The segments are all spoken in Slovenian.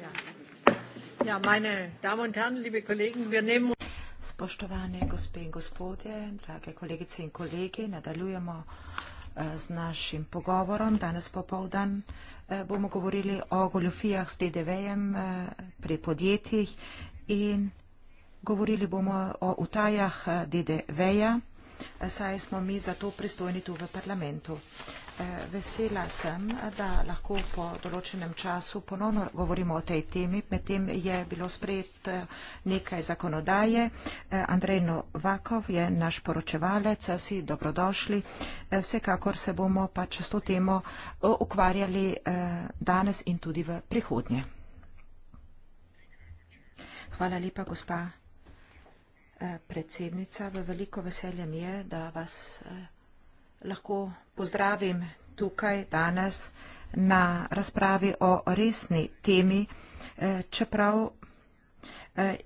Ja. ja, meine Damen und Herren, liebe Kollegen, wir nehmen Spoštovane gospe in gospodje, drage kolegice in kolegi, nadaljujemo eh, z našim pogovorom. Danes popovdan eh, bomo govorili o goljofijah s DDV-jem eh, pri podjetjih in govorili bomo o utajah DDV-ja saj smo mi zato pristojni tu v parlamentu. Eh, vesela sem, da lahko po določenem času ponovno govorimo o tej temi. Medtem je bilo sprejet eh, nekaj zakonodaje. Eh, Andrej Novakov je naš poročevalec, vsi dobrodošli. Vsekakor se bomo pa često temo ukvarjali danes in tudi v prihodnje. Hvala lepa, gospa Eh, predsednica, v veliko veselje mi je, da vas eh, lahko pozdravim tukaj danes na razpravi o resni temi, eh, čeprav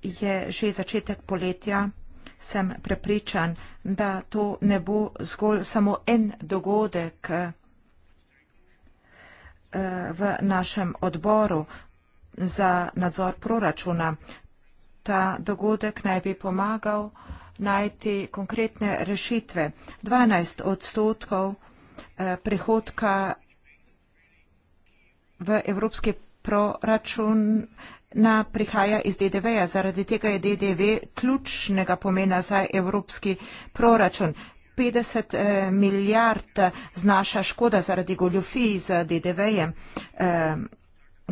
je že začetek poletja, sem prepričan, da to ne bo zgolj samo en dogodek v našem odboru za nadzor proračuna ta dogodek naj bi pomagal najti konkretne rešitve. 12 odstotkov eh, prihodka v evropski proračun na prihaja iz DDV-ja. Zaradi tega je DDV ključnega pomena za evropski proračun. 50 eh, milijard znaša škoda zaradi goljofij z DDV-jem. Eh,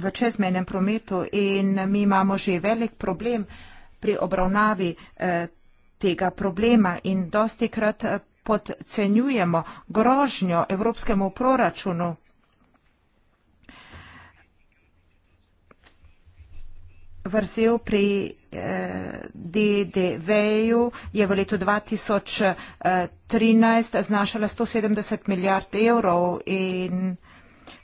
v čezmenem prometu in mi imamo že velik problem pri obravnavi eh, tega problema in dosti krat eh, podcenjujemo grožnjo evropskemu proračunu. Vrzel pri eh, DDV-ju je v letu 2013 eh, znašala 170 milijard evrov in eh,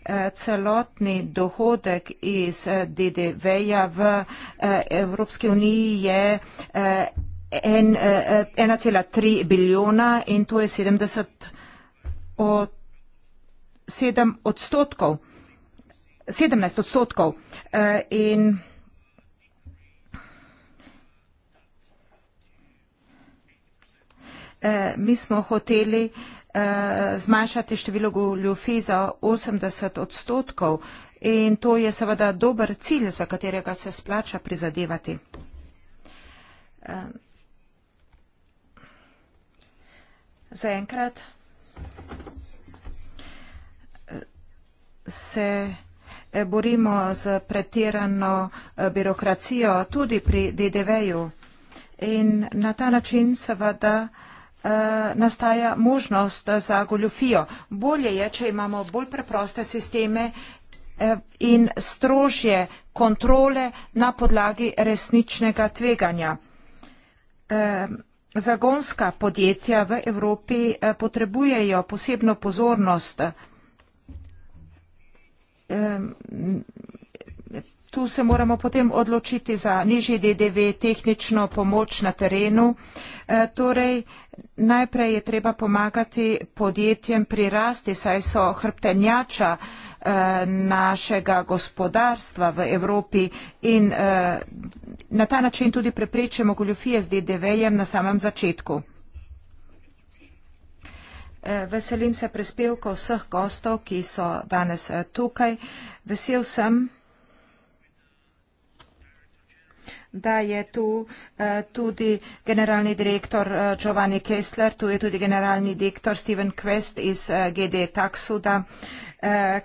Eh, celotni dohodek iz eh, DDV-ja v eh, Evropski uniji je 1,3 biljona in to je 70 od 7 odstotkov. 17 odstotkov in mi smo hoteli Eh, zmanjšati število goljofij za 80 odstotkov in to je seveda dober cilj, za katerega se splača prizadevati. Eh, za enkrat eh, se borimo z pretirano birokracijo tudi pri DDV-ju in na ta način seveda Eh, nastaja možnost za goljofijo. Bolje je, če imamo bolj preproste sisteme eh, in strožje kontrole na podlagi resničnega tveganja. Eh, zagonska podjetja v Evropi potrebujejo posebno pozornost Tu se moramo potem odločiti za nižji DDV, tehnično pomoč na terenu. E, torej, najprej je treba pomagati podjetjem pri rasti, saj so hrbtenjača e, našega gospodarstva v Evropi in e, na ta način tudi preprečimo goljofije z DDV-jem na samem začetku. E, veselim se prispevkov vseh gostov, ki so danes e, tukaj. Vesel sem, da je tu eh, tudi generalni direktor eh, Giovanni Kessler, tu je tudi generalni direktor Steven Quest iz eh, GD Taksuda,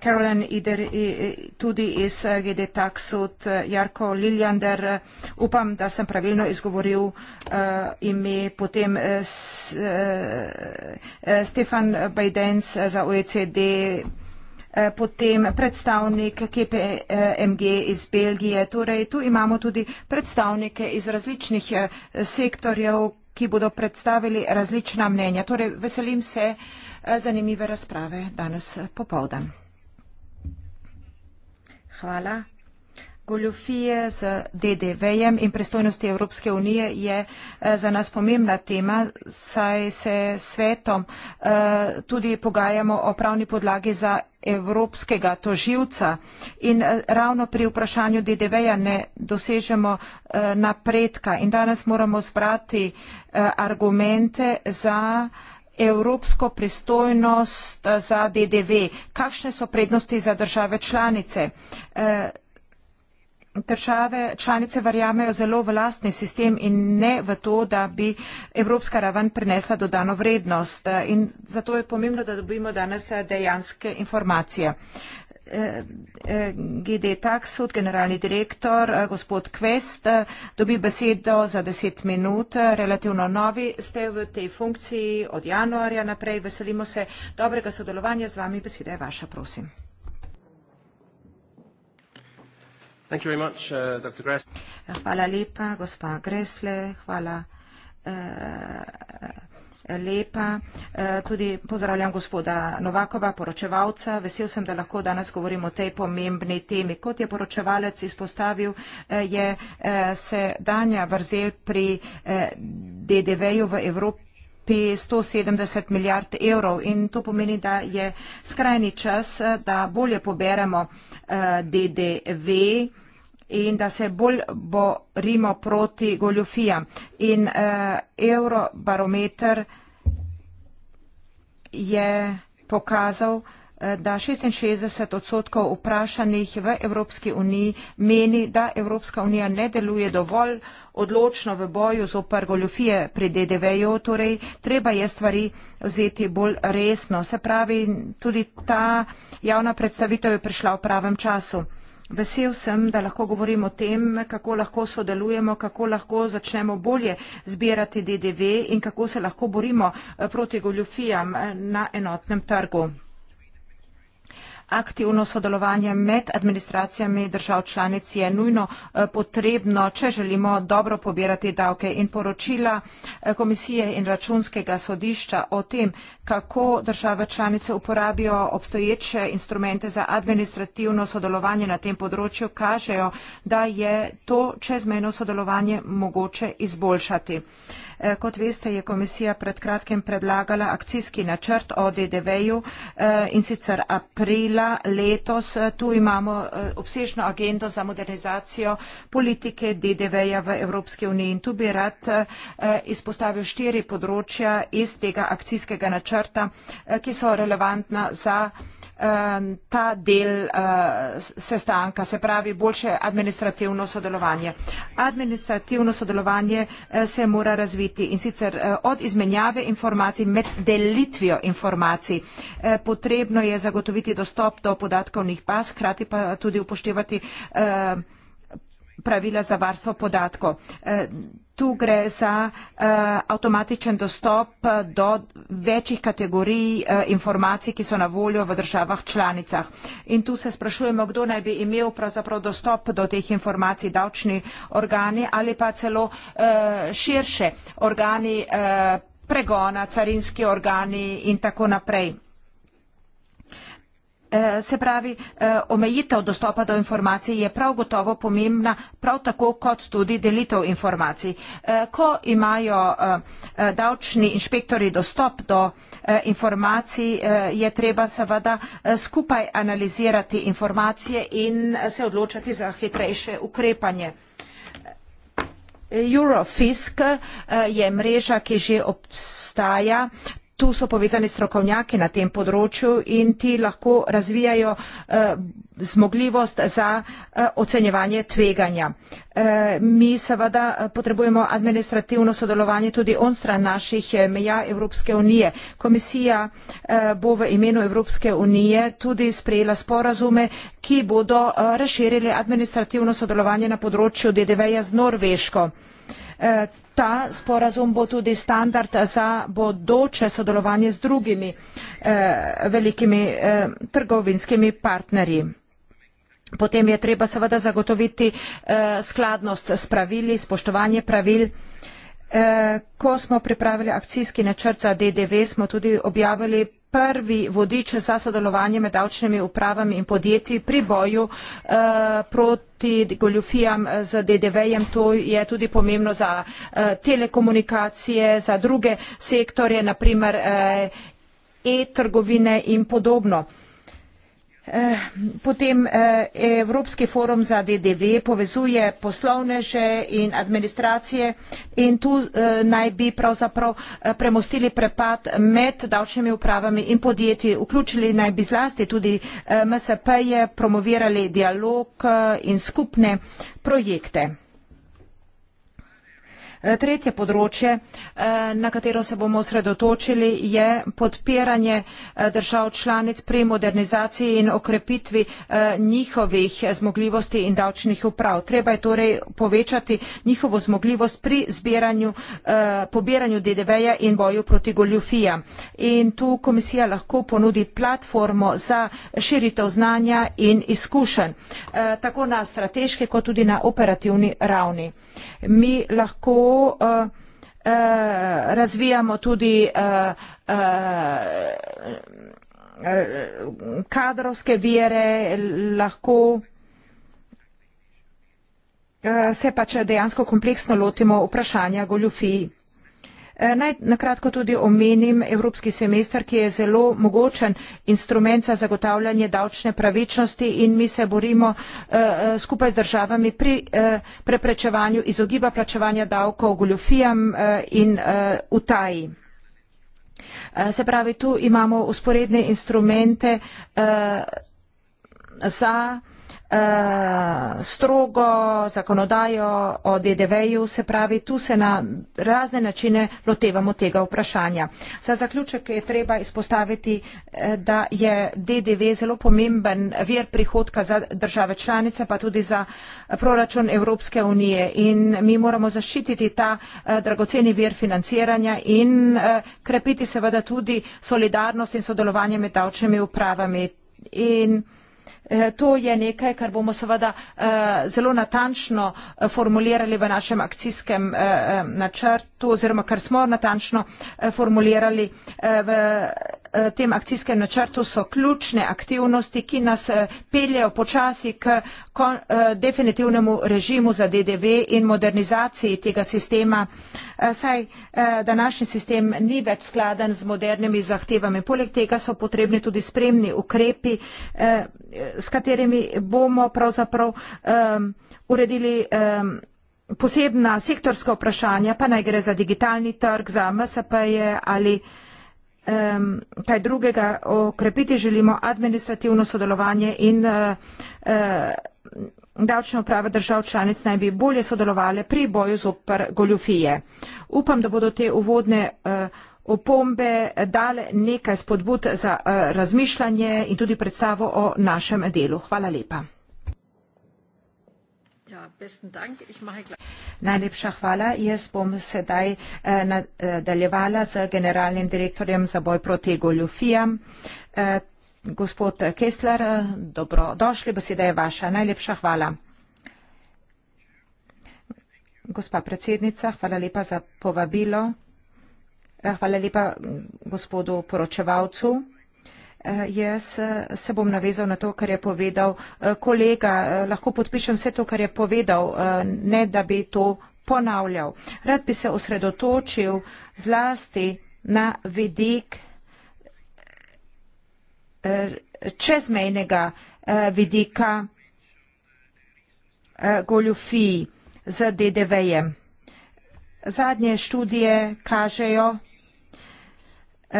Carolyn Ider tudi iz GD Taksud, Jarko Liljander, upam, da sem pravilno izgovoril ime, potem Stefan Bajdenc za OECD, Eh, potem predstavnik KPMG iz Belgije. Torej, tu imamo tudi predstavnike iz različnih eh, sektorjev, ki bodo predstavili različna mnenja. Torej, veselim se eh, zanimive razprave danes popovdan. Hvala goljofije, z DDV-jem in predstojnosti Evropske unije je eh, za nas pomembna tema, saj se svetom eh, tudi pogajamo o pravni podlagi za evropskega toživca in eh, ravno pri vprašanju DDV-ja ne dosežemo napredka in danes moramo zbrati argumente za evropsko pristojnost za DDV. Kakšne so prednosti za države članice? države članice verjamejo zelo v lastni sistem in ne v to, da bi evropska raven prinesla dodano vrednost. In zato je pomembno, da dobimo danes eh, dejanske informacije. Eh, eh, GD Taksud, generalni direktor, gospod Kvest, dobi besedo za deset minut, relativno novi ste v tej funkciji od januarja naprej. Veselimo se dobrega sodelovanja z vami, beseda je vaša, prosim. Uh, hvala lepa, gospa Gresle, hvala eh, lepa. Eh, tudi pozdravljam gospoda Novakova, poročevalca. Vesel sem, da lahko danes govorimo o tej pomembni temi. Kot je poročevalec izpostavil, eh, je eh, se danja vrzel pri eh, DDV-ju v Evropi. 170 milijard evrov in to pomeni, da je skrajni čas, eh, da bolje poberemo eh, DDV in da se bolj borimo proti goljofijam. In uh, eurobarometer je pokazal, eh, da 66 odstotkov vprašanih v Evropski uniji meni, da Evropska unija ne deluje dovolj odločno v boju z opar goljofije pri DDV-ju, torej treba je stvari vzeti bolj resno. Se pravi, tudi ta javna predstavitev je prišla v pravem času. Vesel sem, da lahko govorim o tem, kako lahko sodelujemo, kako lahko začnemo bolje zbirati DDV in kako se lahko borimo eh, proti goljofijam eh, na enotnem trgu aktivno sodelovanje med administracijami držav članic je nujno eh, potrebno, če želimo dobro pobirati davke in poročila eh, komisije in računskega sodišča o tem, kako države članice uporabijo obstoječe instrumente za administrativno sodelovanje na tem področju, kažejo, da je to čezmeno sodelovanje mogoče izboljšati. Eh, kot veste, je komisija pred kratkim predlagala akcijski načrt o DDV-ju eh, in sicer aprila letos. Tu imamo eh, obsežno agendo za modernizacijo politike DDV-ja v Evropski uniji in tu bi rad izpostavil štiri področja iz tega akcijskega načrta, ki so relevantna za Eh, ta del eh, sestanka, se pravi boljše administrativno sodelovanje. Administrativno sodelovanje eh, se mora razviti in sicer od izmenjave informacij med delitvijo informacij. Potrebno je zagotoviti dostop do podatkovnih baz, hkrati pa tudi upoštevati pravila za varstvo podatkov tu gre za uh, avtomatičen dostop do večjih kategorij uh, informacij, ki so na voljo v državah članicah. In tu se sprašujemo, kdo naj bi imel pravzaprav dostop do teh informacij, davčni organi ali pa celo uh, širše organi uh, pregona, carinski organi in tako naprej. Eh, se pravi, eh, omejitev dostopa do informacij je prav gotovo pomembna, prav tako kot tudi delitev informacij. Eh, ko imajo davčni inšpektori dostop do informacij, je treba seveda skupaj analizirati informacije in se odločati za hitrejše ukrepanje. Eurofisk je mreža, ki že obstaja, tu so povezani strokovnjaki na tem področju in ti lahko razvijajo eh, zmogljivost za eh, ocenjevanje tveganja. Eh, mi seveda potrebujemo administrativno sodelovanje tudi onstran naših meja Evropske unije. Komisija bo v imenu Evropske unije tudi sprejela sporazume, ki bodo razširili administrativno sodelovanje na področju DDV-ja z Norveško ta sporazum bo tudi standard za bodoče sodelovanje z drugimi eh, velikimi eh, trgovinskimi partnerji. Potem je treba seveda zagotoviti eh, skladnost s pravili, spoštovanje pravil. Eh, ko smo pripravili akcijski načrt za DDV, smo tudi objavili prvi vodič za sodelovanje med davčnimi upravami in podjetji pri boju eh, proti goljufijam z DDV-jem. To je tudi pomembno za eh, telekomunikacije, za druge sektorje, naprimer eh, e-trgovine in podobno. Eh, potem eh, Evropski forum za DDV povezuje poslovneže in administracije in tu eh, naj bi pravzaprav premostili prepad med davčnimi upravami in podjetji, vključili naj bi zlasti tudi MSP-je, promovirali dialog in skupne projekte. Eh, tretje področje, eh, na katero se bomo osredotočili, je podpiranje eh, držav članic pri modernizaciji in okrepitvi njihovih zmogljivosti in davčnih uprav. Treba je torej povečati njihovo zmogljivost pri zbiranju, pobiranju DDV-ja in boju proti goljufijam. In tu komisija lahko ponudi platformo za širitev znanja in izkušenj, tako na strateške kot tudi na operativni ravni. Mi lahko uh, uh, razvijamo tudi uh, uh, uh, kadrovske vire, lahko uh, se pač dejansko kompleksno lotimo vprašanja goljufiji. Eh, naj nakratko tudi omenim Evropski semester, ki je zelo mogočen instrument za zagotavljanje davčne pravičnosti in mi se borimo eh, eh, skupaj z državami pri preprečevanju izogiba plačevanja davkov, goljofijam in utaji. Se pravi, tu imamo usporedne instrumente za Eh, strogo zakonodajo o DDV-ju, se pravi, tu se na razne načine lotevamo tega vprašanja. Za zaključek je treba izpostaviti, eh, da je DDV zelo pomemben vir prihodka za države članice, pa tudi za proračun Evropske unije in mi moramo zaščititi ta eh, dragoceni vir financiranja in krepiti seveda tudi solidarnost in sodelovanje med davčnimi upravami. In Eh, to je nekaj, kar bomo seveda eh, zelo natančno eh, formulirali v našem akcijskem načrtu oziroma kar smo natančno formulirali v Eh, tem akcijskem načrtu so ključne aktivnosti, ki nas eh, peljejo počasi k eh, definitivnemu režimu za DDV in modernizaciji tega sistema, saj današnji sistem ni več skladen z modernimi zahtevami. Poleg tega so potrebni tudi spremni ukrepi, s katerimi bomo pravzaprav ehm, uredili ehm, posebna sektorska vprašanja, pa naj gre za digitalni trg, za MSP-je ali vsega um, kaj drugega, okrepiti želimo administrativno sodelovanje in uh, uh, davčne uprave držav članic naj bi bolje sodelovali pri boju z opr goljufije. Upam, da bodo te uvodne uh, opombe dale nekaj spodbud za uh, razmišljanje in tudi predstavo o našem delu. Hvala lepa. Najlepša hvala. Jaz bom sedaj eh, eh, nadaljevala z generalnim direktorjem za boj proti goljofijam. Eh, gospod Kessler, dobrodošli, beseda je vaša. Najlepša hvala. Gospa predsednica, hvala lepa za povabilo. Hvala lepa gospodu poročevalcu. Eh, jaz eh, se bom navezal na to, kar je povedal eh, kolega. Lahko podpišem vse to, kar je povedal, ne da bi to ponavljal. Rad bi se osredotočil zlasti na vidik čezmejnega vidika goljufiji z DDV-jem. Zadnje študije kažejo,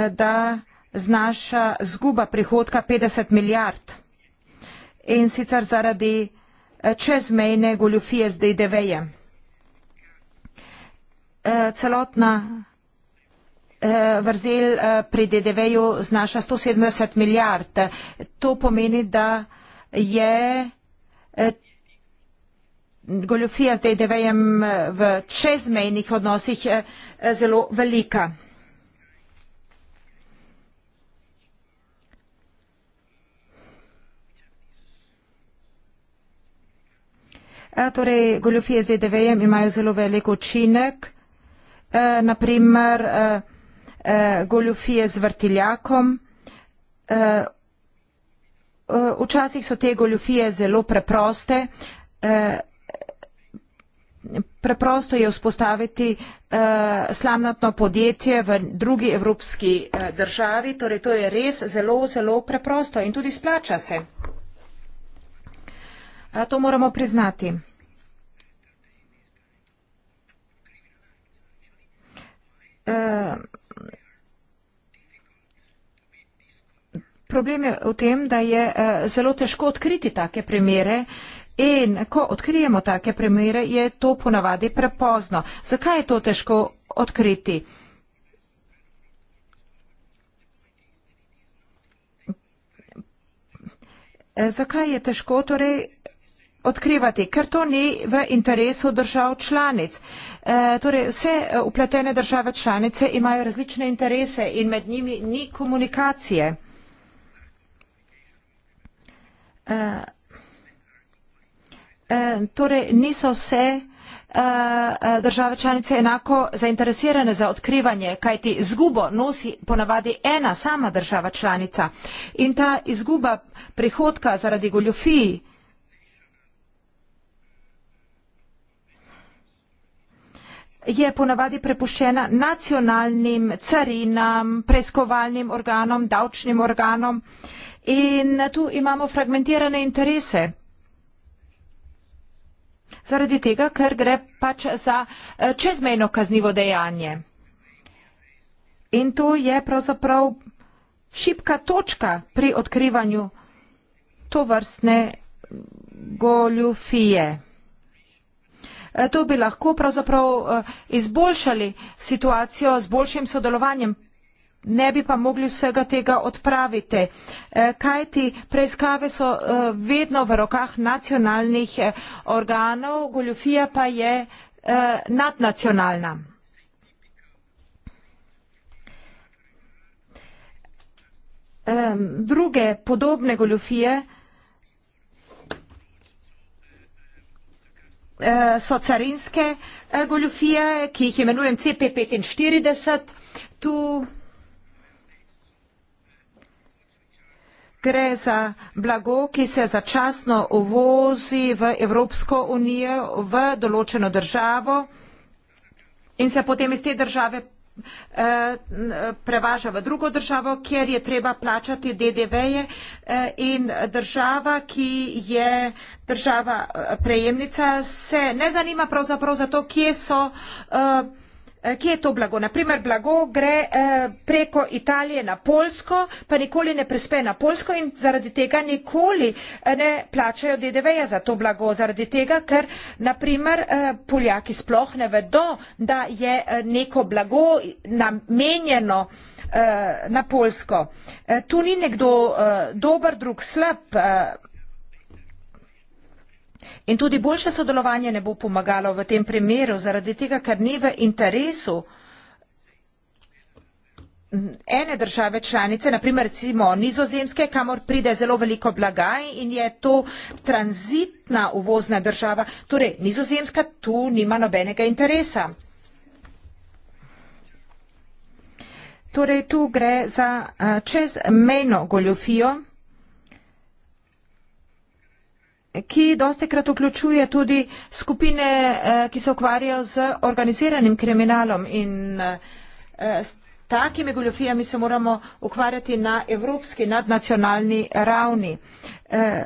da znaša zguba prihodka 50 milijard in sicer zaradi eh, čezmejne goljufije z DDV-je. Eh, celotna eh, vrzel pri DDV-ju znaša 170 milijard. To pomeni, da je goljofija z DDV-jem v čezmejnih odnosih zelo velika. Eh, torej, goljofije z EDV-jem imajo zelo velik učinek, eh, naprimer eh, goljofije z vrtiljakom. Včasih so te goljofije zelo preproste. Preprosto je vzpostaviti slamnatno podjetje v drugi evropski državi, torej to je res zelo, zelo preprosto in tudi splača se. To moramo priznati. E, problem je v tem, da je e, zelo težko odkriti take primere in ko odkrijemo take primere, je to ponavadi prepozno. Zakaj je to težko odkriti? E, zakaj je težko torej odkrivati, ker to ni v interesu držav članic. E, torej vse e, upletene države članice imajo različne interese in med njimi ni komunikacije. E, e Torej niso vse e, države članice enako zainteresirane za odkrivanje, kajti izgubo nosi ponavadi ena sama država članica in ta izguba prihodka zaradi goljofiji je ponavadi prepuščena nacionalnim carinam, preiskovalnim organom, davčnim organom in tu imamo fragmentirane interese. Zaradi tega, ker gre pač za eh, čezmejno kaznivo dejanje. In to je pravzaprav šipka točka pri odkrivanju to vrstne goljufije. Eh, to bi lahko pravzaprav eh, izboljšali situacijo z boljšim sodelovanjem. Ne bi pa mogli vsega tega odpraviti, eh, kajti preiskave so vedno v rokah nacionalnih organov, goljofija pa je nadnacionalna. Druge podobne goljofije Eh, so carinske eh, goljufije, ki jih imenujem CP45. Tu gre za blago, ki se začasno uvozi v Evropsko unijo v določeno državo in se potem iz te države Eh, prevaža v drugo državo, kjer je treba plačati DDV-je eh, in država, ki je država eh, prejemnica, se ne zanima pravzaprav za to, kje so uh, Eh, kje je to blago? Naprimer, blago gre eh, preko Italije na Polsko, pa nikoli ne prispe na Polsko in zaradi tega nikoli eh, ne plačajo DDV-ja za to blago. Zaradi tega, ker naprimer Poljaki sploh ne vedo, da je neko blago namenjeno na Polsko. Tu ni nekdo dober, drug slab. In tudi boljše sodelovanje ne bo pomagalo v tem primeru, zaradi tega, ker ni v interesu ene države članice, naprimer recimo nizozemske, kamor pride zelo veliko blaga in je to tranzitna uvozna država, torej nizozemska tu nima nobenega interesa. Torej tu gre za eh, čezmejno goljofijo ki dosti krat vključuje tudi skupine, eh, ki se ukvarjajo z organiziranim kriminalom in eh, s takimi goljofijami se moramo ukvarjati na evropski nadnacionalni ravni. Eh,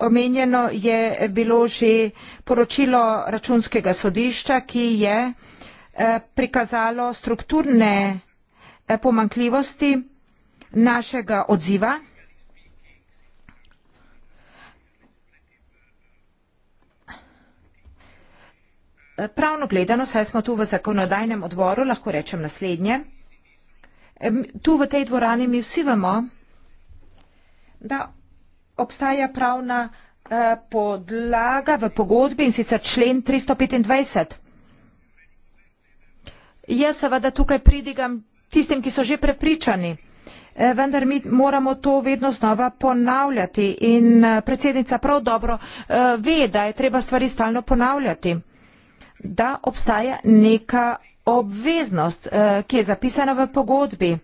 omenjeno je bilo že poročilo računskega sodišča, ki je prikazalo strukturne pomankljivosti našega odziva Pravno gledano, saj smo tu v zakonodajnem odboru, lahko rečem naslednje. Tu v tej dvorani mi vsi vemo, da obstaja pravna eh, podlaga v pogodbi in sicer člen 325. Jaz seveda tukaj pridigam tistim, ki so že prepričani, eh, vendar mi moramo to vedno znova ponavljati in eh, predsednica prav dobro ve, da je treba stvari stalno ponavljati da obstaja neka obveznost, eh, ki je zapisana v pogodbi.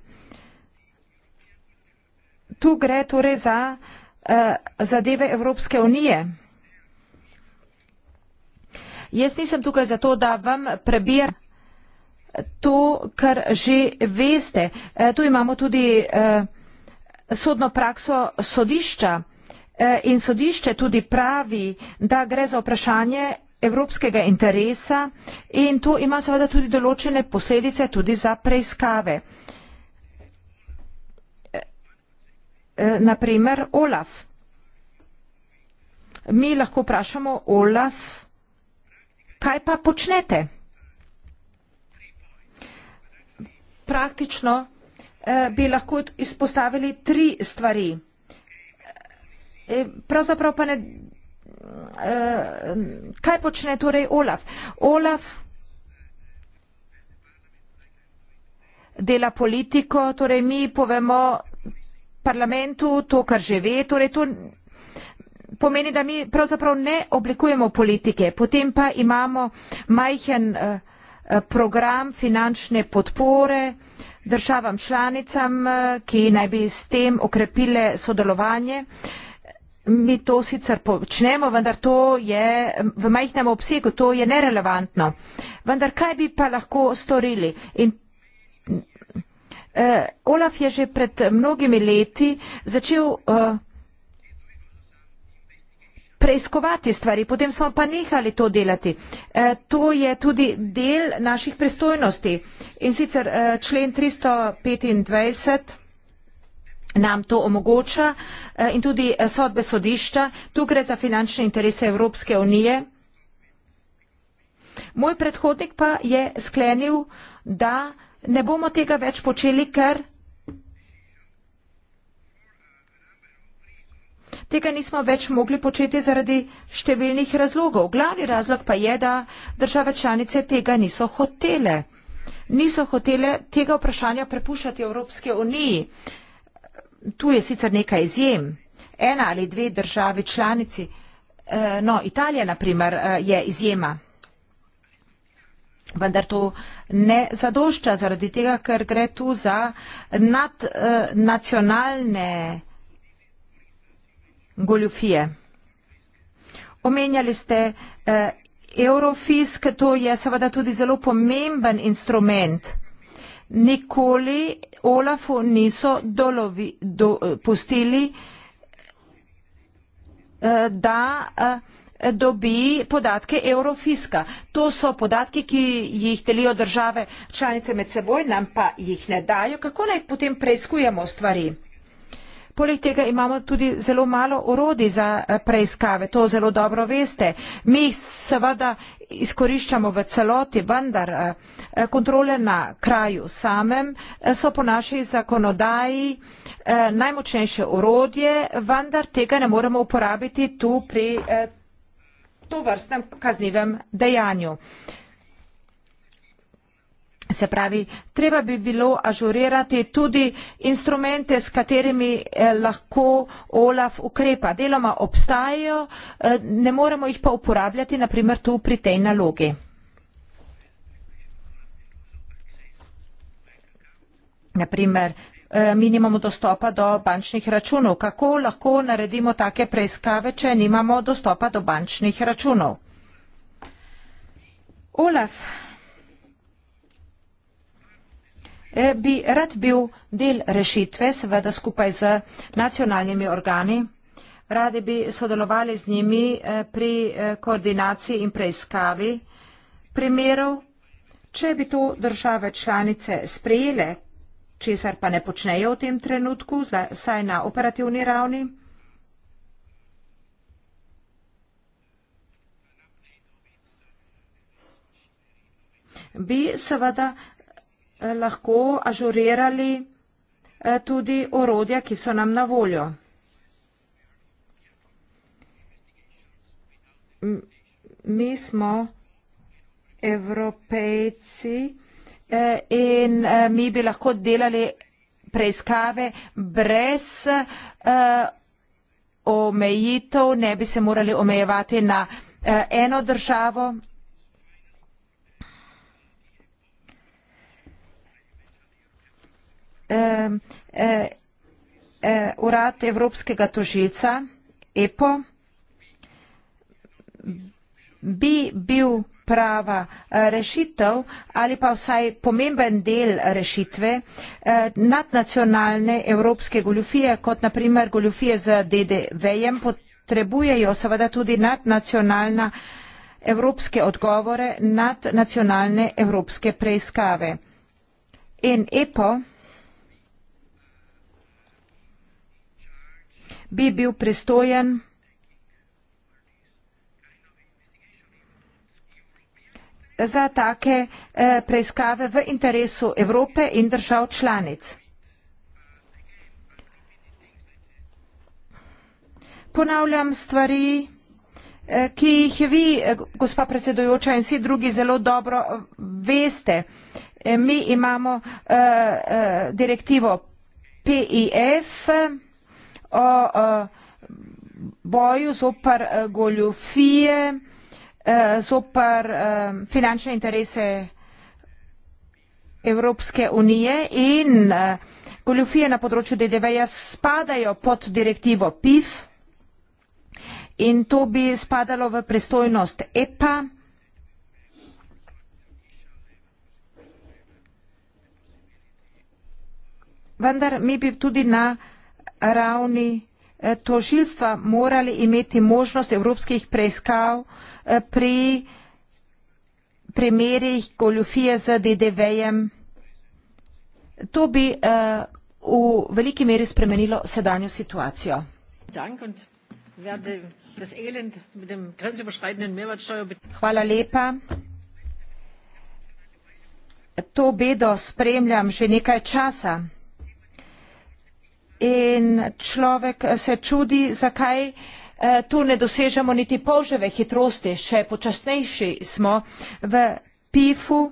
Tu gre torej za eh, zadeve Evropske unije. Jaz nisem tukaj zato, da vam prebir to, kar že veste. Eh, tu imamo tudi sodno prakso sodišča in sodišče tudi pravi, da gre za vprašanje evropskega interesa in to ima seveda tudi določene posledice tudi za preiskave. E, e, Naprimer Olaf. Mi lahko vprašamo Olaf, kaj pa počnete? Praktično e, bi lahko izpostavili tri stvari. Pravzaprav pa ne uh, kaj počne torej Olaf? Olaf dela politiko, torej mi povemo parlamentu to, kar že ve, torej to pomeni, da mi pravzaprav ne oblikujemo politike, potem pa imamo majhen eh, program finančne podpore državam članicam, eh, ki naj bi s tem okrepile sodelovanje. Mi to sicer počnemo, vendar to je v majhnem obsegu, to je nerelevantno. Vendar kaj bi pa lahko storili? In eh, Olaf je že pred mnogimi leti začel eh, preiskovati stvari, potem smo pa nehali to delati. Eh, to je tudi del naših pristojnosti. In sicer eh, člen 325 nam to omogoča eh, in tudi eh, sodbe sodišča. Tu gre za finančne interese Evropske unije. Moj predhodnik pa je sklenil, da ne bomo tega več počeli, ker tega nismo več mogli početi zaradi številnih razlogov. Glavni razlog pa je, da države članice tega niso hotele. Niso hotele tega vprašanja prepuščati Evropske unije tu je sicer nekaj izjem, ena ali dve države članici, eh, no Italija naprimer eh, je izjema. Vendar to ne zadošča zaradi tega, ker gre tu za nadnacionalne eh, uh, goljufije. Omenjali ste uh, Eurofisk, to je seveda tudi zelo pomemben instrument nikoli Olafu niso dolovi, do, pustili, eh, da eh, dobi podatke Eurofiska. To so podatki, ki jih delijo države članice med seboj, nam pa jih ne dajo. Kako naj potem preizkujemo stvari? Poleg tega imamo tudi zelo malo orodij za eh, preiskave, to zelo dobro veste. Mi jih seveda izkoriščamo v celoti, vendar eh, kontrole na kraju samem eh, so po naši zakonodaji najmočnejše orodje, vendar tega ne moremo uporabiti tu pri to vrstnem kaznivem dejanju. Se pravi, treba bi bilo ažurirati tudi instrumente, s katerimi eh, lahko OLAF ukrepa. Deloma obstajajo, eh, ne moremo jih pa uporabljati, naprimer tu pri tej nalogi. Naprimer, eh, minimum dostopa do bančnih računov. Kako lahko naredimo take preiskave, če nimamo dostopa do bančnih računov? OLAF. Eh, bi rad bil del rešitve, seveda skupaj z nacionalnimi organi. Radi bi sodelovali z njimi eh, pri eh, koordinaciji in preiskavi primerov. Če bi to države članice sprejele, česar pa ne počnejo v tem trenutku, saj na operativni ravni, bi seveda Eh, lahko ažurirali eh, tudi orodja, ki so nam na voljo. Mi smo evropejci eh, in mi bi lahko delali preiskave brez omejitev, ne bi se morali omejevati na eno državo, eh, eh, urad Evropskega tožilca, EPO, bi bil prava e, rešitev ali pa vsaj pomemben del rešitve eh, nadnacionalne evropske goljufije, kot naprimer goljufije z DDV-jem, potrebujejo seveda tudi nadnacionalna evropske odgovore, nadnacionalne evropske preiskave. In EPO bi bil pristojen za take eh, preiskave v interesu Evrope in držav članic. Ponavljam stvari, eh, ki jih vi, eh, gospa predsedujoča, in vsi drugi zelo dobro veste. Mi imamo direktivo PIF, ki je vsega, o boju zoper eh, goljofije, eh, zoper eh, finančne interese Evropske unije in goljofije na področju DDV-ja spadajo pod direktivo PIF in to bi spadalo v pristojnost EPA. Vendar mi bi tudi na ravni eh, tožilstva morali imeti možnost evropskih preiskav eh, pri primerih goljofije z DDV-jem. To bi eh, v veliki meri spremenilo sedanjo situacijo. Hvala lepa. To bedo spremljam že nekaj časa in človek se čudi, zakaj eh, tu ne dosežemo niti polževe hitrosti, še počasnejši smo v pifu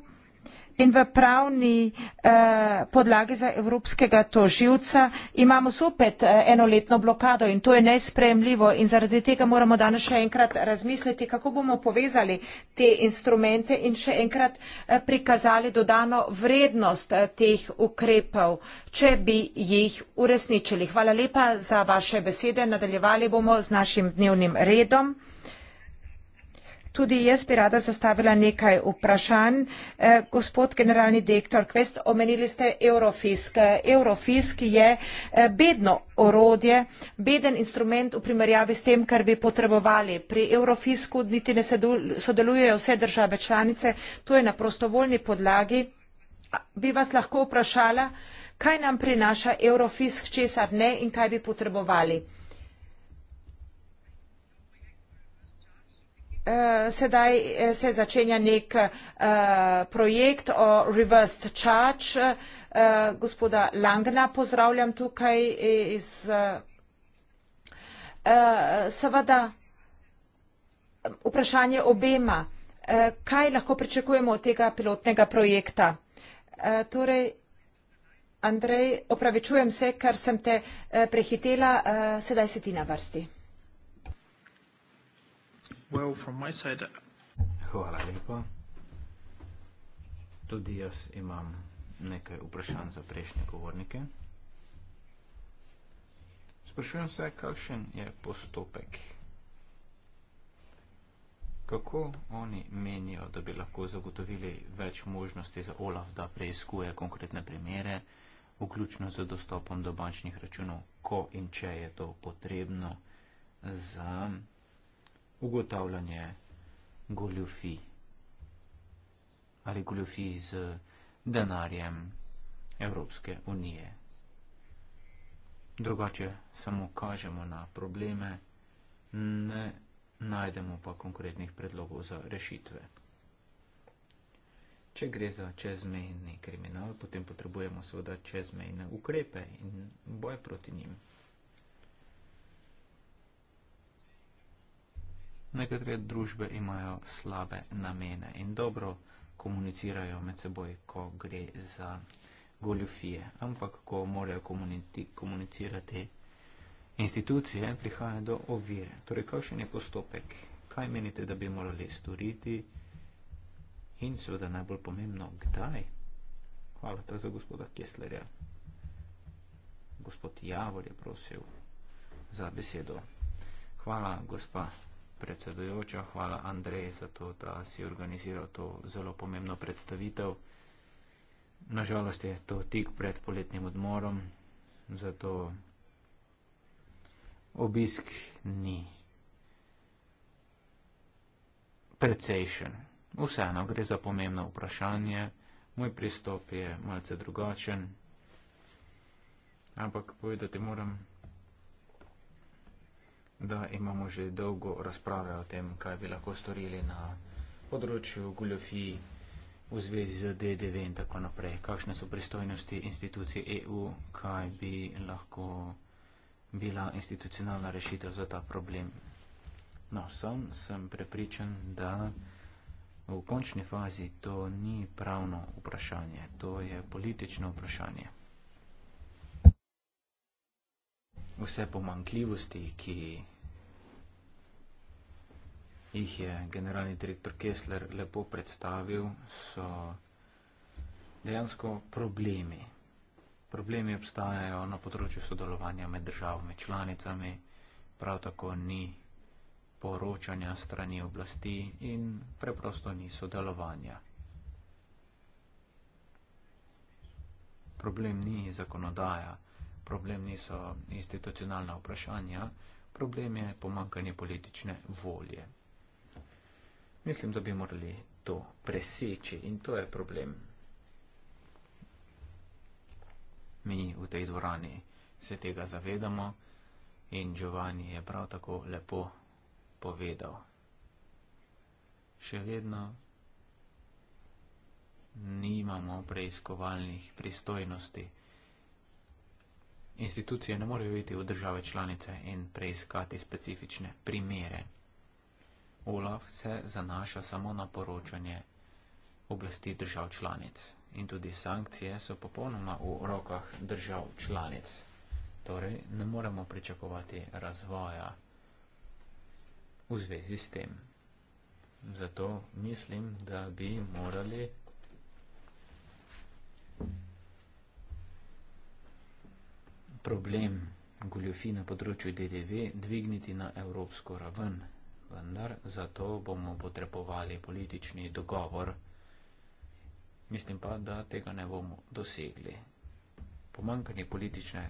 in v pravni eh, podlagi za evropskega toživca imamo zopet eh, enoletno blokado in to je nespremljivo in zaradi tega moramo danes še enkrat razmisliti, kako bomo povezali te instrumente in še enkrat eh, prikazali dodano vrednost eh, teh ukrepov, če bi jih uresničili. Hvala lepa za vaše besede. Nadaljevali bomo z našim dnevnim redom. Tudi jaz bi rada zastavila nekaj vprašanj. Eh, gospod generalni direktor Kvest, omenili ste Eurofisk. Eh, Eurofisk je eh, bedno orodje, beden instrument v primerjavi s tem, kar bi potrebovali. Pri Eurofisku niti ne sodelujejo vse države članice, to je na prostovoljni podlagi. Bi vas lahko vprašala, kaj nam prinaša Eurofisk, česar ne in kaj bi potrebovali? Eh, sedaj eh, se začenja nek eh, projekt o reversed charge. Gospoda Langna pozdravljam tukaj iz seveda vprašanje obema. Kaj lahko pričakujemo od tega pilotnega projekta? Torej, Andrej, opravičujem se, ker sem te prehitela, sedaj si ti na vrsti. Well, from my side... Hvala lepa. Tudi jaz imam nekaj vprašanj za prejšnje govornike. Sprašujem se, kakšen je postopek? Kako oni menijo, da bi lahko zagotovili več možnosti za OLAF, da preizkuje konkretne primere, vključno z dostopom do bančnih računov, ko in če je to potrebno za ugotavljanje goljufi ali goljufi z denarjem Evropske unije. Drugače samo kažemo na probleme, ne najdemo pa konkretnih predlogov za rešitve. Če gre za čezmejni kriminal, potem potrebujemo seveda čezmejne ukrepe in boje proti njim. nekatere družbe imajo slabe namene in dobro komunicirajo med seboj, ko gre za goljufije. Ampak, ko morajo komunicirati institucije, prihaja do ovire. Torej, kakšen je postopek? Kaj menite, da bi morali storiti? In seveda najbolj pomembno, kdaj? Hvala ta za gospoda Kesslerja. Gospod Javor je prosil za besedo. Hvala, gospa predsedujoča, hvala Andrej za to, da si organiziral to zelo pomembno predstavitev. Nažalost je to tik pred poletnim odmorom, zato obisk ni precejšen. Vseeno gre za pomembno vprašanje, moj pristop je malce drugačen, ampak povedati moram da imamo že dolgo razprave o tem, kaj bi lahko storili na področju goljofij v zvezi z DDV in tako naprej. Kakšne so pristojnosti institucij EU, kaj bi lahko bila institucionalna rešitev za ta problem. No, sam sem prepričan, da v končni fazi to ni pravno vprašanje, to je politično vprašanje. vse pomankljivosti, ki jih je generalni direktor Kessler lepo predstavil, so dejansko problemi. Problemi obstajajo na področju sodelovanja med državami članicami, prav tako ni poročanja strani oblasti in preprosto ni sodelovanja. Problem ni zakonodaja problem niso institucionalna vprašanja, problem je pomankanje politične volje. Mislim, da bi morali to preseči in to je problem. Mi v tej dvorani se tega zavedamo in Giovanni je prav tako lepo povedal. Še vedno nimamo preiskovalnih pristojnosti institucije ne morejo iti v države članice in preiskati specifične primere. Olaf se zanaša samo na poročanje oblasti držav članic in tudi sankcije so popolnoma v rokah držav članic. Torej, ne moremo pričakovati razvoja v zvezi s tem. Zato mislim, da bi morali problem goljofi na področju DDV dvigniti na evropsko raven, vendar zato bomo potrebovali politični dogovor. Mislim pa, da tega ne bomo dosegli. Pomankanje politične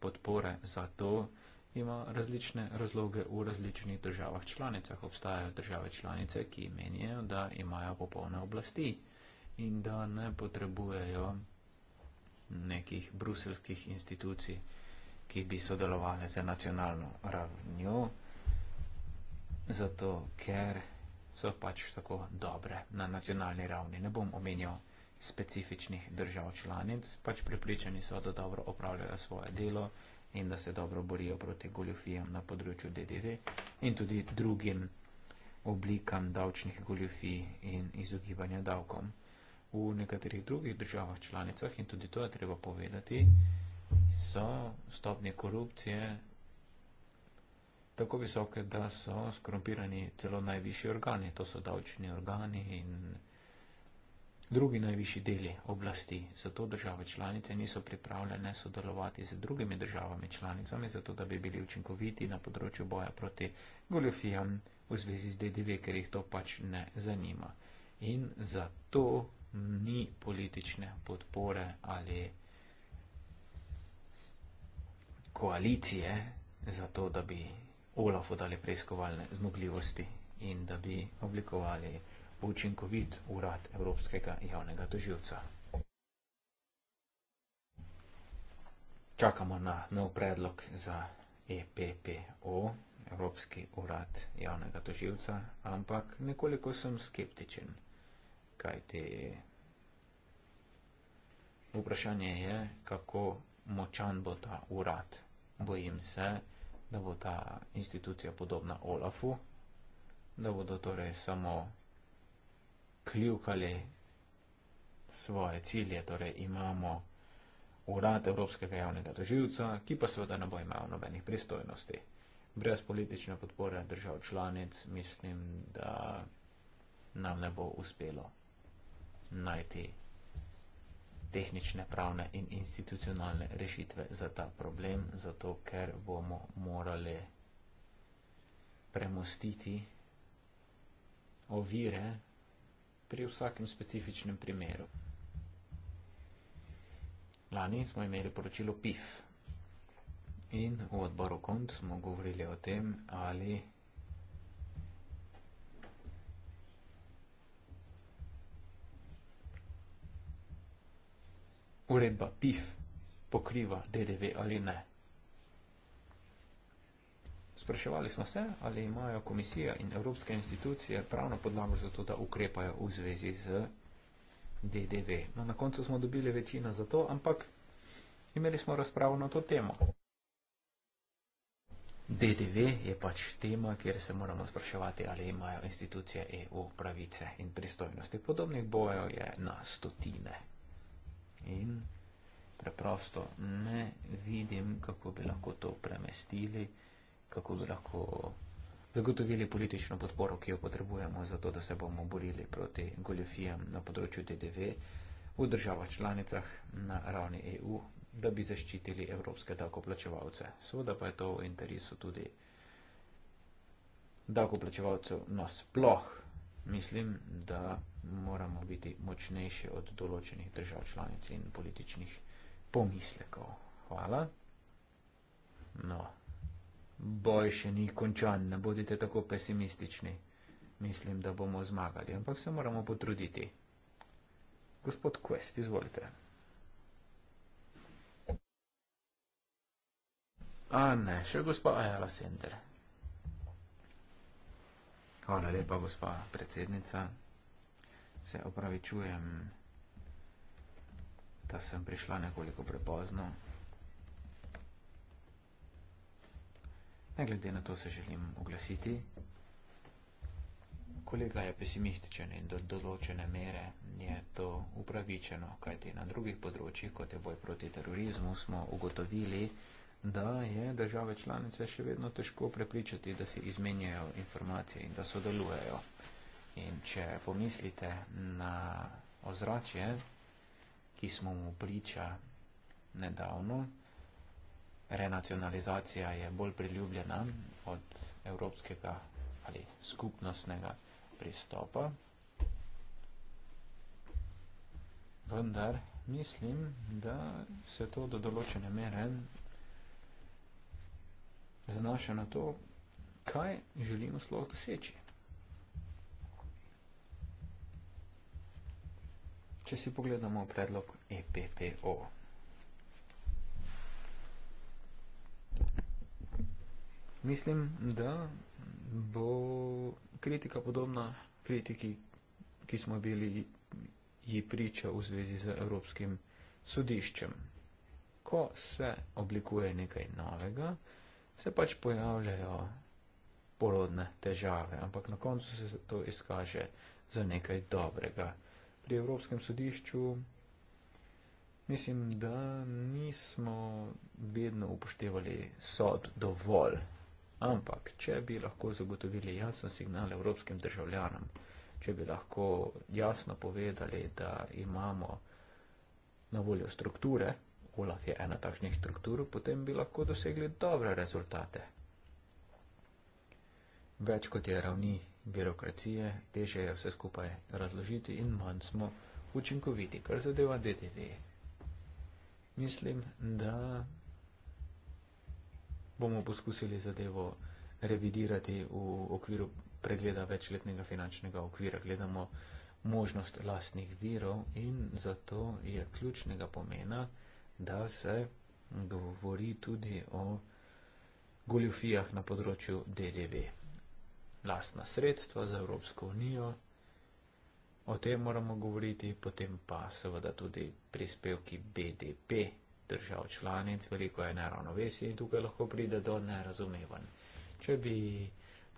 podpore za to ima različne razloge v različnih državah članicah. Obstajajo države članice, ki menijo, da imajo popolne oblasti in da ne potrebujejo nekih bruselskih institucij, ki bi sodelovali za nacionalno ravnjo, zato ker so pač tako dobre na nacionalni ravni. Ne bom omenjal specifičnih držav članic, pač pripričani so, da dobro opravljajo svoje delo in da se dobro borijo proti goljofijam na področju DDV in tudi drugim oblikam davčnih goljofij in izogibanja davkom v nekaterih drugih državah članicah in tudi to je treba povedati, so stopnje korupcije tako visoke, da so skorumpirani celo najvišji organi, to so davčni organi in drugi najvišji deli oblasti. Zato države članice niso pripravljene sodelovati z drugimi državami članicami, zato da bi bili učinkoviti na področju boja proti goljofijam v zvezi z DDV, ker jih to pač ne zanima. In zato ni politične podpore ali koalicije za to, da bi Olafu dali preiskovalne zmogljivosti in da bi oblikovali učinkovit urad Evropskega javnega toživca. Čakamo na nov predlog za EPPO, Evropski urad javnega toživca, ampak nekoliko sem skeptičen kaj te je. Vprašanje je, kako močan bo ta urad. Bojim se, da bo ta institucija podobna Olafu, da bodo torej samo kljukali svoje cilje, torej imamo urad Evropskega javnega doživca, ki pa seveda ne bo imel nobenih pristojnosti. Brez politične podpore držav članic mislim, da nam ne bo uspelo najti tehnične, pravne in institucionalne rešitve za ta problem, zato ker bomo morali premostiti ovire pri vsakem specifičnem primeru. Lani smo imeli poročilo PIF in v odboru KONT smo govorili o tem, ali uredba PIF pokriva DDV ali ne. Spraševali smo se, ali imajo komisija in evropske institucije pravno podlago za to, da ukrepajo v zvezi z DDV. No, na koncu smo dobili večino za to, ampak imeli smo razpravo na to temo. DDV je pač tema, kjer se moramo spraševati, ali imajo institucije EU pravice in pristojnosti. Podobnih bojev je na stotine in preprosto ne vidim, kako bi lahko to premestili, kako bi lahko zagotovili politično podporo, ki jo potrebujemo za to, da se bomo borili proti goljofijam na področju DDV v državah članicah na ravni EU, da bi zaščitili evropske davkoplačevalce. Seveda pa je to v interesu tudi davkoplačevalcev nasploh. No, mislim, da moramo biti močnejši od določenih držav članic in političnih pomislekov. Hvala. No, boj še ni končan, ne bodite tako pesimistični. Mislim, da bomo zmagali, ampak se moramo potruditi. Gospod Quest, izvolite. A ne, še gospod Ayala Sender. Hvala lepa, gospa predsednica. Se opravičujem, da sem prišla nekoliko prepozno. Ne glede na to se želim oglasiti. Kolega je pesimističen in do določene mere je to upravičeno, kajti na drugih področjih, kot je boj proti terorizmu, smo ugotovili, da da je države članice še vedno težko prepričati, da si izmenjajo informacije in da sodelujejo. In če pomislite na ozračje, ki smo mu priča nedavno, renacionalizacija je bolj priljubljena od evropskega ali skupnostnega pristopa. Vendar mislim, da se to do določene mere zanaša na to, kaj želimo sploh doseči. Če si pogledamo predlog EPPO. Mislim, da bo kritika podobna kritiki, ki smo bili ji priča v zvezi z Evropskim sodiščem. Ko se oblikuje nekaj novega, se pač pojavljajo porodne težave, ampak na koncu se to izkaže za nekaj dobrega. Pri Evropskem sodišču mislim, da nismo vedno upoštevali sod dovolj, ampak če bi lahko zagotovili jasen signal evropskim državljanom, če bi lahko jasno povedali, da imamo na voljo strukture, Olaf je ena takšnih struktur, potem bi lahko dosegli dobre rezultate. Več kot je ravni birokracije, teže je vse skupaj razložiti in manj smo učinkoviti, kar zadeva DDV. Mislim, da bomo poskusili zadevo revidirati v okviru pregleda večletnega finančnega okvira. Gledamo možnost lastnih virov in zato je ključnega pomena, da se govori tudi o goljofijah na področju DDV. Lastna sredstva za Evropsko unijo, o tem moramo govoriti, potem pa seveda tudi prispevki BDP držav članic, veliko je neravnovesje in tukaj lahko pride do nerazumevanj. Če bi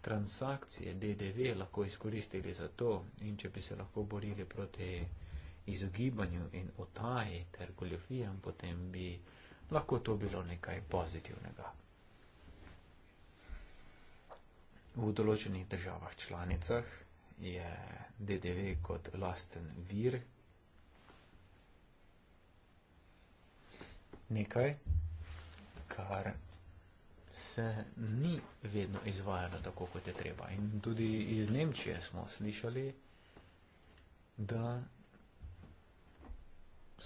transakcije DDV lahko izkoristili za to in če bi se lahko borili proti izogibanju in utaji ter goljofijam, potem bi lahko to bilo nekaj pozitivnega. V določenih državah članicah je DDV kot lasten vir nekaj, kar se ni vedno izvajalo tako, kot je treba. In tudi iz Nemčije smo slišali, da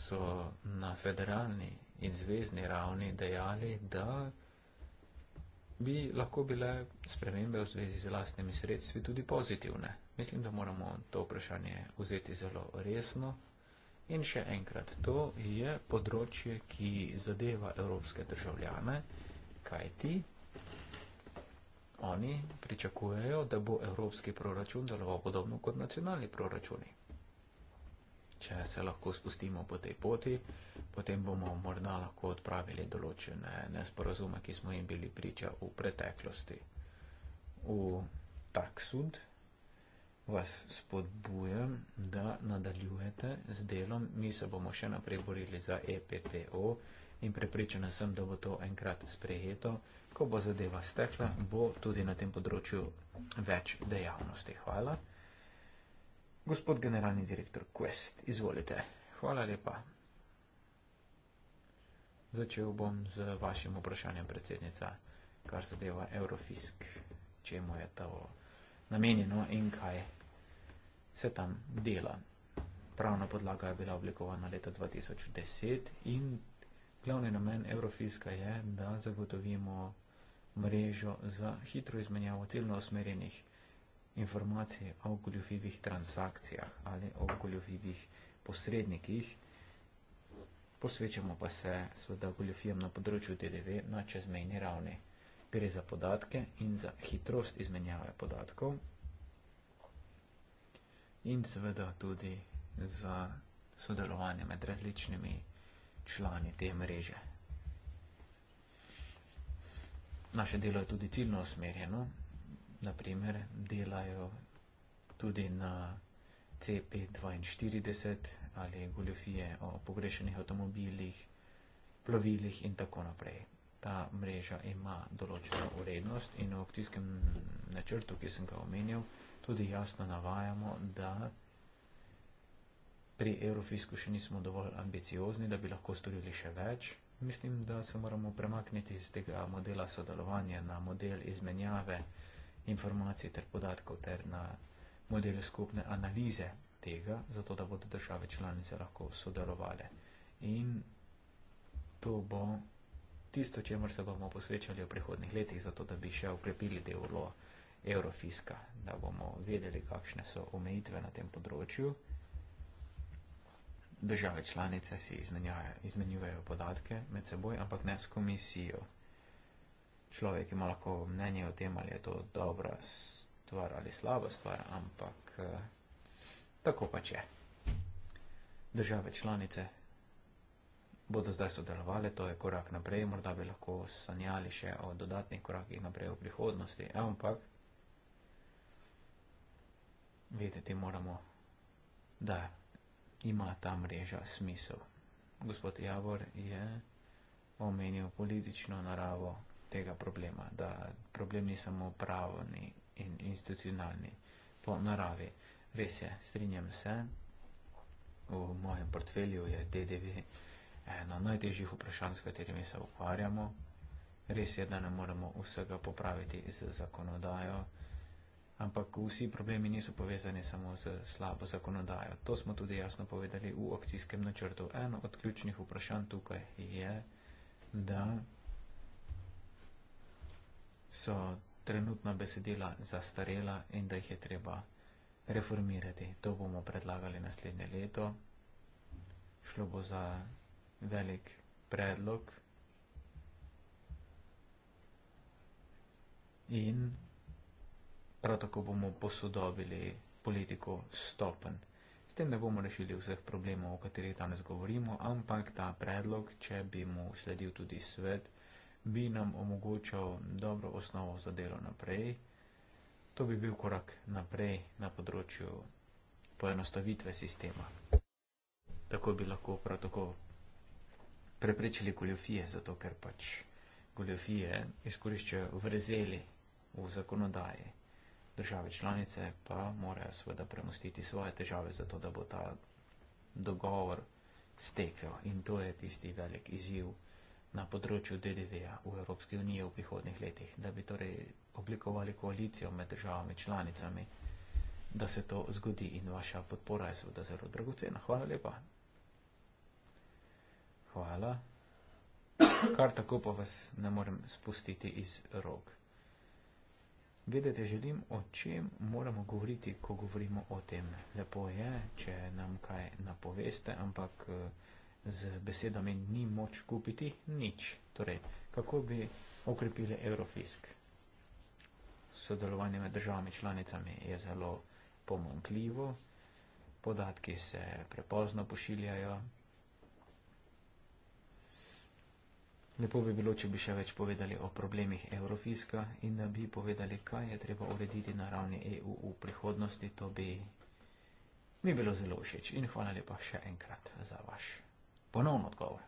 so na federalni in zvezdni ravni dejali, da bi lahko bile spremembe v zvezi z lastnimi sredstvi tudi pozitivne. Mislim, da moramo to vprašanje vzeti zelo resno. In še enkrat, to je področje, ki zadeva evropske državljane, kajti oni pričakujejo, da bo evropski proračun deloval podobno kot nacionalni proračuni če se lahko spustimo po tej poti, potem bomo morda lahko odpravili določene nesporazume, ki smo jim bili priča v preteklosti. V taksud vas spodbujam, da nadaljujete z delom. Mi se bomo še naprej borili za EPPO in prepričana sem, da bo to enkrat sprejeto. Ko bo zadeva stekla, bo tudi na tem področju več dejavnosti. Hvala. Gospod generalni direktor Quest, izvolite. Hvala lepa. Začel bom z vašim vprašanjem, predsednica, kar zadeva Eurofisk, čemu je to namenjeno in kaj se tam dela. Pravna podlaga je bila oblikovana leta 2010 in glavni namen Eurofiska je, da zagotovimo mrežo za hitro izmenjavo ciljno usmerjenih informacije o goljufivih transakcijah ali o goljufivih posrednikih. Posvečamo pa se sveda goljufijem na področju DDV na čezmejni ravni. Gre za podatke in za hitrost izmenjave podatkov in sveda tudi za sodelovanje med različnimi člani te mreže. Naše delo je tudi ciljno osmerjeno, naprimer, delajo tudi na CP42 ali goljofije o pogrešenih avtomobilih, plovilih in tako naprej. Ta mreža ima določeno urednost in v optijskem načrtu, ki sem ga omenil, tudi jasno navajamo, da pri Eurofisku še nismo dovolj ambiciozni, da bi lahko storili še več. Mislim, da se moramo premakniti iz tega modela sodelovanja na model izmenjave informacij ter podatkov ter na modelu skupne analize tega, zato da bodo države članice lahko sodelovali. In to bo tisto, čemer se bomo posvečali v prihodnih letih, zato da bi še ukrepili delo Eurofiska, da bomo vedeli, kakšne so omejitve na tem področju. Države članice si izmenjujejo podatke med seboj, ampak ne s komisijo človek ima lahko mnenje o tem, ali je to dobra stvar ali slaba stvar, ampak eh, tako pač je. Države članice bodo zdaj sodelovali, to je korak naprej, morda bi lahko sanjali še o dodatnih korakih naprej v prihodnosti, ampak vedeti moramo, da ima ta mreža smisel. Gospod Javor je omenil politično naravo tega problema, da problem ni samo pravni in institucionalni po naravi. Res je, strinjam se, v mojem portfelju je DDV eno najtežjih vprašanj, s katerimi se ukvarjamo. Res je, da ne moremo vsega popraviti z zakonodajo, ampak vsi problemi niso povezani samo z slabo zakonodajo. To smo tudi jasno povedali v akcijskem načrtu. Eno od ključnih vprašanj tukaj je, da so trenutna besedila zastarela in da jih je treba reformirati. To bomo predlagali naslednje leto. Šlo bo za velik predlog in prav tako bomo posodobili politiko stopen. S tem ne bomo rešili vseh problemov, o katerih danes govorimo, ampak ta predlog, če bi mu sledil tudi svet, bi nam omogočal dobro osnovo za delo naprej. To bi bil korak naprej na področju poenostavitve sistema. Tako bi lahko prav tako preprečili goljofije, zato ker pač goljofije izkoriščajo vrezeli v zakonodaji. Države članice pa morajo seveda premustiti svoje težave, zato da bo ta dogovor stekel. In to je tisti velik izjiv na področju DDV-ja v Evropski uniji v prihodnih letih, da bi torej oblikovali koalicijo med državami članicami, da se to zgodi in vaša podpora je seveda zelo dragocena. Hvala lepa. Hvala. Kar tako pa vas ne morem spustiti iz rok. Vedete, želim, o čem moramo govoriti, ko govorimo o tem. Lepo je, če nam kaj napoveste, ampak. Uh, z besedami ni moč kupiti nič. Torej, kako bi okrepili Eurofisk? Sodelovanje med državami članicami je zelo pomankljivo, podatki se prepozno pošiljajo. Lepo bi bilo, če bi še več povedali o problemih Eurofiska in da bi povedali, kaj je treba urediti na ravni EU v prihodnosti. To bi mi bilo zelo všeč in hvala lepa še enkrat za vaš ponovno odgovor.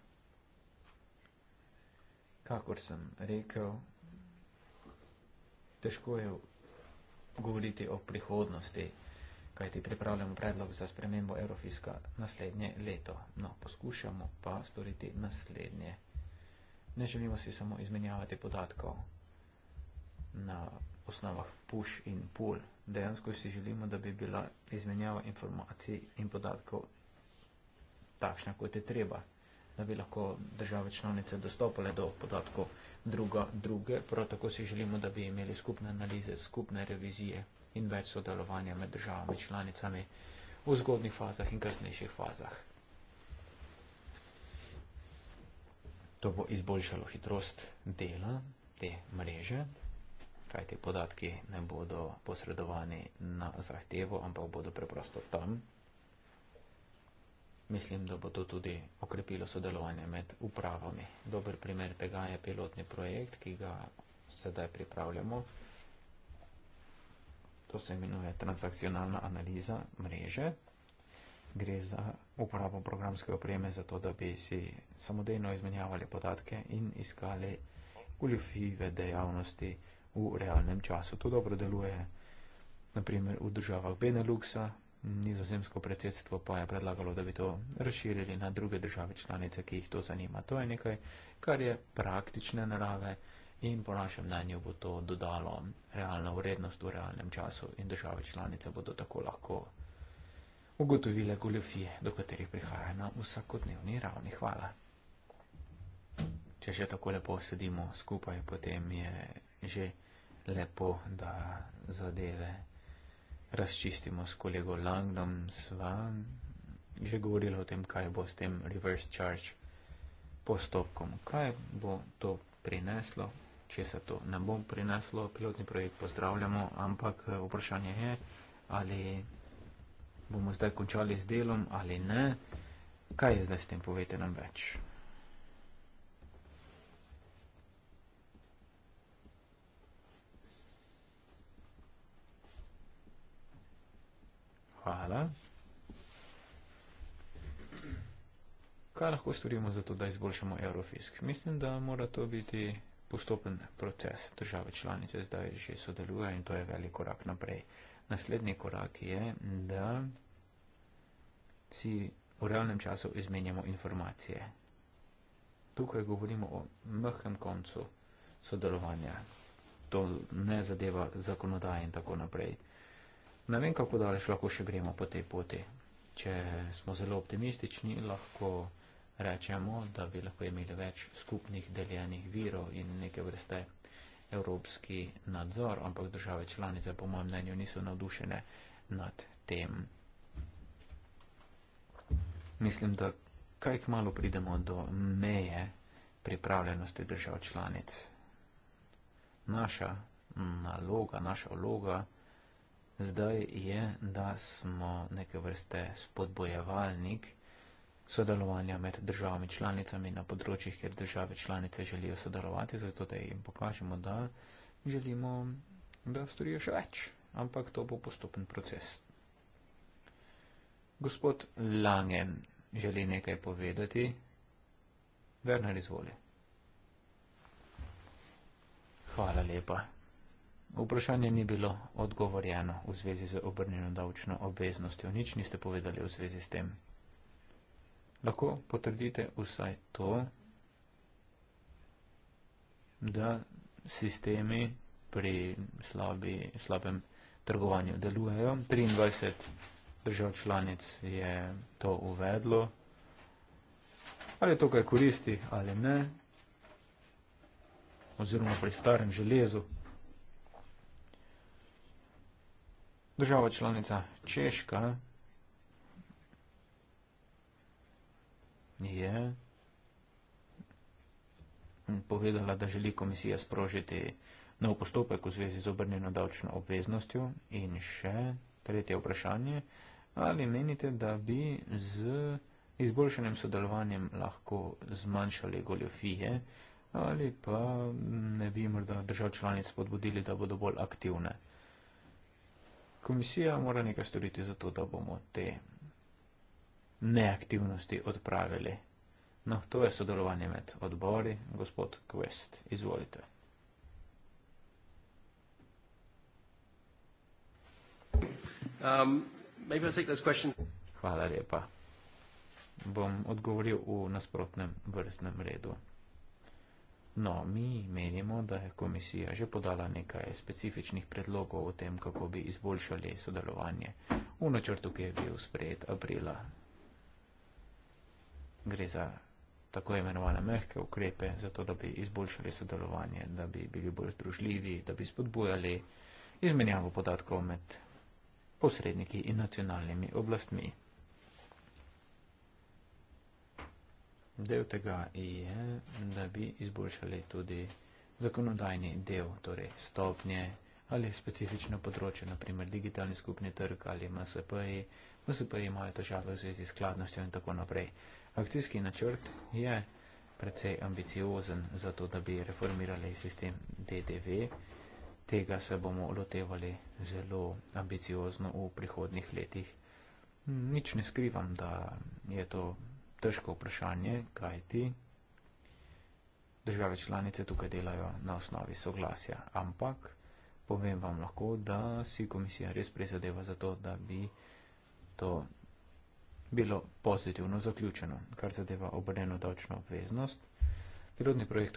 Kakor sem rekel, težko je govoriti o prihodnosti, kajti pripravljamo predlog za spremembo Eurofiska naslednje leto. No, poskušamo pa storiti naslednje. Ne želimo si samo izmenjavati podatkov na osnovah push in pull. Dejansko si želimo, da bi bila izmenjava informacij in podatkov takšna, kot je treba, da bi lahko države članice dostopale do podatkov druga, druge. Prav tako si želimo, da bi imeli skupne analize, skupne revizije in več sodelovanja med državami članicami v zgodnih fazah in kasnejših fazah. To bo izboljšalo hitrost dela te mreže, kaj te podatki ne bodo posredovani na zahtevo, ampak bodo preprosto tam, mislim, da bo to tudi okrepilo sodelovanje med upravami. Dober primer tega je pilotni projekt, ki ga sedaj pripravljamo. To se imenuje transakcionalna analiza mreže. Gre za uporabo programske opreme za to, da bi si samodejno izmenjavali podatke in iskali goljofive dejavnosti v realnem času. To dobro deluje naprimer v državah Beneluxa, nizozemsko predsedstvo pa je predlagalo, da bi to razširili na druge države članice, ki jih to zanima. To je nekaj, kar je praktične narave in po našem mnenju bo to dodalo realno vrednost v realnem času in države članice bodo tako lahko ugotovile goljofije, do katerih prihaja na vsakodnevni ravni. Hvala. Če že tako lepo sedimo skupaj, potem je že lepo, da zadeve razčistimo s kolego Langdom, sva že govorila o tem, kaj bo s tem reverse charge postopkom, kaj bo to prineslo, če se to ne bo prineslo, pilotni projekt pozdravljamo, ampak eh, vprašanje je, ali bomo zdaj končali z delom ali ne, kaj je zdaj s tem povete nam več. Hvala. Kaj lahko storimo za to, da izboljšamo Eurofisk? Mislim, da mora to biti postopen proces. Države članice zdaj že sodeluje in to je velik korak naprej. Naslednji korak je, da si v realnem času izmenjamo informacije. Tukaj govorimo o mehkem koncu sodelovanja. To ne zadeva zakonodaje in tako naprej. Ne vem, kako daleč lahko še gremo po tej poti. Če smo zelo optimistični, lahko rečemo, da bi lahko imeli več skupnih deljenih virov in neke vrste evropski nadzor, ampak države članice, po mojem mnenju, niso navdušene nad tem. Mislim, da kaj k malu pridemo do meje pripravljenosti držav članic. Naša naloga, naša vloga zdaj je, da smo neke vrste spodbojevalnik sodelovanja med državami članicami na področjih, kjer države članice želijo sodelovati, zato da jim pokažemo, da želimo, da storijo še več. Ampak to bo postopen proces. Gospod Langen želi nekaj povedati. Werner izvoli. Hvala lepa. Vprašanje ni bilo odgovorjeno v zvezi z obrnjeno davčno obveznostjo. Nič niste povedali v zvezi s tem. Lahko potrdite vsaj to, da sistemi pri slabi, slabem trgovanju delujejo. 23 držav članic je to uvedlo. Ali je to kaj koristi ali ne, oziroma pri starem železu. Država članica Češka je povedala, da želi komisija sprožiti nov postopek v zvezi z obrnjeno davčno obveznostjo in še tretje vprašanje, ali menite, da bi z izboljšanjem sodelovanjem lahko zmanjšali goljofije ali pa ne bi morda držav članic podbudili, da bodo bolj aktivne. Komisija mora nekaj storiti za to, da bomo te neaktivnosti odpravili. No, to je sodelovanje med odbori. Gospod Quest, izvolite. Um, Hvala lepa. Bom odgovoril v nasprotnem vrstnem redu. No, mi menimo, da je komisija že podala nekaj specifičnih predlogov o tem, kako bi izboljšali sodelovanje v načrtu, ki je bil sprejet aprila. Gre za tako imenovane mehke ukrepe, zato da bi izboljšali sodelovanje, da bi bili bolj združljivi, da bi spodbujali izmenjavo podatkov med posredniki in nacionalnimi oblastmi. Del tega je, da bi izboljšali tudi zakonodajni del, torej stopnje ali specifično področje, naprimer digitalni skupni trg ali MSP-ji. MSP-ji imajo težave v zvezi s skladnostjo in tako naprej. Akcijski načrt je precej ambiciozen za to, da bi reformirali sistem DDV. Tega se bomo lotevali zelo ambiciozno v prihodnih letih. Nič ne skrivam, da je to težko vprašanje, kaj ti države članice tukaj delajo na osnovi soglasja. Ampak povem vam lahko, da si komisija res prizadeva za to, da bi to bilo pozitivno zaključeno, kar zadeva obrneno davčno obveznost. Pilotni projekt,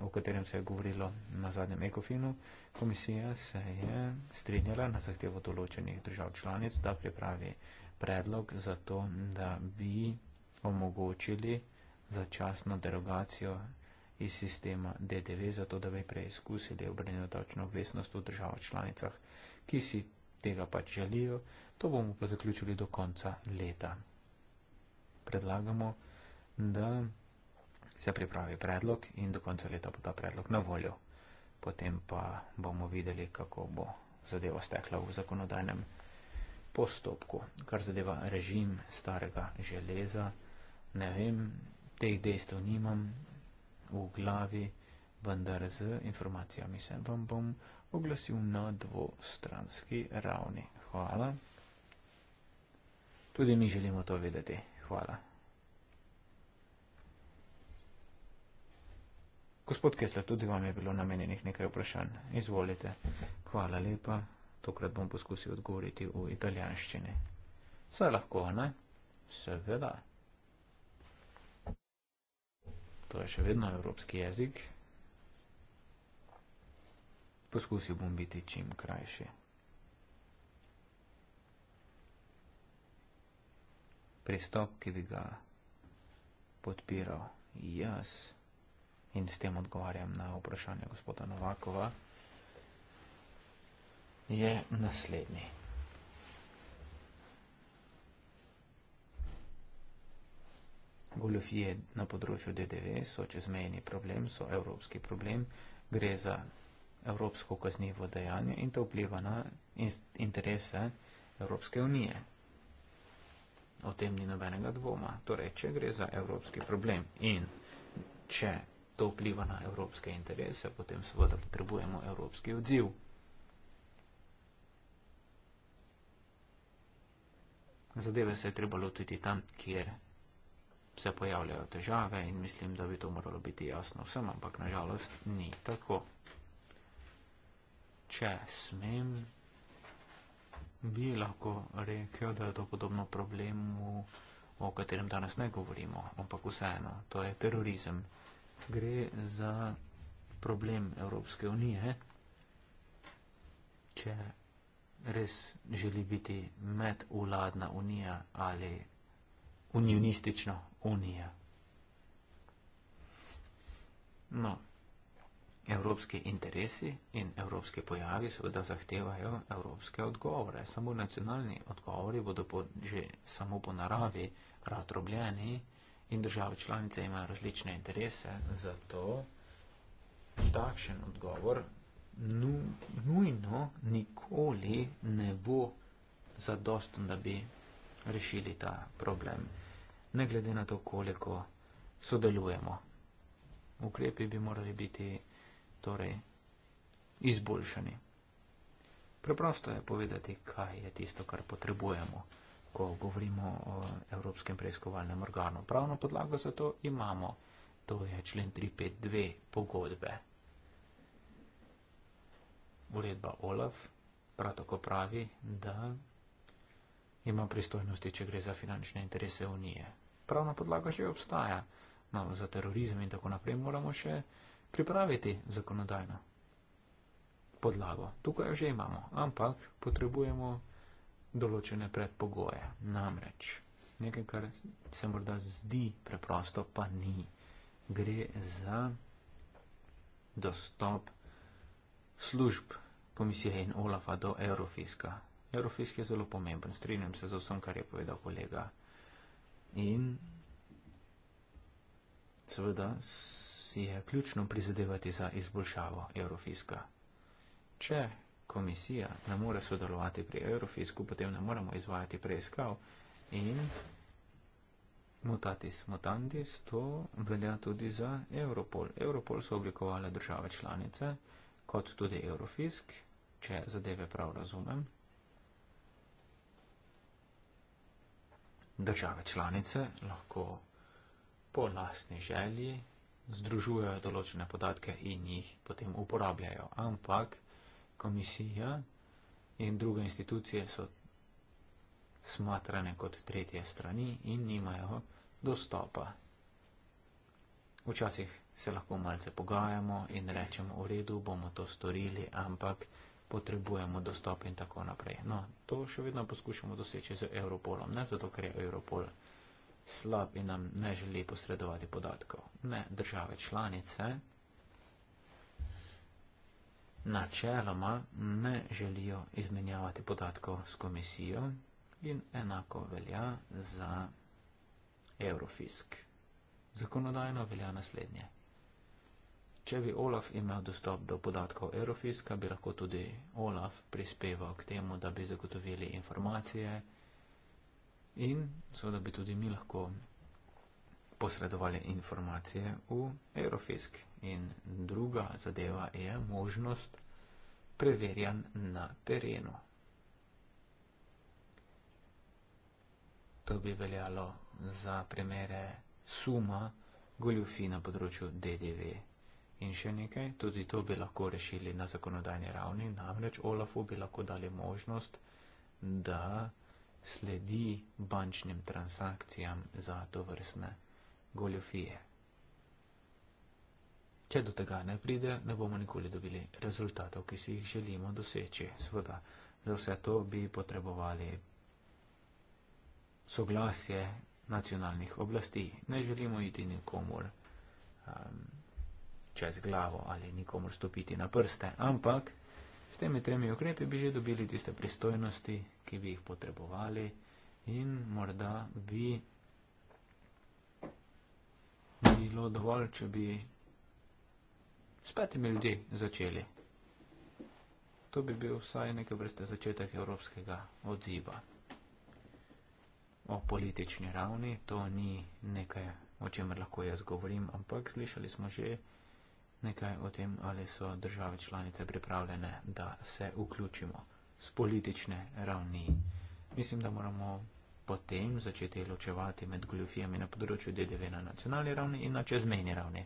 o katerem se je govorilo na zadnjem ekofinu, komisija se je strinjala na zahtevo določenih držav članic, da pripravi predlog za to, da bi omogočili začasno derogacijo iz sistema DDV, zato da bi preizkusili obrnjeno davčno obveznost v državah članicah, ki si tega pač želijo. To bomo pa zaključili do konca leta. Predlagamo, da se pripravi predlog in do konca leta bo ta predlog na voljo. Potem pa bomo videli, kako bo zadeva stekla v zakonodajnem postopku, kar zadeva režim starega železa ne vem, teh dejstev nimam v glavi, vendar z informacijami se vam bom oglasil na dvostranski ravni. Hvala. Tudi mi želimo to vedeti. Hvala. Gospod Kessler, tudi vam je bilo namenjenih nekaj vprašanj. Izvolite. Hvala lepa. Tokrat bom poskusil odgovoriti v italijanščini. Vse lahko, ne? Seveda to je še vedno evropski jezik. Poskusil bom biti čim krajši. Pristop, ki bi ga podpiral jaz in s tem odgovarjam na vprašanje gospoda Novakova, je naslednji. goljofije na področju DDV so čezmejni problem, so evropski problem, gre za evropsko kaznivo dejanje in to vpliva na interese Evropske unije. O tem ni nobenega dvoma. Torej, če gre za evropski problem in če to vpliva na evropske interese, potem seveda potrebujemo evropski odziv. Zadeve se je treba lotiti tam, kjer se pojavljajo težave in mislim, da bi to moralo biti jasno vsem, ampak nažalost ni tako. Če smem, bi lahko rekel, da je to podobno problemu, o katerem danes ne govorimo, ampak vseeno, to je terorizem. Gre za problem Evropske unije, če res želi biti medvladna unija ali unionistična unija. No, evropski interesi in evropski pojavi seveda zahtevajo evropske odgovore. Samo nacionalni odgovori bodo po, že samo po naravi razdrobljeni in države članice imajo različne interese, zato takšen odgovor nujno nikoli ne bo zadosten, da bi rešili ta problem, ne glede na to, koliko sodelujemo. Ukrepi bi morali biti torej izboljšani. Preprosto je povedati, kaj je tisto, kar potrebujemo, ko govorimo o Evropskem preiskovalnem organu. Pravno podlago za to imamo, to je člen 352 pogodbe. Uredba OLAF prav tako pravi, da ima pristojnosti, če gre za finančne interese unije. Pravna podlaga že obstaja, no za terorizem in tako naprej moramo še pripraviti zakonodajno podlago. Tukaj jo že imamo, ampak potrebujemo določene predpogoje. Namreč nekaj, kar se morda zdi preprosto, pa ni. Gre za dostop služb komisije in OLAFA do Eurofiska Eurofisk je zelo pomemben, strinjam se z vsem, kar je povedal kolega. In seveda si je ključno prizadevati za izboljšavo Eurofiska. Če komisija ne more sodelovati pri Eurofisku, potem ne moremo izvajati preiskav in mutatis mutandis, to velja tudi za Europol. Europol so oblikovale države članice, kot tudi Eurofisk, če zadeve prav razumem. države članice lahko po lastni želji združujejo določene podatke in jih potem uporabljajo. Ampak komisija in druge institucije so smatrane kot tretje strani in nimajo dostopa. Včasih se lahko malce pogajamo in rečemo, v redu bomo to storili, ampak potrebujemo dostop in tako naprej. No, to še vedno poskušamo doseči z Europolom, ne zato, ker je Europol slab in nam ne želi posredovati podatkov. Ne, države članice načeloma ne želijo izmenjavati podatkov s komisijo in enako velja za Eurofisk. Zakonodajno velja naslednje. Če bi Olaf imel dostop do podatkov Eurofiska, bi lahko tudi Olaf prispeval k temu, da bi zagotovili informacije in seveda bi tudi mi lahko posredovali informacije v Eurofisk. In druga zadeva je možnost preverjanj na terenu. To bi veljalo za primere suma goljufi na področju DDV. -ja. In še nekaj, tudi to bi lahko rešili na zakonodajni ravni, namreč Olafu bi lahko dali možnost, da sledi bančnim transakcijam za to vrstne goljofije. Če do tega ne pride, ne bomo nikoli dobili rezultatov, ki si jih želimo doseči. Sveda, za vse to bi potrebovali soglasje nacionalnih oblasti. Ne želimo iti nikomor. Um, čez glavo ali nikomor stopiti na prste, ampak s temi tremi ukrepi bi že dobili tiste pristojnosti, ki bi jih potrebovali in morda bi bilo dovolj, če bi s petimi ljudi začeli. To bi bil vsaj neke vrste začetek evropskega odziva. O politični ravni to ni nekaj, o čemer lahko jaz govorim, ampak slišali smo že, nekaj o tem, ali so države članice pripravljene, da se vključimo z politične ravni. Mislim, da moramo potem začeti ločevati med goljofijami na področju DDV na nacionalni ravni in na čezmejni ravni.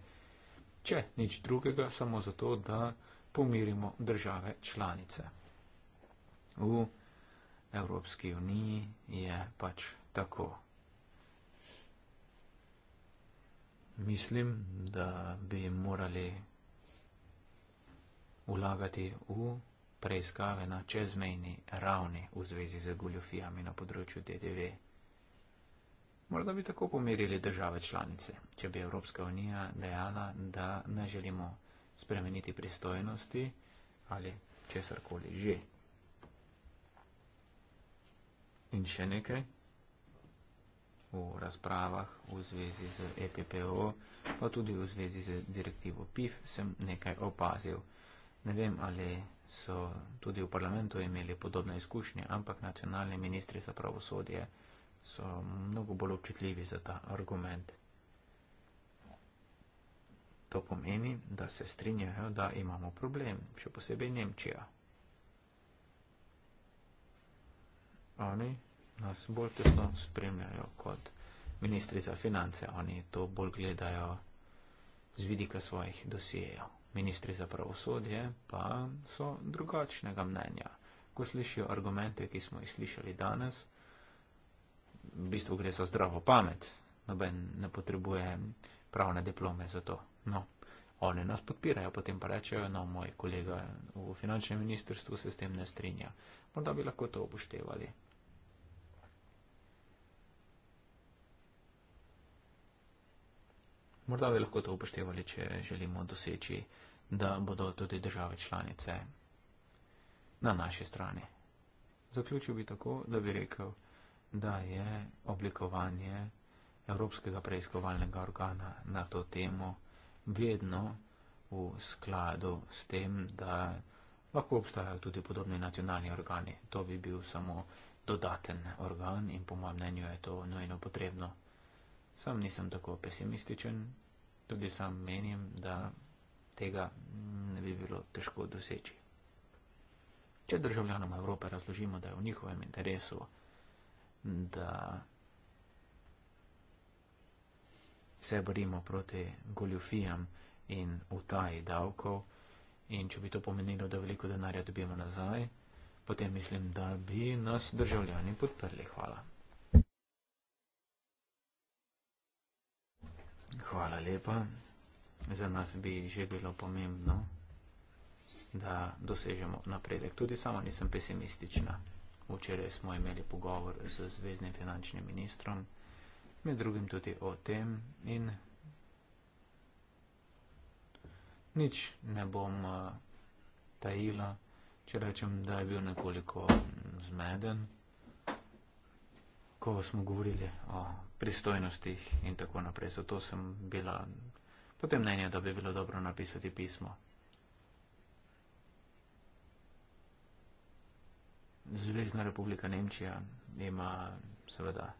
Če nič drugega, samo zato, da pomirimo države članice. V Evropski uniji je pač tako. mislim, da bi morali vlagati v preiskave na čezmejni ravni v zvezi z goljofijami na področju DDV. Morda bi tako pomirili države članice, če bi Evropska unija dejala, da ne želimo spremeniti pristojnosti ali česarkoli že. In še nekaj v razpravah v zvezi z EPPO, pa tudi v zvezi z direktivo PIF, sem nekaj opazil. Ne vem, ali so tudi v parlamentu imeli podobne izkušnje, ampak nacionalni ministri za pravosodje so mnogo bolj občutljivi za ta argument. To pomeni, da se strinjajo, da imamo problem, še posebej Nemčija. Oni nas bolj tesno spremljajo kot ministri za finance. Oni to bolj gledajo z vidika svojih dosijejev. Ministri za pravosodje pa so drugačnega mnenja. Ko slišijo argumente, ki smo jih slišali danes, v bistvu gre za zdravo pamet, noben ne potrebuje pravne diplome za to. No, oni nas podpirajo, potem pa rečejo, no, moj kolega v finančnem ministrstvu se s tem ne strinja. Morda bi lahko to upoštevali. Morda bi lahko to upoštevali, če želimo doseči, da bodo tudi države članice na naši strani. Zaključil bi tako, da bi rekel, da je oblikovanje Evropskega preiskovalnega organa na to temo vedno v skladu s tem, da lahko obstajajo tudi podobni nacionalni organi. To bi bil samo dodaten organ in po mojem mnenju je to nujno potrebno. Sam nisem tako pesimističen, Tudi sam menim, da tega ne bi bilo težko doseči. Če državljanom Evrope razložimo, da je v njihovem interesu, da se borimo proti goljufijam in utaji davkov, in če bi to pomenilo, da veliko denarja dobimo nazaj, potem mislim, da bi nas državljani podprli. Hvala. Hvala lepa. Za nas bi že bilo pomembno, da dosežemo napredek. Tudi sama nisem pesimistična. Včeraj smo imeli pogovor z zvezdnim finančnim ministrom, med drugim tudi o tem in nič ne bom eh, tajila, če rečem, da je bil nekoliko zmeden ko smo govorili o pristojnostih in tako naprej. Zato sem bila potem mnenja, da bi bilo dobro napisati pismo. Zvezdna republika Nemčija ima seveda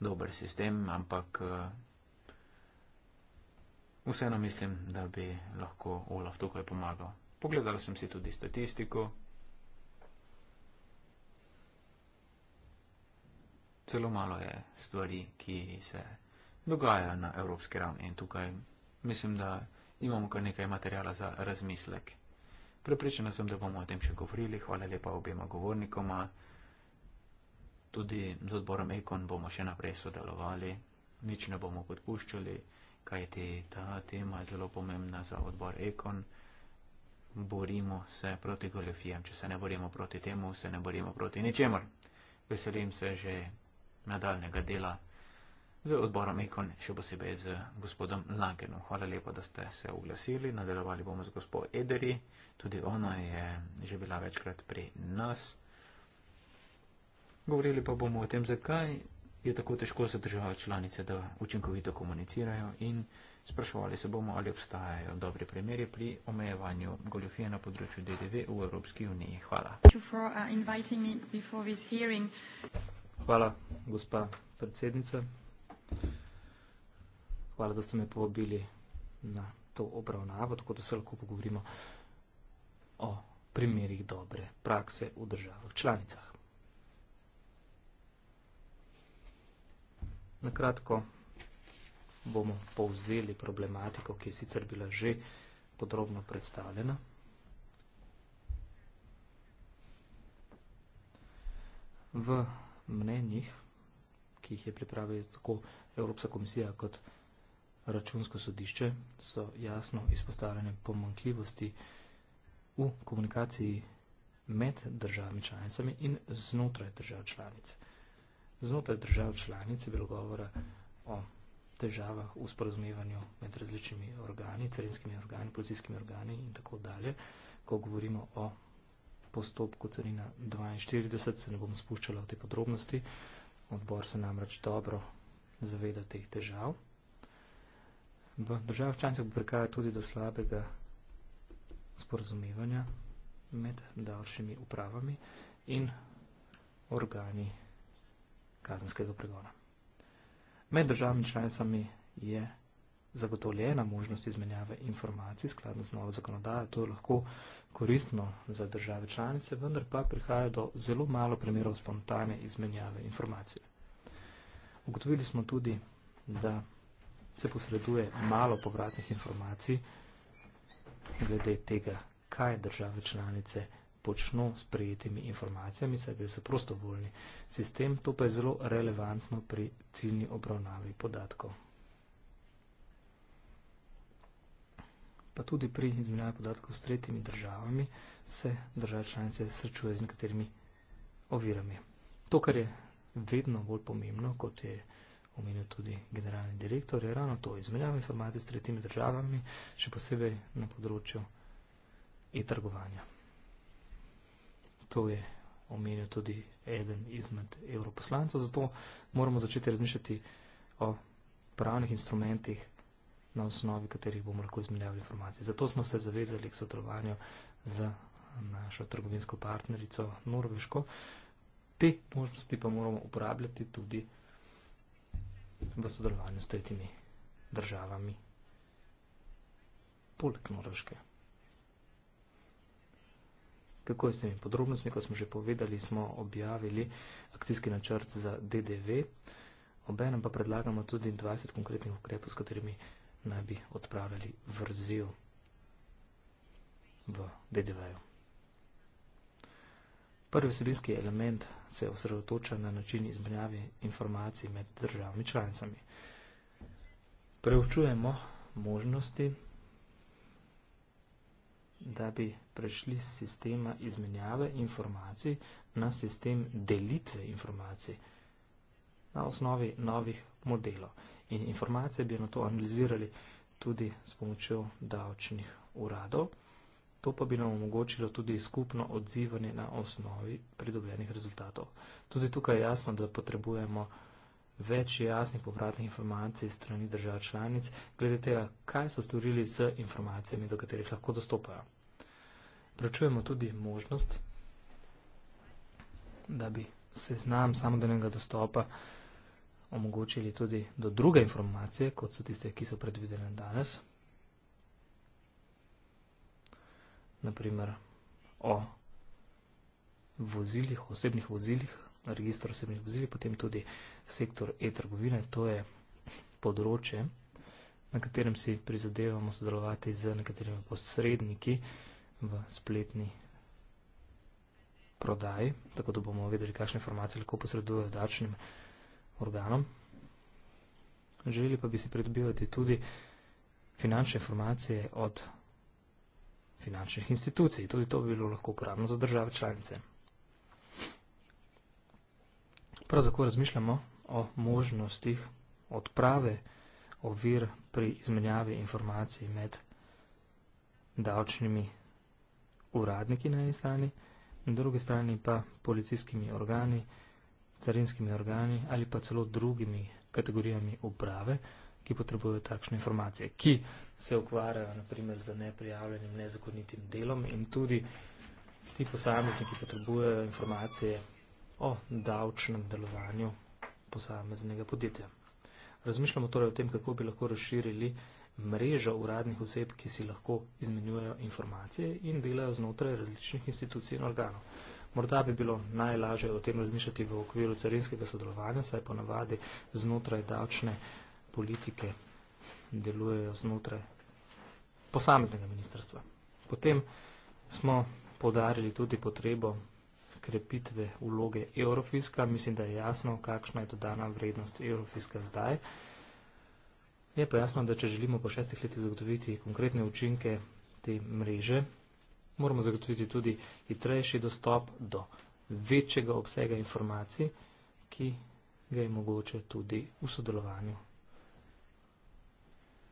dober sistem, ampak eh, vseeno mislim, da bi lahko Olaf tukaj pomagal. Pogledala sem si tudi statistiko. zelo malo je stvari, ki se dogajajo na evropski ravni in tukaj mislim, da imamo kar nekaj materijala za razmislek. Prepričana sem, da bomo o tem še govorili. Hvala lepa obema govornikoma. Tudi z odborom Ekon bomo še naprej sodelovali. Nič ne bomo podpuščali, kaj te ta tema je zelo pomembna za odbor Ekon. Borimo se proti goljofijam. Če se ne borimo proti temu, se ne borimo proti ničemor. Veselim se že nadaljnega dela z odborom Ekon, še posebej z gospodom Lagenom. Hvala lepa, da ste se oglasili. Nadaljevali bomo z gospod Ederi. Tudi ona je že bila večkrat pri nas. Govorili pa bomo o tem, zakaj je tako težko za države članice, da učinkovito komunicirajo in spraševali se bomo, ali obstajajo dobri primeri pri omejevanju goljofije na področju DDV v Evropski uniji. Hvala. Hvala hvala, gospa predsednica. Hvala, da ste me povabili na to obravnavo, tako da se lahko pogovorimo o primerih dobre prakse v državah članicah. Nakratko bomo povzeli problematiko, ki je sicer bila že podrobno predstavljena. V mnenjih, ki jih je pripravila tako Evropska komisija kot računsko sodišče, so jasno izpostavljene pomankljivosti v komunikaciji med državami članicami in znotraj držav članic. Znotraj držav članic je bilo govora o težavah v sporozumevanju med različnimi organi, carinskimi organi, policijskimi organi in tako dalje, ko govorimo o postopku carina 42, se ne bom spuščala v te podrobnosti. Odbor se namreč dobro zaveda teh težav. V državah članicah prekaja tudi do slabega sporazumevanja med davčnimi upravami in organi kazenskega pregona. Med državami članicami je zagotovljena možnost izmenjave informacij skladno z novo zakonodajo. To je lahko koristno za države članice, vendar pa prihaja do zelo malo primerov spontane izmenjave informacij. Ugotovili smo tudi, da se posreduje malo povratnih informacij glede tega, kaj države članice počno s prijetimi informacijami, saj gre za prostovoljni sistem, to pa je zelo relevantno pri ciljni obravnavi podatkov. pa tudi pri izmenjavi podatkov s tretjimi državami se države članice srečuje z nekaterimi ovirami. To, kar je vedno bolj pomembno, kot je omenil tudi generalni direktor, je ravno to izmenjava informacij s tretjimi državami, še posebej na področju e-trgovanja. To je omenil tudi eden izmed evroposlancev, zato moramo začeti razmišljati o pravnih instrumentih na osnovi katerih bomo lahko izmenjavali informacije. Zato smo se zavezali k sodelovanju z našo trgovinsko partnerico Norveško. Te možnosti pa moramo uporabljati tudi v sodelovanju s tretjimi državami, poleg Norveške. Kako je s temi podrobnostmi? Kot smo že povedali, smo objavili akcijski načrt za DDV, obenem pa predlagamo tudi 20 konkretnih ukrepov, s katerimi naj bi odpravljali vrzel v DDV-ju. Prvi sebinski element se osredotoča na način izmenjave informacij med državami članicami. Preučujemo možnosti, da bi prešli z sistema izmenjave informacij na sistem delitve informacij na osnovi novih modelov in informacije bi na to analizirali tudi s pomočjo davčnih uradov. To pa bi nam omogočilo tudi skupno odzivanje na osnovi pridobljenih rezultatov. Tudi tukaj je jasno, da potrebujemo več jasnih povratnih informacij strani držav članic, glede tega, kaj so storili z informacijami, do katerih lahko dostopajo. Pračujemo tudi možnost, da bi seznam samodenega dostopa vsega, omogočili tudi do druge informacije, kot so tiste, ki so predvidene danes. Naprimer o vozilih, osebnih vozilih, registr osebnih vozil, potem tudi sektor e-trgovine, to je področje, na katerem si prizadevamo sodelovati z nekaterimi posredniki v spletni prodaji, tako da bomo vedeli, kakšne informacije lahko posredujejo dačnim informacijam, organom. Želeli pa bi si pridobivati tudi finančne informacije od finančnih institucij. Tudi to bi bilo lahko uporabno za države članice. Prav tako razmišljamo o možnostih odprave ovir pri izmenjavi informacij med davčnimi uradniki na eni strani, na drugi strani pa policijskimi organi, carinskimi organi ali pa celo drugimi kategorijami uprave, ki potrebujejo takšne informacije, ki se ukvarjajo naprimer z neprijavljenim, nezakonitim delom in tudi ti posamezniki potrebujejo informacije o davčnem delovanju posameznega podjetja. Razmišljamo torej o tem, kako bi lahko razširili mrežo uradnih oseb, ki si lahko izmenjujejo informacije in delajo znotraj različnih institucij in organov. Morda bi bilo najlažje o tem razmišljati v okviru carinskega sodelovanja, saj ponavadi znotraj davčne politike delujejo znotraj posameznega ministrstva. Potem smo podarili tudi potrebo krepitve vloge Eurofiska. Mislim, da je jasno, kakšna je dodana vrednost Eurofiska zdaj. Je pa jasno, da če želimo po šestih letih zagotoviti konkretne učinke te mreže, moramo zagotoviti tudi hitrejši dostop do večjega obsega informacij, ki ga je mogoče tudi v sodelovanju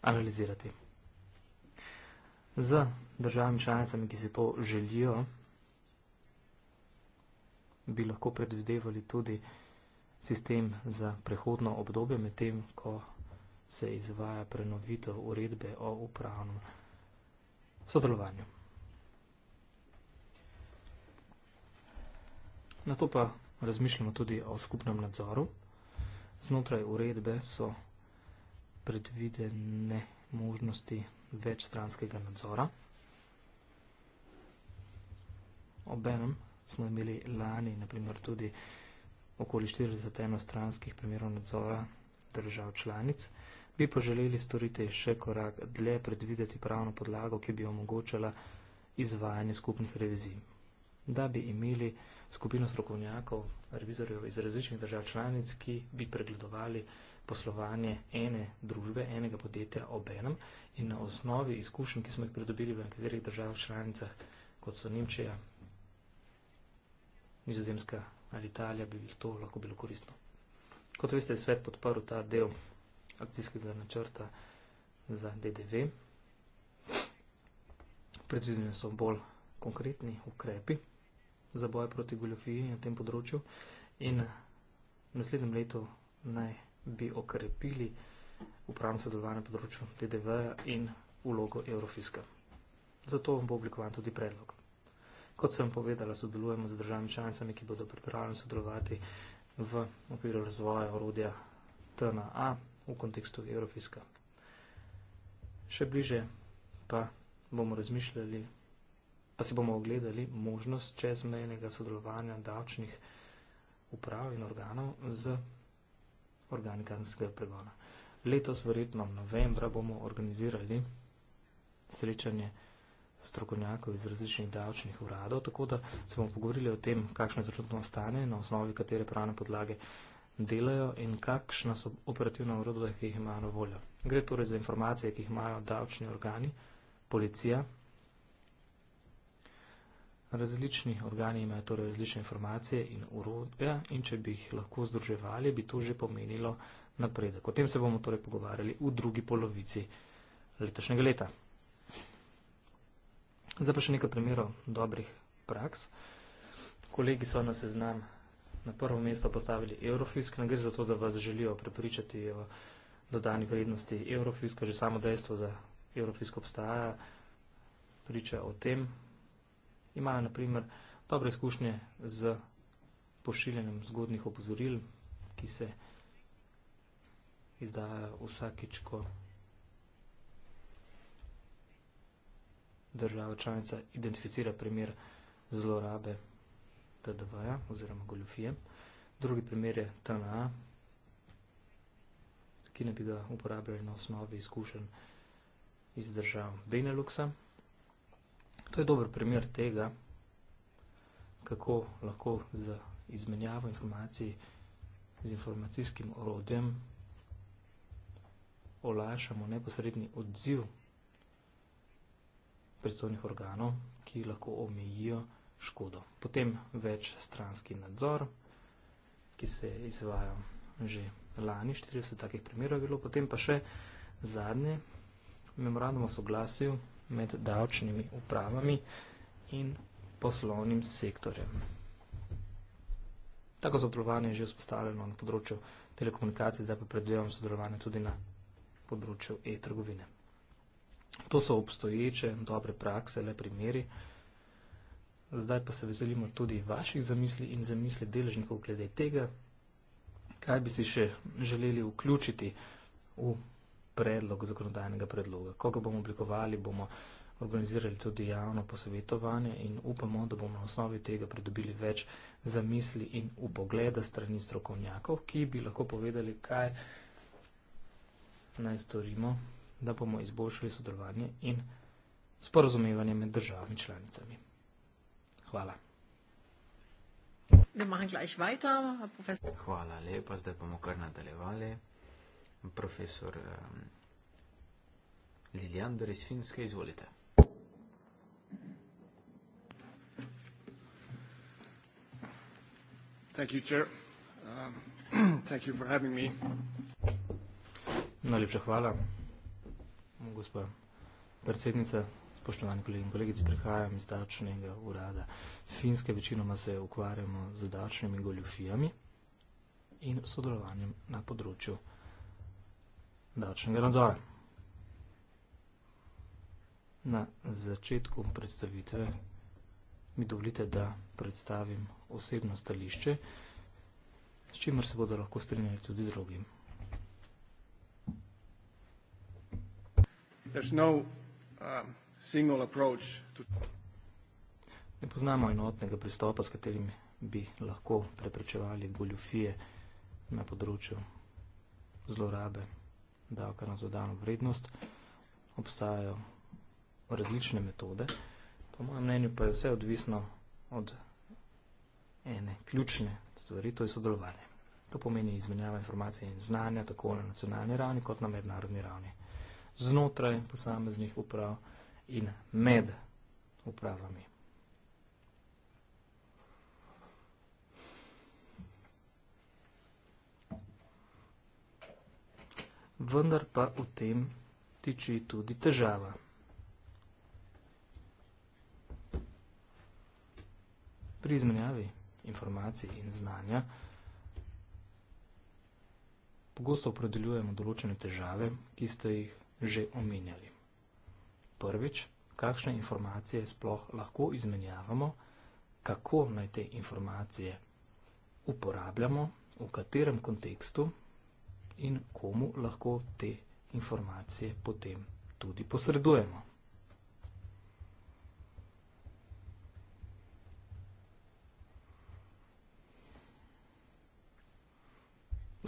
analizirati. Z državami članicami, ki si to želijo, bi lahko predvidevali tudi sistem za prehodno obdobje med tem, ko se izvaja prenovitev uredbe o upravnem sodelovanju. na to pa razmišljamo tudi o skupnem nadzoru. Znotraj uredbe so predvidene možnosti večstranskega nadzora. Obenem smo imeli lani naprimer tudi okoli 40 enostranskih primerov nadzora držav članic, bi pa želeli storiti še korak dlje predvideti pravno podlago, ki bi omogočala izvajanje skupnih revizij da bi imeli skupino strokovnjakov, revizorjev iz različnih držav članic, ki bi pregledovali poslovanje ene družbe, enega podjetja obenem in na osnovi izkušenj, ki smo jih pridobili v nekaterih državah članicah, kot so Nemčija, Nizozemska ali Italija, bi jih to lahko bilo koristno. Kot veste, je svet podporil ta del akcijskega načrta za DDV. Predvidene so bolj konkretni ukrepi, za boje proti goljofiji na tem področju in v naslednjem letu naj bi okrepili upravno sodelovanje na področju DDV in vlogo Eurofiska. Zato bom oblikovan tudi predlog. Kot sem povedala, sodelujemo z državami članicami, ki bodo pripravljeni sodelovati v okviru razvoja orodja TNA v kontekstu Eurofiska. Še bliže pa bomo razmišljali pa si bomo ogledali možnost čezmejnega sodelovanja davčnih uprav in organov z organi kazenskega pregona. Letos, verjetno novembra, bomo organizirali srečanje strokovnjakov iz različnih davčnih uradov, tako da se bomo pogovorili o tem, kakšno je trenutno stanje, na osnovi katere pravne podlage delajo in kakšna so operativna urodja, ki jih imajo na voljo. Gre torej za informacije, ki jih imajo davčni organi, policija, Različni organi imajo torej različne informacije in urodja in če bi jih lahko združevali, bi to že pomenilo napredek. O tem se bomo torej pogovarjali v drugi polovici letošnjega leta. Zdaj pa še nekaj primerov dobrih praks. Kolegi so na seznam na prvo mesto postavili Eurofisk. Ne gre za to, da vas želijo prepričati o dodani vrednosti Eurofiska. Že samo dejstvo, da Eurofisk obstaja, priča o tem, imajo naprimer dobre izkušnje z pošiljanjem zgodnih opozoril, ki se izdajo vsakič, ko država članica identificira primer zlorabe TDV-ja oziroma goljofije. Drugi primer je TNA, ki ne bi ga uporabljali na osnovi izkušenj iz držav Beneluxa. To je dober primer tega, kako lahko z izmenjavo informacij z informacijskim orodjem olašamo neposredni odziv predstavnih organov, ki lahko omejijo škodo. Potem več stranski nadzor, ki se izvajo že lani, 40 takih primerov je bilo, potem pa še zadnje, memorandum o soglasju, med davčnimi upravami in poslovnim sektorjem. Tako sodelovanje je že vzpostavljeno na področju telekomunikacij, zdaj pa predvidevam sodelovanje tudi na področju e-trgovine. To so obstoječe dobre prakse, le primeri. Zdaj pa se veselimo tudi vaših zamisli in zamisli deležnikov glede tega, kaj bi si še želeli vključiti v predlog zakonodajnega predloga. Ko ga bomo oblikovali, bomo organizirali tudi javno posvetovanje in upamo, da bomo na osnovi tega pridobili več zamisli in upogleda strani strokovnjakov, ki bi lahko povedali, kaj naj storimo, da bomo izboljšali sodelovanje in sporozumevanje med državami članicami. Hvala. Hvala lepa, zdaj bomo kar nadaljevali profesor um, Liliander iz Finske. Izvolite. Thank you, chair. Um, thank you for having me. Najlepša hvala, gospod predsednica. Poštovani kolegi in kolegici, prihajam iz dačnega urada Finske. Večinoma se ukvarjamo z dačnimi goljufijami in sodelovanjem na področju uh, davčnega nadzora. Na začetku predstavitve mi dovolite, da predstavim osebno stališče, s čimer se bodo lahko strinjali tudi drugim. No, um, ne poznamo enotnega pristopa, s katerim bi lahko preprečevali goljufije na področju zlorabe davka na dodano vrednost, obstajajo različne metode. Po mojem mnenju pa je vse odvisno od ene ključne stvari, to je sodelovanje. To pomeni izmenjava informacij in znanja tako na nacionalni ravni kot na mednarodni ravni. Znotraj posameznih uprav in med upravami. vendar pa v tem tiči tudi težava. Pri izmenjavi informacij in znanja pogosto opredeljujemo določene težave, ki ste jih že omenjali. Prvič, kakšne informacije sploh lahko izmenjavamo, kako naj te informacije uporabljamo, v katerem kontekstu in komu lahko te informacije potem tudi posredujemo.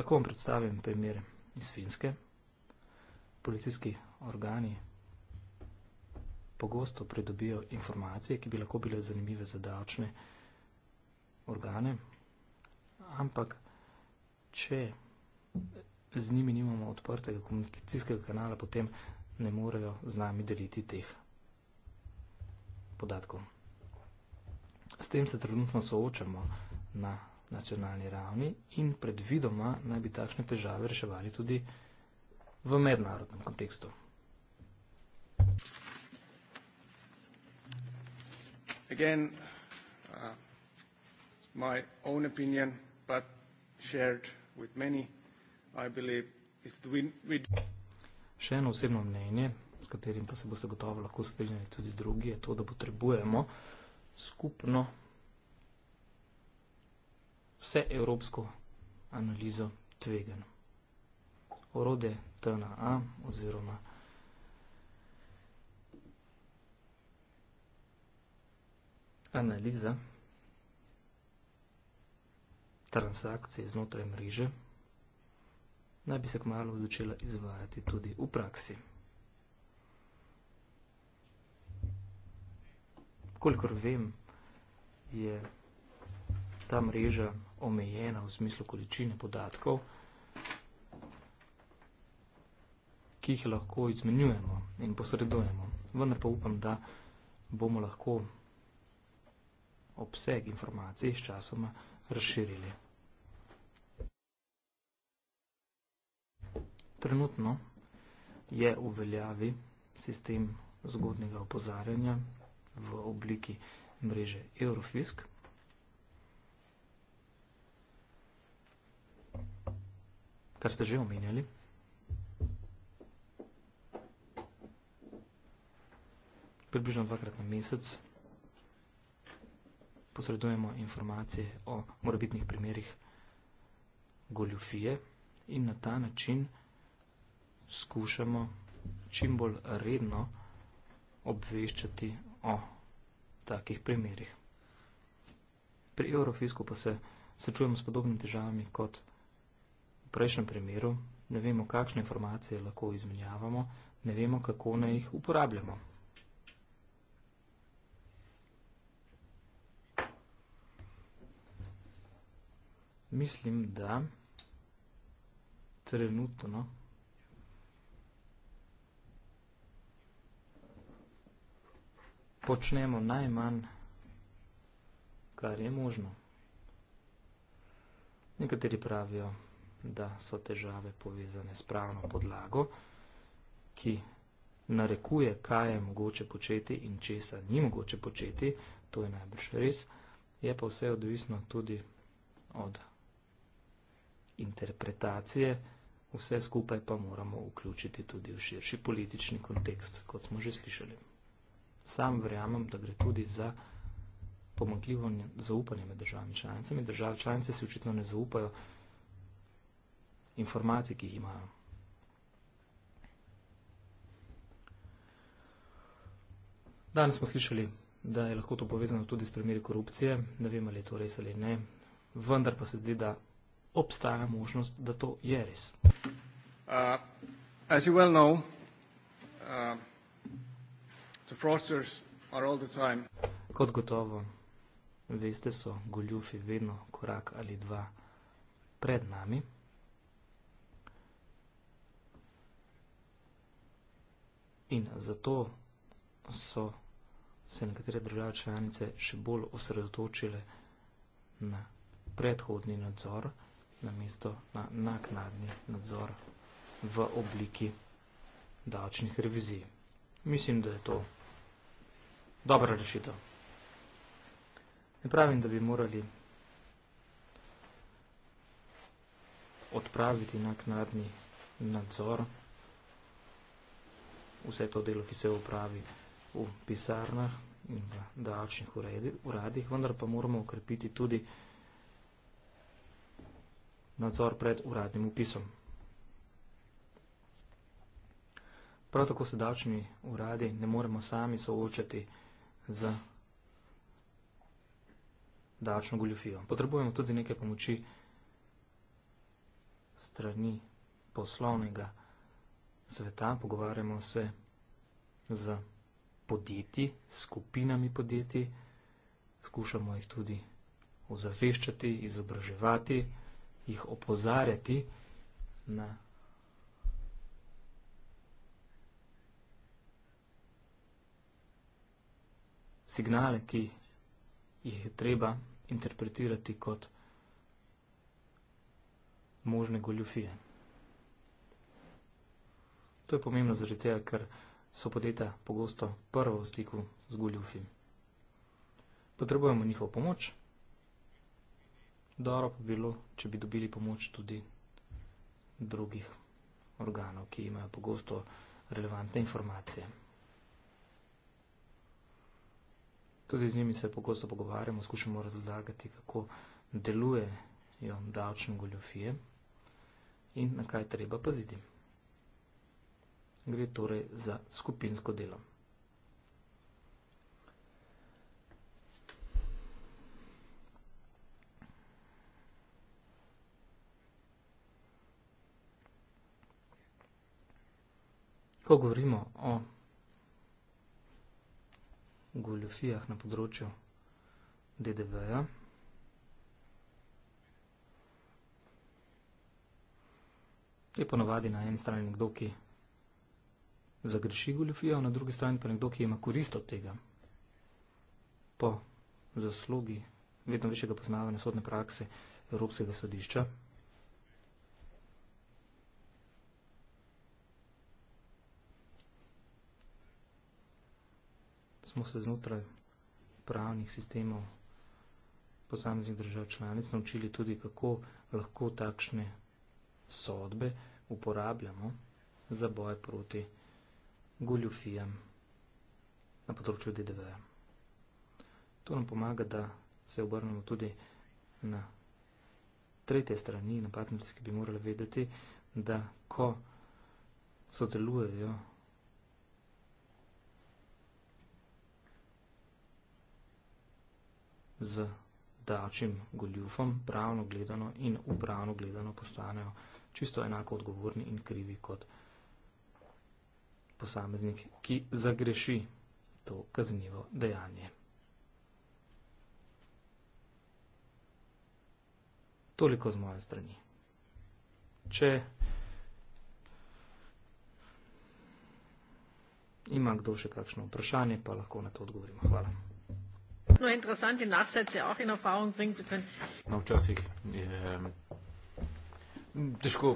Lahko vam predstavim primer iz Finske. Policijski organi pogosto pridobijo informacije, ki bi lahko bile zanimive za davčne organe, ampak če z njimi nimamo odprtega komunikacijskega kanala, potem ne morejo z nami deliti teh podatkov. S tem se trenutno soočamo na nacionalni ravni in predvidoma naj bi takšne težave reševali tudi v mednarodnem kontekstu. Again, uh, my own opinion, but shared with many. Še eno osebno mnenje, s katerim pa se boste gotovo lahko strinjali tudi drugi, je to, da potrebujemo skupno vse evropsko analizo tvegan. Orode TNA oziroma analiza transakcije znotraj mreže naj bi se kmalo začela izvajati tudi v praksi. Kolikor vem, je ta mreža omejena v smislu količine podatkov, ki jih lahko izmenjujemo in posredujemo. Vendar pa upam, da bomo lahko obseg informacij s časoma razširili. Trenutno je v veljavi sistem zgodnega opozarjanja v obliki mreže Eurofisk. kar ste že omenjali. Približno dvakrat na mesec posredujemo informacije o morabitnih primerih goljufije in na ta način vsega skušamo čim bolj redno obveščati o takih primerih. Pri Eurofisku pa se srečujemo s podobnimi težavami kot v prejšnjem primeru. Ne vemo, kakšne informacije lahko izmenjavamo, ne vemo, kako naj jih uporabljamo. Mislim, da trenutno. počnemo najmanj, kar je možno. Nekateri pravijo, da so težave povezane s pravno podlago, ki narekuje, kaj je mogoče početi in česa ni mogoče početi, to je najbrž res, je pa vse odvisno tudi od interpretacije, vse skupaj pa moramo vključiti tudi v širši politični kontekst, kot smo že slišali. Sam verjamem, da gre tudi za pomankljivo zaupanje med državami članicami. Države članice si očitno ne zaupajo informacij, ki jih imajo. Danes smo slišali, da je lahko to povezano tudi s primeri korupcije, ne vem, ali je to res ali ne, vendar pa se zdi, da obstaja možnost, da to je res. Uh, as you well know, uh... The fraudsters are all the time. Kot gotovo, veste, so goljufi vedno korak ali dva pred nami. In zato so se nekatere države članice še bolj osredotočile na predhodni nadzor, namesto na naknadni nadzor v obliki davčnih revizij. Mislim, da je to dobra rešitev. Ne pravim, da bi morali odpraviti naknadni nadzor vse to delo, ki se upravi v pisarnah in v davčnih uradih, vendar pa moramo ukrepiti tudi nadzor pred uradnim upisom. Prav tako se davčni uradi ne moremo sami soočati s za davčno goljofijo. Potrebujemo tudi nekaj pomoči strani poslovnega sveta. Pogovarjamo se z podjetji, skupinami podjetij, skušamo jih tudi ozaveščati, izobraževati, jih opozarjati na podjetje. signale, ki jih je treba interpretirati kot možne goljufije. To je pomembno zaradi tega, ker so podjetja pogosto prvo v stiku z goljufi. Potrebujemo njihov pomoč. Dobro pa bi bilo, če bi dobili pomoč tudi drugih organov, ki imajo pogosto relevantne informacije. Tudi z njimi se pogosto pogovarjamo, skušamo razlagati, kako delujejo davčne goljofije in na kaj treba paziti. Gre torej za skupinsko delo. Ko govorimo o goljofijah na področju DDV-ja. Je ponovadi na eni strani nekdo, ki zagreši goljofijo, na drugi strani pa nekdo, ki ima korist od tega. Po zaslugi vedno višjega poznavanja sodne prakse Evropskega sodišča. smo se znotraj pravnih sistemov posameznih držav članic naučili tudi, kako lahko takšne sodbe uporabljamo za boj proti goljufijam na področju DDV-ja. To nam pomaga, da se obrnemo tudi na tretje strani, na partnerice, ki bi morali vedeti, da ko sodelujejo z davčnim goljufom, pravno gledano in upravno gledano, postanejo čisto enako odgovorni in krivi kot posameznik, ki zagreši to kaznivo dejanje. Toliko z moje strani. Če ima kdo še kakšno vprašanje, pa lahko na to odgovorimo. Hvala nur interessante Nachsätze auch in Erfahrung bringen zu können. No, mm, težko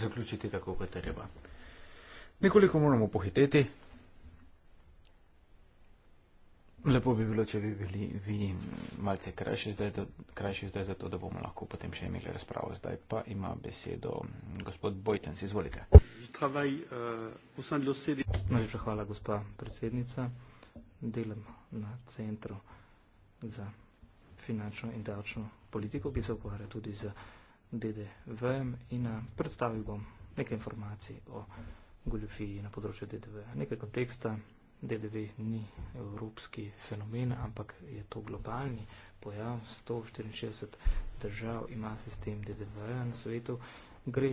zaključiti tako, kot je treba. Nekoliko moramo pohiteti. Lepo bi bilo, če bi bili vi malce krajši zdaj, da, krajši zdaj, zato da bomo lahko potem še imeli razpravo. Zdaj pa ima besedo gospod Bojtenc. Izvolite. Eh, Najlepša hvala, gospa predsednica. Delam na centru za finančno in davčno politiko, ki se ukvarja tudi z DDV-jem in eh, predstavil bom nekaj informacij o goljofiji na področju DDV-ja. Nekaj konteksta, DDV ni evropski fenomen, ampak je to globalni pojav, 164 držav ima sistem DDV-ja na svetu, gre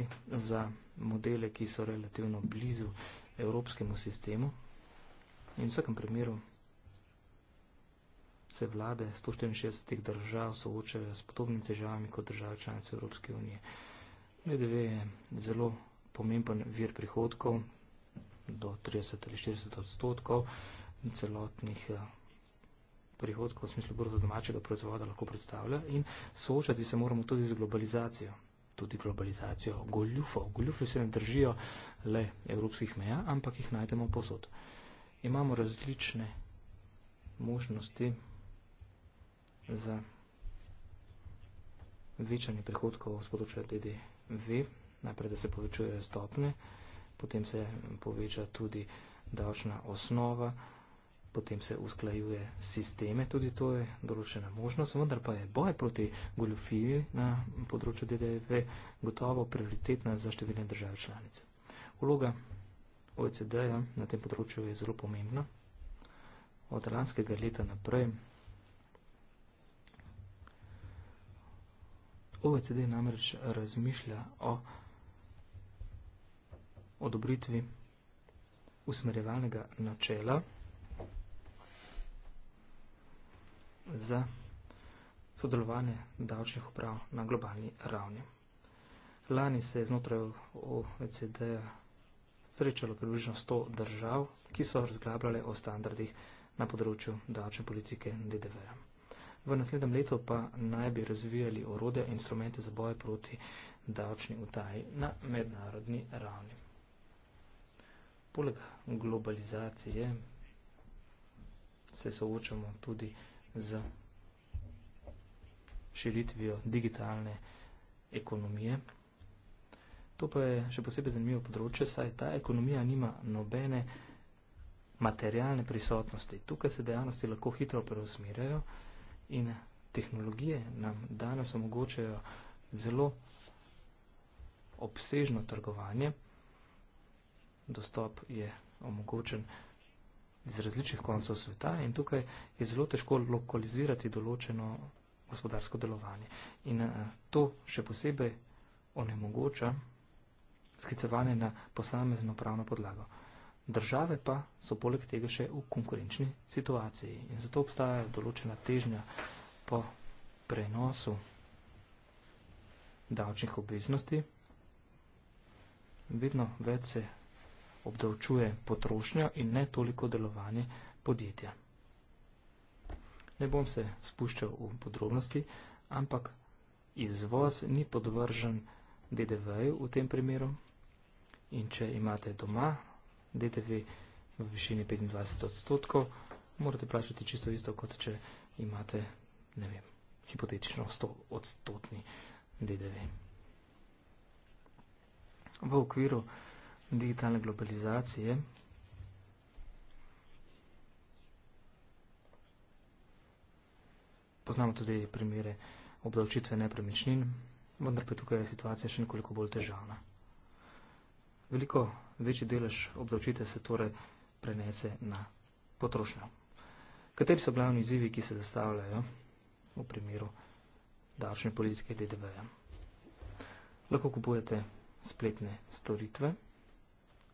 za modele, ki so relativno blizu evropskemu sistemu in v vsakem primeru se vlade 164 držav soočajo s podobnimi težavami kot države članice Evropske unije. BDV je zelo pomemben vir prihodkov do 30 ali 40 odstotkov celotnih eh, prihodkov v smislu bruto domačega proizvoda lahko predstavlja in soočati se moramo tudi z globalizacijo, tudi globalizacijo goljufov. Goljufi se ne držijo le evropskih meja, ampak jih najdemo posod. Imamo različne možnosti za večanje prihodkov z področja DDV, najprej, da se povečujejo stopne, potem se poveča tudi davčna osnova, potem se usklajuje sisteme, tudi to je določena možnost, vendar pa je boj proti goljofiji na področju DDV gotovo prioritetna za številne države članice. Vloga OECD-ja na tem področju je zelo pomembna. Od lanskega leta naprej OECD namreč razmišlja o odobritvi usmerjevalnega načela za sodelovanje davčnih uprav na globalni ravni. Lani se je znotraj OECD srečalo približno 100 držav, ki so razglabljale o standardih na področju davčne politike DDV-ja v naslednjem letu pa naj bi razvijali orode in instrumente za boje proti davčni utaji na mednarodni ravni. Poleg globalizacije se soočamo tudi z širitvijo digitalne ekonomije. To pa je še posebej zanimivo področje, saj ta ekonomija nima nobene materialne prisotnosti. Tukaj se dejavnosti lahko hitro preusmerjajo in tehnologije nam danes omogočajo zelo obsežno trgovanje. Dostop je omogočen iz različnih koncev sveta in tukaj je zelo težko lokalizirati določeno gospodarsko delovanje. In eh, to še posebej onemogoča sklicevanje na posamezno pravno podlago države pa so poleg tega še v konkurenčni situaciji in zato obstaja določena težnja po prenosu davčnih obveznosti. Vedno več se obdavčuje potrošnja in ne toliko delovanje podjetja. Ne bom se spuščal v podrobnosti, ampak izvoz ni podvržen DDV-ju v tem primeru. In če imate doma DTV v višini 25 odstotkov, morate plačati čisto isto, kot če imate, ne vem, hipotetično 100 odstotni DTV. V okviru digitalne globalizacije poznamo tudi primere obdavčitve nepremičnin, vendar pa je tukaj situacija še nekoliko bolj težavna. Veliko večji delež obdavčitev se torej prenese na potrošnjo. Kateri so glavni izzivi, ki se zastavljajo v primeru davčne politike DDV-ja? Lahko kupujete spletne storitve,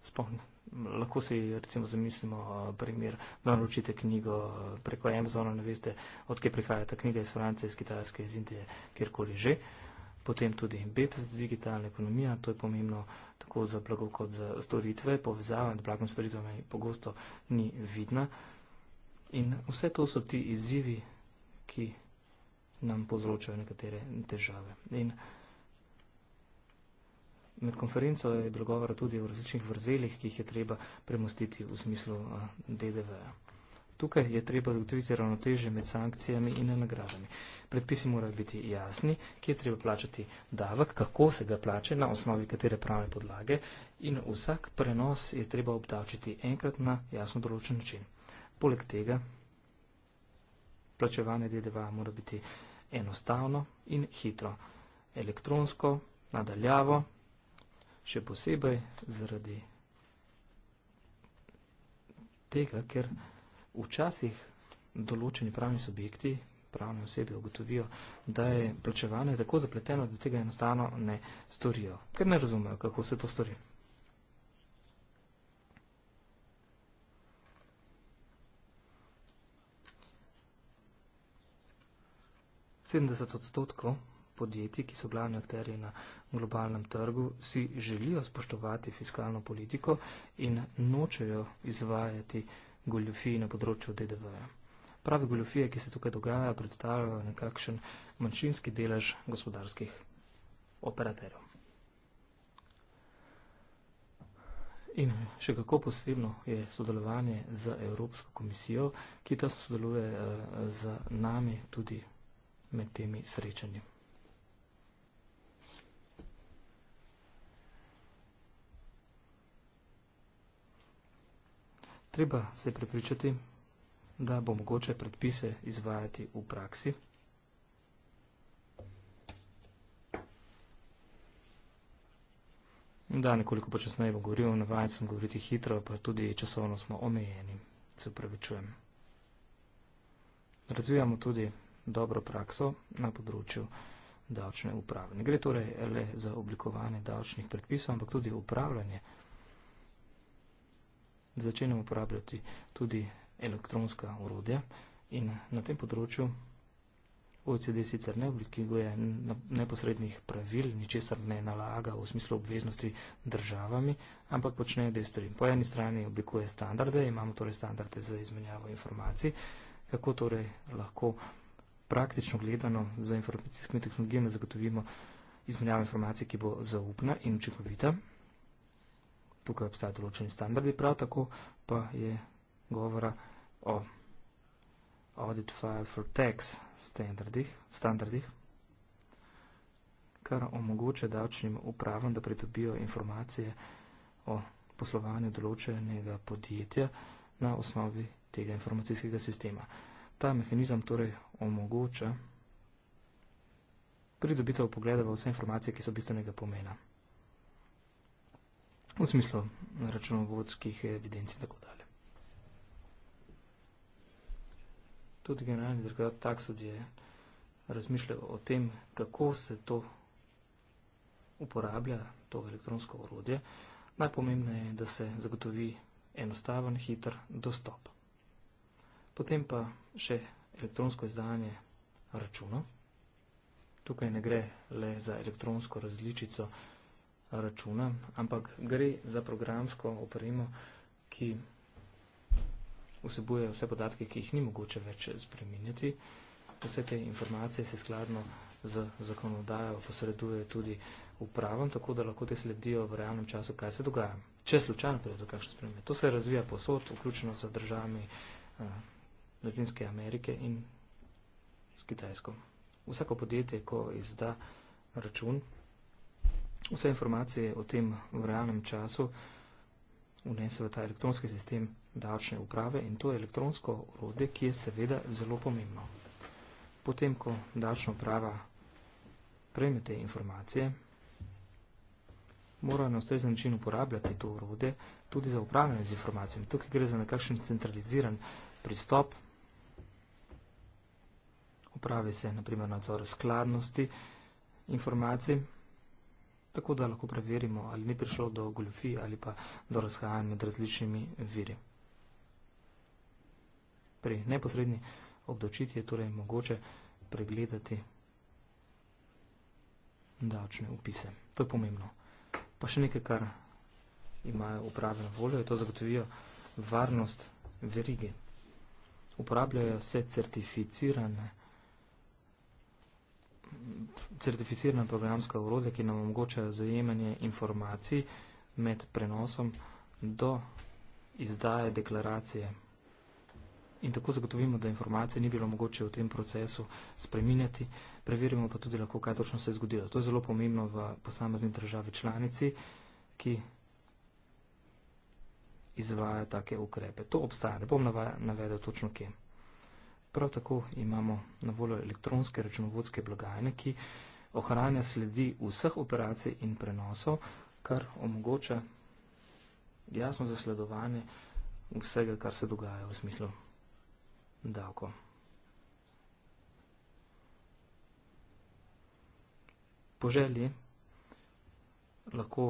spomnite. Lahko si recimo zamislimo eh, primer, da naročite knjigo eh, preko Amazona, ne veste, odkje prihajata knjiga iz Francije, iz Kitajske, iz Indije, kjerkoli že. Uh, Potem tudi BEPS, digitalna ekonomija, to je pomembno tako za blago kot za storitve, povezava med blagom in storitvami pogosto ni vidna. In vse to so ti izzivi, ki nam povzročajo nekatere težave. In med konferenco je bilo govora tudi o različnih vrzeljih, ki jih je treba premostiti v smislu DDV-ja. Tukaj je treba zagotoviti ravnoteže med sankcijami in nagradami. Predpisi morajo biti jasni, kje je treba plačati davek, kako se ga plače, na osnovi katere pravne podlage in vsak prenos je treba obdavčiti enkrat na jasno določen način. Poleg tega, plačevanje DDV mora biti enostavno in hitro, elektronsko, nadaljavo, še posebej zaradi tega, ker včasih določeni pravni subjekti, pravne osebe ugotovijo, da je plačevanje tako zapleteno, da tega enostavno ne storijo, ker ne razumejo, kako se to stori. Sedemdeset odstotkov podjetij, ki so glavni akterji na globalnem trgu, si želijo spoštovati fiskalno politiko in nočejo izvajati goljofiji na področju DDV. Prave goljofije, ki se tukaj dogaja, predstavljajo nekakšen manjšinski delež gospodarskih operaterjev. In še kako posebno je sodelovanje z Evropsko komisijo, ki tam sodeluje eh, z nami tudi med temi srečanjami. Treba se prepričati, da bo mogoče predpise izvajati v praksi. Da, nekoliko počasneje bom govoril, navajen sem govoriti hitro, pa tudi časovno smo omejeni, se upravičujem. Razvijamo tudi dobro prakso na področju davčne uprave. Ne gre torej le za oblikovanje davčnih predpisov, ampak tudi upravljanje predpisov začenjamo uporabljati tudi elektronska urodja in na tem področju OECD sicer ne oblikuje neposrednih pravil, ničesar ne nalaga v smislu obveznosti državami, ampak počnejo dejstvo. Po eni strani oblikuje standarde, imamo torej standarde za izmenjavo informacij, kako torej lahko praktično gledano za informacijskimi tehnologijami zagotovimo izmenjavo informacij, ki bo zaupna in učinkovita tukaj obstajajo določeni standardi, prav tako pa je govora o audit file for tax standardih, standardih kar omogoče davčnim upravom, da pridobijo informacije o poslovanju določenega podjetja na osnovi tega informacijskega sistema. Ta mehanizem torej omogoča pridobitev pogleda v vse informacije, ki so bistvenega pomena v smislu računovodskih evidenc in tako dalje. Tudi generalni direktor Taksod je razmišljal o tem, kako se to uporablja, to elektronsko orodje. Najpomembneje je, da se zagotovi enostaven, hiter dostop. Potem pa še elektronsko izdajanje računa. Tukaj ne gre le za elektronsko različico računa, ampak gre za programsko opremo, ki vsebuje vse podatke, ki jih ni mogoče več spreminjati. Vse te informacije se skladno z zakonodajo posreduje tudi upravam, tako da lahko te sledijo v realnem času, kaj se dogaja. Če slučajno pride do kakšne spremembe. To se razvija posod, vključno z državami eh, Latinske Amerike in s Kitajsko. Vsako podjetje, ko izda račun, vse informacije o tem v realnem času unese v ta elektronski sistem davčne uprave in to je elektronsko urode, ki je seveda zelo pomembno. Potem, ko davčna uprava prejme te informacije, mora na ustrezen način uporabljati to urode tudi za upravljanje z informacijami. Tukaj gre za nekakšen centraliziran pristop. Upravi se, na primer, nadzor skladnosti informacij, tako da lahko preverimo, ali ni prišlo do goljofij ali pa do razhajanja med različnimi viri. Pri neposrednji obdočitvi je torej mogoče pregledati davčne upise. To je pomembno. Pa še nekaj, kar imajo uprave na voljo, je to zagotovijo varnost verige. Uporabljajo se certificirane vrste certificirana programska urodja, ki nam omogoča zajemanje informacij med prenosom do izdaje deklaracije. In tako zagotovimo, da informacije ni bilo mogoče v tem procesu spreminjati, preverimo pa tudi lahko, kaj točno se je zgodilo. To je zelo pomembno v posamezni državi članici, ki izvaja take ukrepe. To obstaja, ne bom navedel točno kje. Prav tako imamo na voljo elektronske računovodske blagajne, ki ohranja sledi vseh operacij in prenosov, kar omogoča jasno zasledovanje vsega, kar se dogaja v smislu davko. Po želji lahko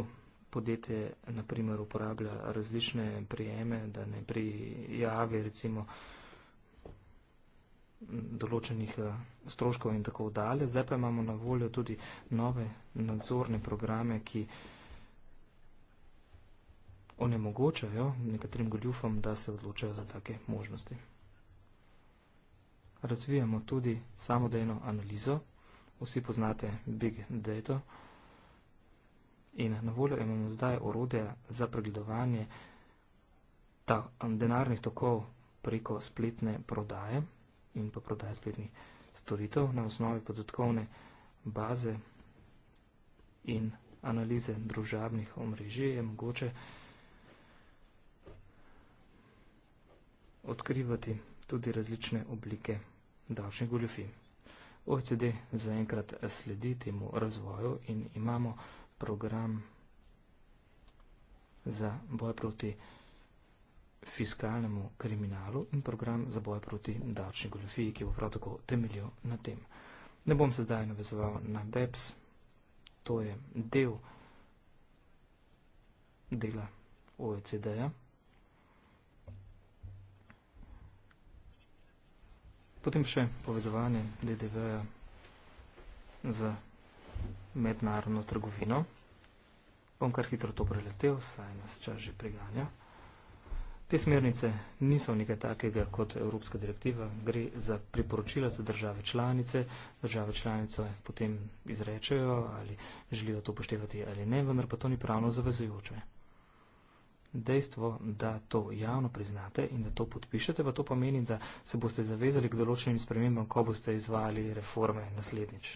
podjetje naprimer uporablja različne prijeme, da ne prijavi recimo določenih eh, stroškov in tako dalje. Zdaj pa imamo na voljo tudi nove nadzorne programe, ki onemogočajo nekaterim goljufom, da se odločajo za take možnosti. Razvijamo tudi samodejno analizo. Vsi poznate Big Data. In na voljo imamo zdaj orodje za pregledovanje denarnih tokov preko spletne prodaje in pa prodaja spletnih storitev na osnovi podatkovne baze in analize družabnih omrežij je mogoče odkrivati tudi različne oblike davčnih goljofij. OECD zaenkrat sledi temu razvoju in imamo program za boj proti vsega fiskalnemu kriminalu in program za boj proti davčni goljofiji, ki bo prav tako temeljil na tem. Ne bom se zdaj navezoval na BEPS, to je del dela OECD-ja. Potem še povezovanje DDV-ja z mednarodno trgovino. Bom kar hitro to preletel, saj nas čas že preganja. Te smernice niso nekaj takega kot Evropska direktiva, gre za priporočila za države članice. Države članice potem izrečejo ali želijo to upoštevati ali ne, vendar pa to ni pravno zavezujoče. Dejstvo, da to javno priznate in da to podpišete, pa to pomeni, da se boste zavezali k določenim spremembam, ko boste izvali reforme naslednjič.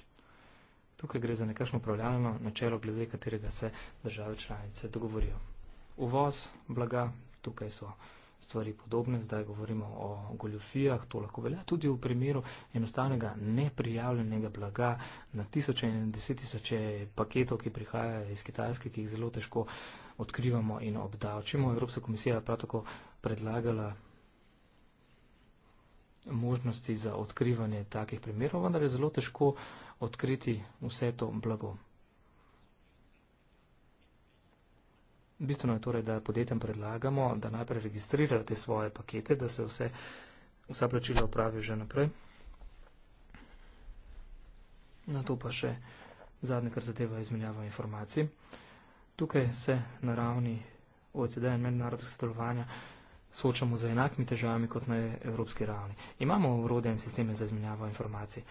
Tukaj gre za nekakšno upravljalno načelo, glede katerega se države članice dogovorijo. Uvoz blaga tukaj so stvari podobne, zdaj govorimo o goljofijah, to lahko velja tudi v primeru enostavnega neprijavljenega blaga na tisoče in deset tisoče paketov, ki prihajajo iz Kitajske, ki jih zelo težko odkrivamo in obdavčimo. Evropska komisija je prav tako predlagala možnosti za odkrivanje takih primerov, vendar je zelo težko odkriti vse to blago. Bistveno je torej, da podjetjem predlagamo, da najprej registrirajo te svoje pakete, da se vse, vsa plačila opravijo že naprej. Na to pa še zadnje, kar zadeva izmenjava informacij. Tukaj se na ravni OECD in mednarodnega sodelovanja soočamo z enakimi težavami kot na evropski ravni. Imamo urode in sisteme za izmenjavo informacij.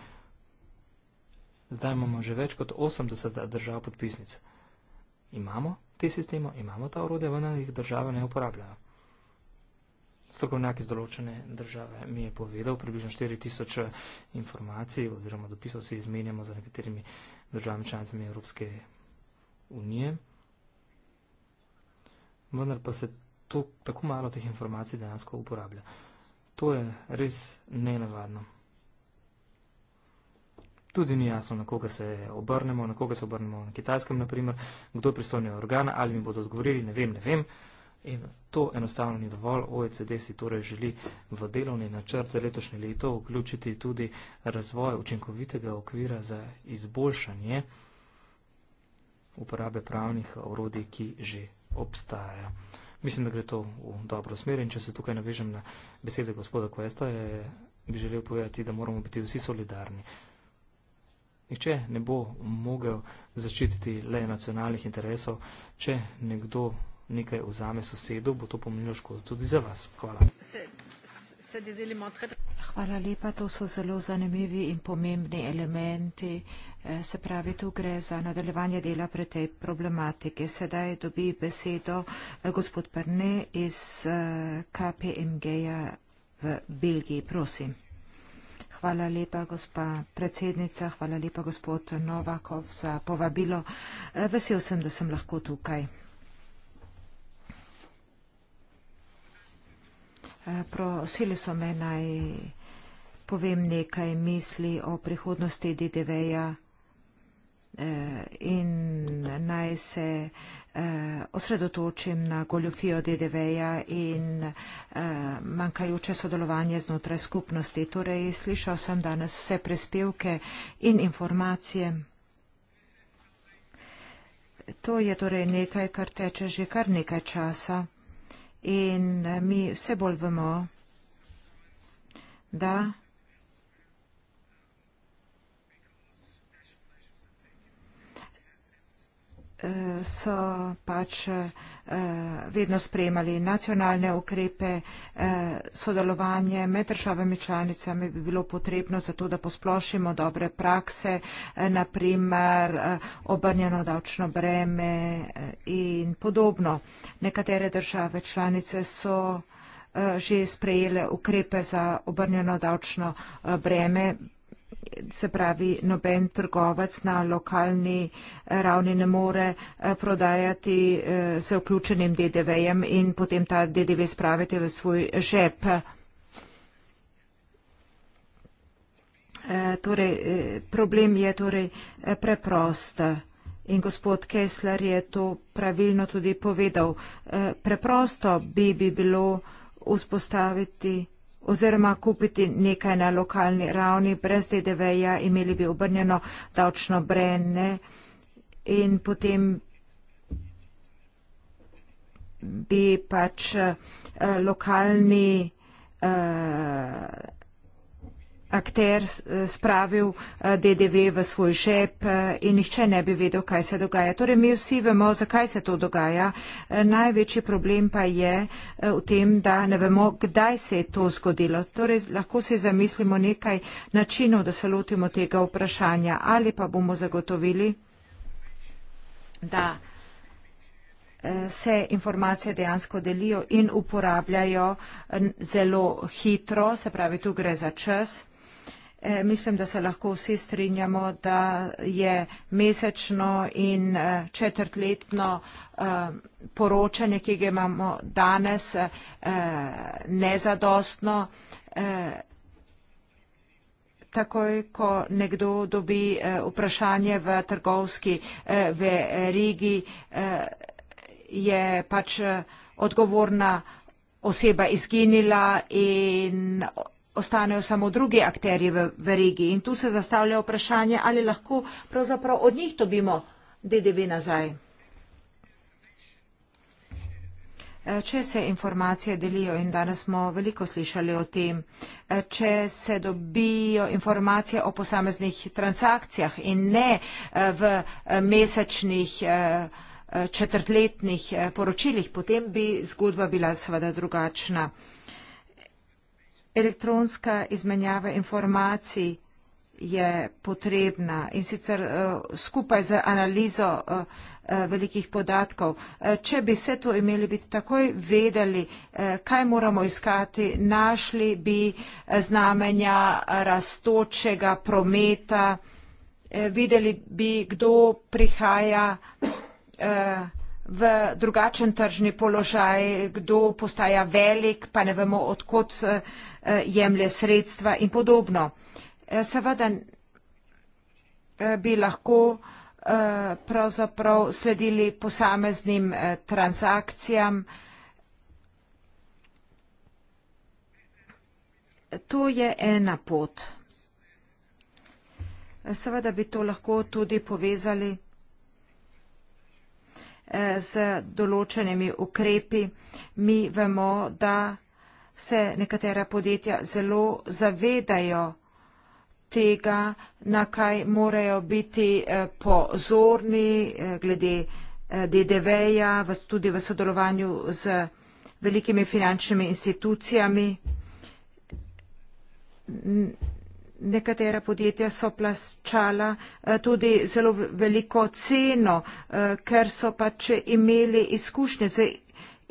Zdaj imamo že več kot 80 držav podpisnice imamo te sisteme, imamo ta orodja, vendar jih države ne uporabljajo. Strokovnjak iz določene države mi je povedal, približno 4000 eh, informacij oziroma dopisov se izmenjamo z nekaterimi državami članicami Evropske unije. Vendar pa se to, tako malo teh informacij dejansko uporablja. To je res nenavadno tudi ni jasno, na koga se obrnemo, na koga se obrnemo na kitajskem, naprimer, kdo je pristojni organ, ali mi bodo odgovorili, ne vem, ne vem. In to enostavno ni dovolj. OECD si torej želi v delovni načrt za letošnje leto vključiti tudi razvoj učinkovitega okvira za izboljšanje uporabe pravnih orodij, ki že obstaja. Mislim, da gre to v dobro smer in če se tukaj navežem na besede gospoda Kvesta, je, bi želel povedati, da moramo biti vsi solidarni. Nihče ne bo mogel zaščititi le nacionalnih interesov. Če nekdo nekaj vzame sosedu, bo to pomenilo škodo tudi za vas. Hvala. Hvala lepa, to so zelo zanimivi in pomembni elementi. Eh, se pravi, tu gre za nadaljevanje dela pri tej problematiki. Sedaj dobi besedo eh, gospod Prne iz eh, KPMG-ja v Belgiji. Prosim. Hvala lepa, gospa predsednica, hvala lepa, gospod Novakov, za povabilo. Eh, vesel sem, da sem lahko tukaj. Eh, prosili so me naj povem nekaj misli o prihodnosti DDV-ja eh, in naj se eh, Eh, osredotočim na goljofijo DDV-ja in eh, manjkajoče sodelovanje znotraj skupnosti. Torej, slišal sem danes vse prespevke in informacije. To je torej nekaj, kar teče že kar nekaj časa in eh, mi vse bolj vemo, da so pač eh, vedno sprejemali nacionalne ukrepe, eh, sodelovanje med državami članicami bi bilo potrebno zato, da posplošimo dobre prakse, eh, naprimer obrnjeno davčno breme in podobno. Nekatere države članice so že sprejele ukrepe za obrnjeno davčno breme, se pravi, noben trgovec na lokalni ravni ne more eh, prodajati z eh, vključenim DDV-jem in potem ta DDV spraviti v svoj žep. Eh, torej, problem je torej preprost. In gospod Kessler je to pravilno tudi povedal. Preprosto bi, bi bilo vzpostaviti oziroma kupiti nekaj na lokalni ravni brez DDV-ja, imeli bi obrnjeno davčno breme in potem bi pač eh, lokalni eh, akter eh, spravil eh, DDV v svoj žep eh, in nihče ne bi vedel, kaj se dogaja. Torej, mi vsi vemo, zakaj se to dogaja. Največji problem pa je v tem, da ne vemo, kdaj se je to zgodilo. Torej, lahko si zamislimo nekaj načinov, da se lotimo tega vprašanja ali pa bomo zagotovili, da se informacije dejansko delijo in uporabljajo zelo hitro, se pravi, tu gre za čas, E, mislim, da se lahko vsi strinjamo, da je mesečno in e, četrtletno e, poročanje, ki ga imamo danes, e, nezadostno. E, takoj, ko nekdo dobi e, vprašanje v trgovski e, v Rigi, e, je pač odgovorna oseba izginila in ostanejo samo drugi akteri v, v regiji. In tu se zastavlja vprašanje, ali lahko pravzaprav od njih dobimo DDV nazaj. E, če se informacije delijo in danes smo veliko slišali o tem, e, če se dobijo informacije o posameznih transakcijah in ne e, v mesečnih četrtletnih poročilih, potem bi zgodba bila seveda drugačna elektronska izmenjava informacij je potrebna in sicer uh, skupaj z analizo uh, uh, velikih podatkov. Uh, če bi vse to imeli, bi takoj vedeli, uh, kaj moramo iskati, našli bi znamenja rastočega prometa, uh, videli bi, kdo prihaja. Uh, v drugačen tržni položaj, kdo postaja velik, pa ne vemo, odkot eh, eh, jemlje sredstva in podobno. Eh, seveda bi lahko pravzaprav sledili posameznim transakcijam. To je ena pot. Seveda bi to lahko tudi povezali. Eh, z določenimi ukrepi. Mi vemo, da se nekatera podjetja zelo zavedajo tega, na kaj morajo biti eh, pozorni eh, glede DDV-ja, tudi v sodelovanju z velikimi finančnimi institucijami. Nekatera podjetja so plačala eh, tudi zelo veliko ceno, eh, ker so pač imeli izkušnje z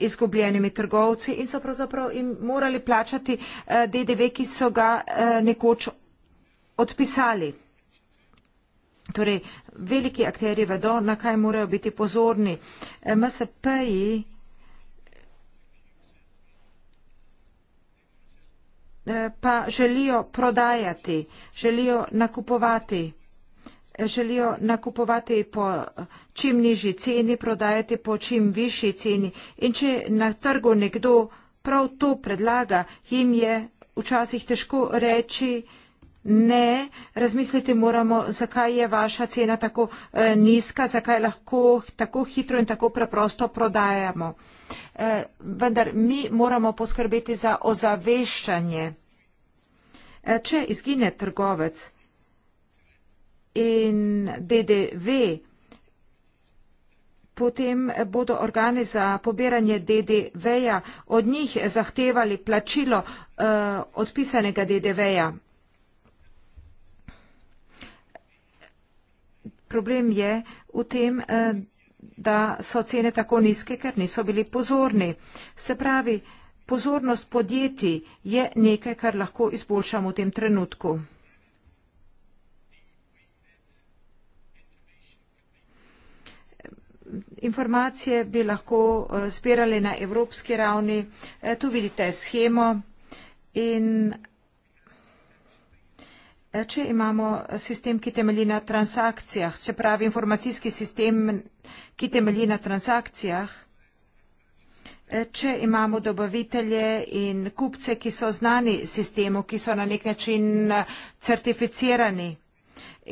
izgubljenimi trgovci in so pravzaprav jim morali plačati eh, DDV, ki so ga nekoč odpisali. Torej, veliki akteri vedo, na kaj morajo biti pozorni. MSP-ji pa želijo prodajati, želijo nakupovati, želijo nakupovati po čim nižji ceni, prodajati po čim višji ceni. In če na trgu nekdo prav to predlaga, jim je včasih težko reči, ne, razmisliti moramo, zakaj je vaša cena tako eh, nizka, zakaj lahko tako hitro in tako preprosto prodajamo. Eh, vendar mi moramo poskrbeti za ozaveščanje. Eh, če izgine trgovec in DDV, potem bodo organi za pobiranje DDV-ja od njih zahtevali plačilo eh, odpisanega DDV-ja. problem je v tem, eh, da so cene tako nizke, ker niso bili pozorni. Se pravi, pozornost podjetij je nekaj, kar lahko izboljšamo v tem trenutku. Informacije bi lahko eh, zbirali na evropski ravni. Eh, tu vidite schemo in Če imamo sistem, ki temelji na transakcijah, se pravi informacijski sistem, ki temelji na transakcijah, če imamo dobavitelje in kupce, ki so znani sistemu, ki so na nek način certificirani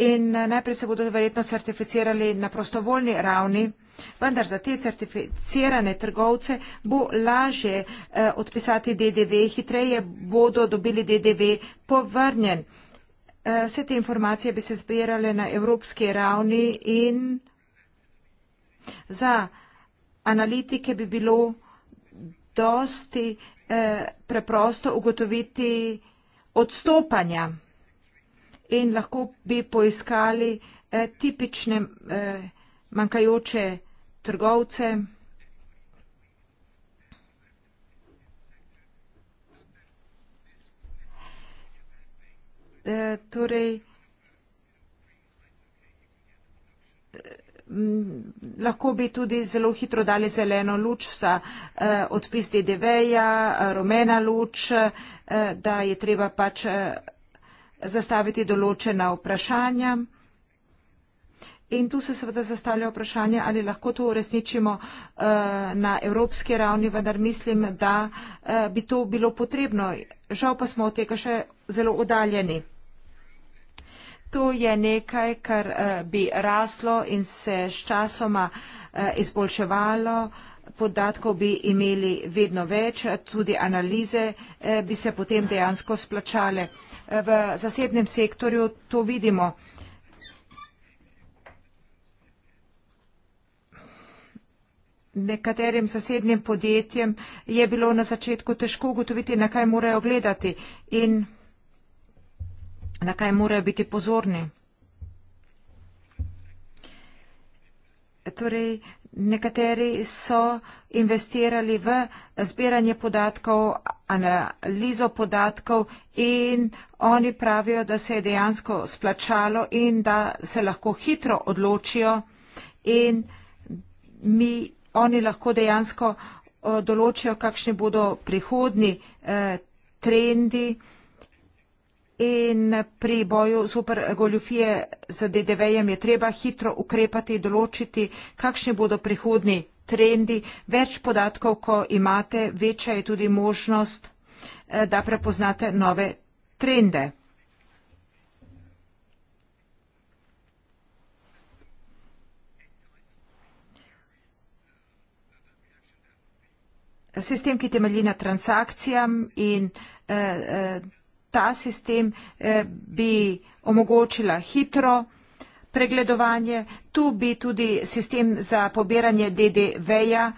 in najprej se bodo verjetno certificirali na prostovoljni ravni, vendar za te certificirane trgovce bo lažje eh, odpisati DDV, hitreje bodo dobili DDV povrnjen vse te informacije bi se zbirale na evropski ravni in za analitike bi bilo dosti eh, preprosto ugotoviti odstopanja in lahko bi poiskali eh, tipične eh, manjkajoče trgovce. Eh, torej, eh, lahko bi tudi zelo hitro dali zeleno luč za eh, odpis DDV-ja, rumena luč, da je treba pač zastaviti določena vprašanja. In tu se seveda zastavlja vprašanje, ali lahko to uresničimo na evropski ravni, vendar mislim, da bi to bilo potrebno. Žal pa smo od tega še zelo oddaljeni to je nekaj, kar eh, bi raslo in se s časoma eh, izboljševalo, podatkov bi imeli vedno več, tudi analize eh, bi se potem dejansko splačale. V zasebnem sektorju to vidimo. Nekaterim zasebnim podjetjem je bilo na začetku težko ugotoviti, na kaj morajo gledati. In na kaj morajo biti pozorni. Torej, nekateri so investirali v zbiranje podatkov, analizo podatkov in oni pravijo, da se je dejansko splačalo in da se lahko hitro odločijo in mi, oni lahko dejansko eh, določijo, kakšni bodo prihodni eh, trendi eh, in pri boju super goljufije z DDV-jem je treba hitro ukrepati, določiti, kakšni bodo prihodni trendi. Več podatkov, ko imate, večja je tudi možnost, eh, da prepoznate nove trende. Sistem, ki temelji na transakcijam in eh, eh, ta sistem eh, bi omogočila hitro pregledovanje. Tu bi tudi sistem za pobiranje DDV-ja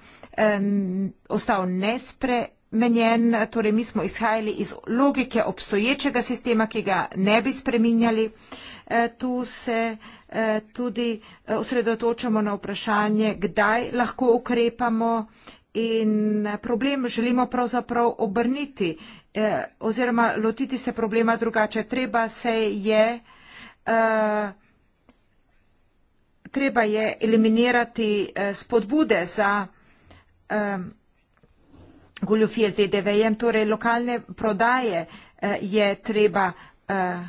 ostal nespremenjen. Torej, mi smo izhajali iz logike obstoječega sistema, ki ga ne bi spreminjali. Eh, tu se eh, tudi osredotočamo na vprašanje, kdaj lahko ukrepamo in problem želimo pravzaprav obrniti eh, oziroma lotiti se problema drugače. Treba se je. Eh, Treba je eliminirati eh, spodbude za um, eh, goljofije z DDV-jem, torej lokalne prodaje uh, je treba uh,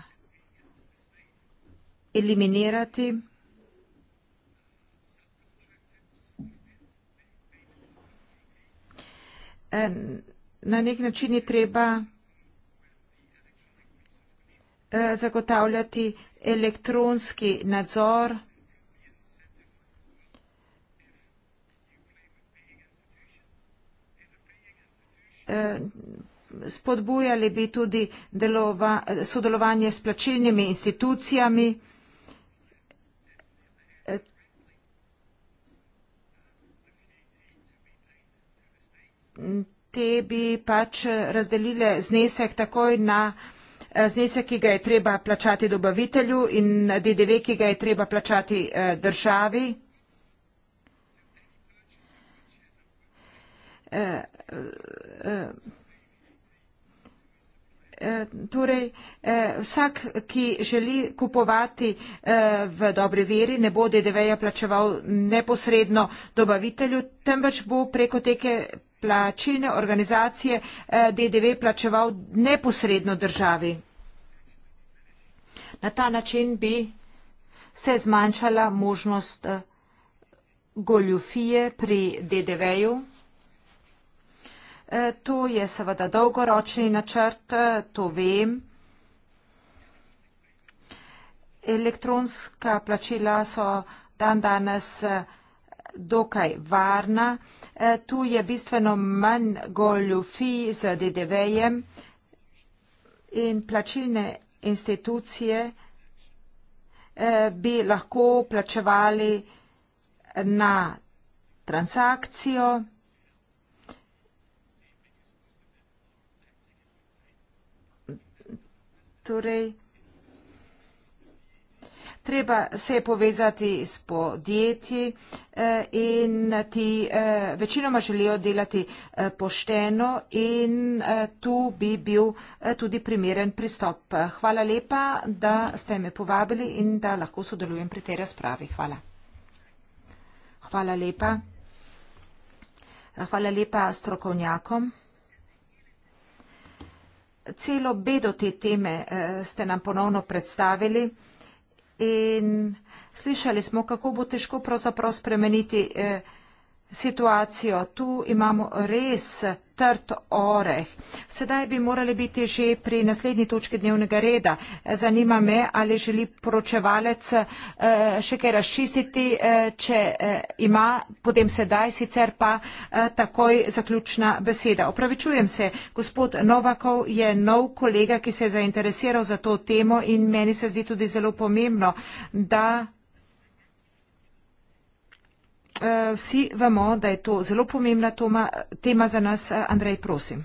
eliminirati. Um, na nek način je treba eh, zagotavljati elektronski nadzor eh, spodbujali bi tudi delova, sodelovanje s plačilnimi institucijami. E, te bi pač razdelile znesek takoj na eh, znesek, ki ga je treba plačati dobavitelju in DDV, ki ga je treba plačati eh, državi. Eh, torej, vsak, ki želi kupovati v dobri veri, ne bo DDV-ja plačeval neposredno dobavitelju, temveč bo preko teke plačilne organizacije eh, DDV plačeval neposredno državi. Na ta način bi se zmanjšala možnost eh, goljufije pri DDV-ju. Eh, to je seveda dolgoročni načrt, to vem. Elektronska plačila so dan danes vsega dokaj varna. E, tu je bistveno manj goljufi z DDV-jem in plačilne institucije e, bi lahko plačevali na transakcijo. Torej, treba se je povezati s podjetji eh, in ti eh, večinoma želijo delati eh, pošteno in tu bi bil tudi primeren pristop. Hvala lepa, da ste me povabili in da lahko sodelujem pri tej razpravi. Hvala. Hvala lepa. Hvala lepa strokovnjakom. Celo bedo te teme ste nam ponovno predstavili in slišali smo, kako bo težko pravzaprav spremeniti eh, situacijo. Tu imamo res trd oreh. Sedaj bi morali biti že pri naslednji točki dnevnega reda. Zanima me, ali želi poročevalec eh, še kaj razčistiti, eh, če eh, ima potem sedaj, sicer pa takoj zaključna beseda. Opravičujem se, gospod Novakov je nov kolega, ki se je zainteresiral za to temo in meni se zdi tudi zelo pomembno, da Eh, vsi vemo, da je to zelo pomembna toma, tema za nas. Eh, Andrej, prosim.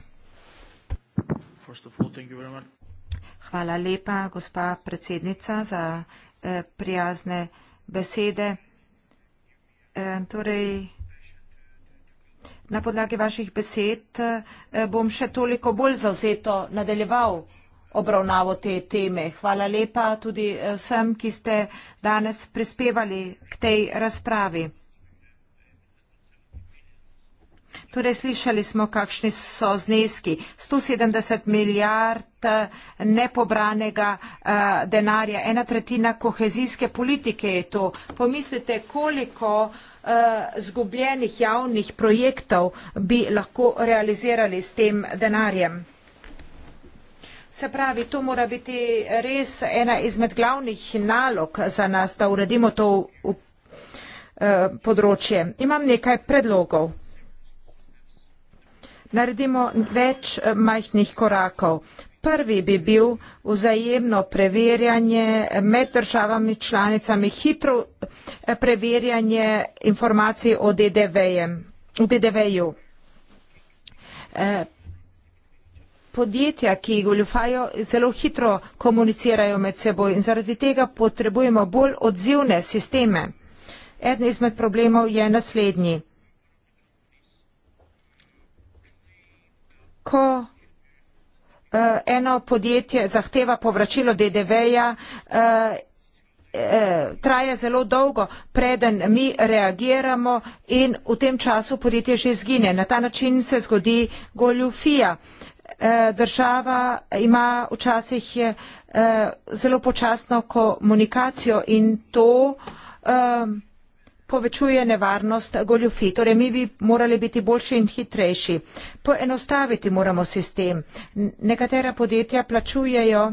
Hvala lepa, gospa predsednica, za eh, prijazne besede. Torej, na podlagi vaših besed bom še toliko bolj zauzeto nadaljeval obravnavo te teme. Hvala lepa tudi vsem, ki ste danes prispevali k tej razpravi. Torej, slišali smo, kakšni so zneski. 170 milijard eh, nepobranega uh, denarja, ena tretjina kohezijske politike je to. Pomislite, koliko uh, zgubljenih javnih projektov bi lahko realizirali s tem denarjem. Se pravi, to mora biti res ena izmed glavnih nalog za nas, da uredimo to v, uh, področje. Imam nekaj predlogov naredimo več eh, majhnih korakov. Prvi bi bil vzajemno preverjanje med državami članicami, hitro eh, preverjanje informacij o DDV-ju. DDV eh, Podjetja, ki goljufajo, zelo hitro komunicirajo med seboj in zaradi tega potrebujemo bolj odzivne sisteme. Eden izmed problemov je naslednji. ko uh, eno podjetje zahteva povračilo DDV-ja, uh, eh, eh, traja zelo dolgo, preden mi reagiramo in v tem času podjetje že izgine. Na ta način se zgodi goljufija. Država ima včasih zelo počasno komunikacijo in to um, povečuje nevarnost goljufi. Torej, mi bi morali biti boljši in hitrejši. Poenostaviti moramo sistem. Nekatera podjetja plačujejo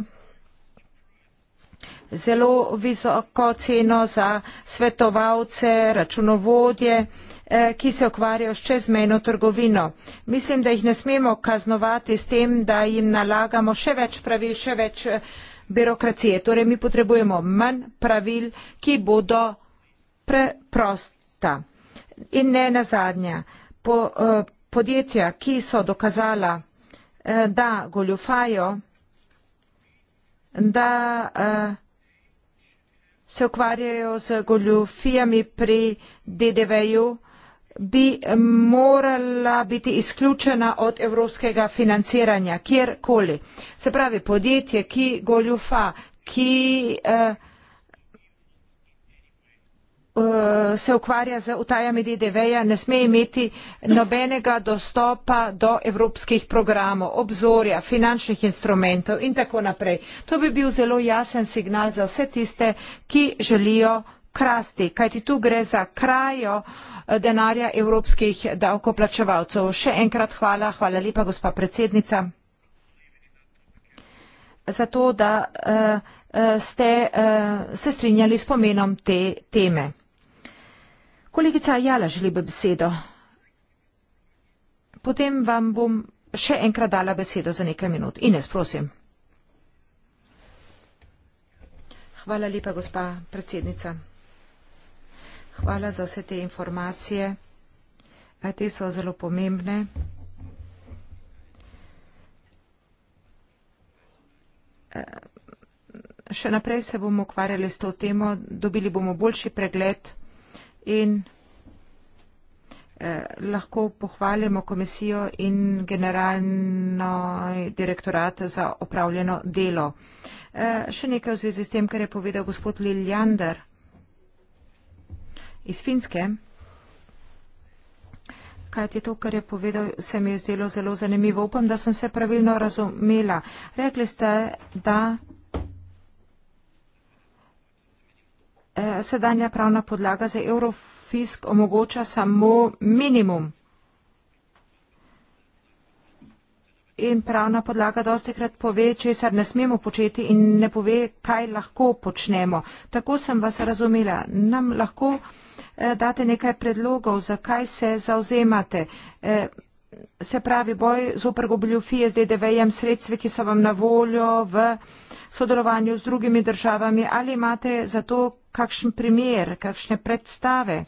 zelo visoko ceno za svetovalce, računovodje, eh, ki se ukvarjajo s čezmejno trgovino. Mislim, da jih ne smemo kaznovati s tem, da jim nalagamo še več pravil, še več eh, birokracije. Torej, mi potrebujemo manj pravil, ki bodo preprosta. In ne na zadnja, po, eh, podjetja, ki so dokazala, eh, da goljufajo, da eh, se ukvarjajo z goljufijami pri DDV-ju, bi morala biti izključena od evropskega financiranja, kjerkoli. Se pravi, podjetje, ki goljufa, ki eh, Eh, se ukvarja z utajami DDV-ja, ne sme imeti nobenega dostopa do evropskih programov, obzorja, finančnih instrumentov in tako naprej. To bi bil zelo jasen signal za vse tiste, ki želijo krasti, kajti tu gre za krajo eh, denarja evropskih davkoplačevalcev. Še enkrat hvala, hvala lepa, gospa predsednica, za to, da uh, ste uh, se strinjali s pomenom te teme. Kolegica Jala želi besedo. Potem vam bom še enkrat dala besedo za nekaj minut. Ines, prosim. Hvala lepa, gospa predsednica. Hvala za vse te informacije. Te so zelo pomembne. Še naprej se bomo ukvarjali s to temo, dobili bomo boljši pregled in eh, lahko pohvalimo komisijo in generalno direktorat za opravljeno delo. Eh, še nekaj v zvezi s tem, kar je povedal gospod Liljander iz Finske. Kaj ti to, kar je povedal, se mi je zdelo zelo zanimivo. Upam, da sem se pravilno razumela. Rekli ste, da Eh, sedanja pravna podlaga za Eurofisk omogoča samo minimum. In pravna podlaga dosti krat pove, česar ne smemo početi in ne pove, kaj lahko počnemo. Tako sem vas razumela. Nam lahko eh, date nekaj predlogov, zakaj se zauzemate. Eh, se pravi, boj z opergobljufije z DDV-jem, sredstvi, ki so vam na voljo v sodelovanju z drugimi državami, ali imate za to kakšen primer, kakšne predstave.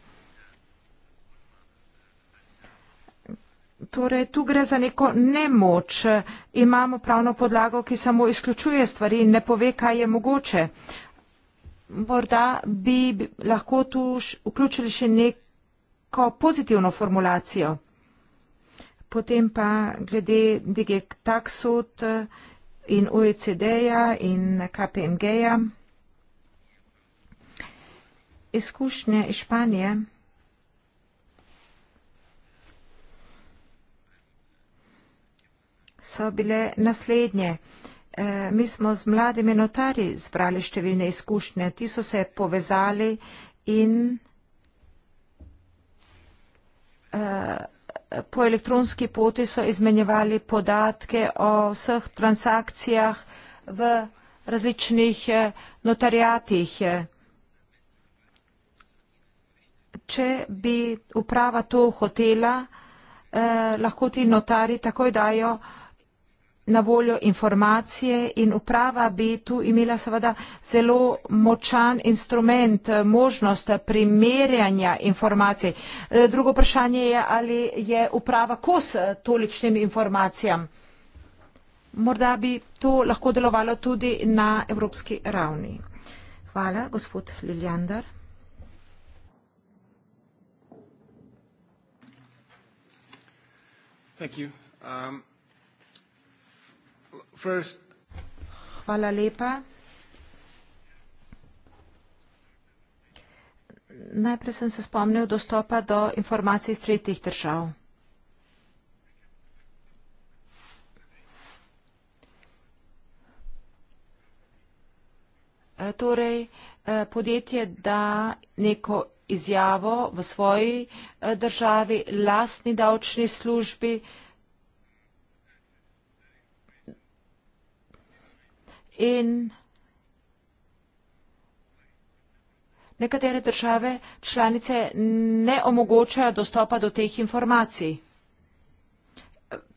Torej, tu gre za neko nemoč. Imamo pravno podlago, ki samo izključuje stvari in ne pove, kaj je mogoče. Morda bi lahko tu vključili še neko pozitivno formulacijo. Potem pa glede Digitaxut in OECD-ja in KPMG-ja izkušnje Španije. So bile naslednje. E, mi smo z mladimi notari zbrali številne izkušnje, ti so se povezali in e, po elektronski poti so izmenjevali podatke o vseh transakcijah v različnih eh, notariatih. E, če bi uprava to hotela, eh, lahko ti notari takoj dajo na voljo informacije in uprava bi tu imela seveda zelo močan instrument, eh, možnost primerjanja informacij. Eh, drugo vprašanje je, ali je uprava kos eh, toličnim informacijam. Morda bi to lahko delovalo tudi na evropski ravni. Hvala, gospod Ljuljandar. Thank you. Um, first... Hvala lepa. Najprej sem se spomnil dostopa do informacij iz tretjih držav. E, torej, e, podjetje da neko izjavo v svoji eh, državi, lastni davčni službi. In nekatere države članice ne omogočajo dostopa do teh informacij.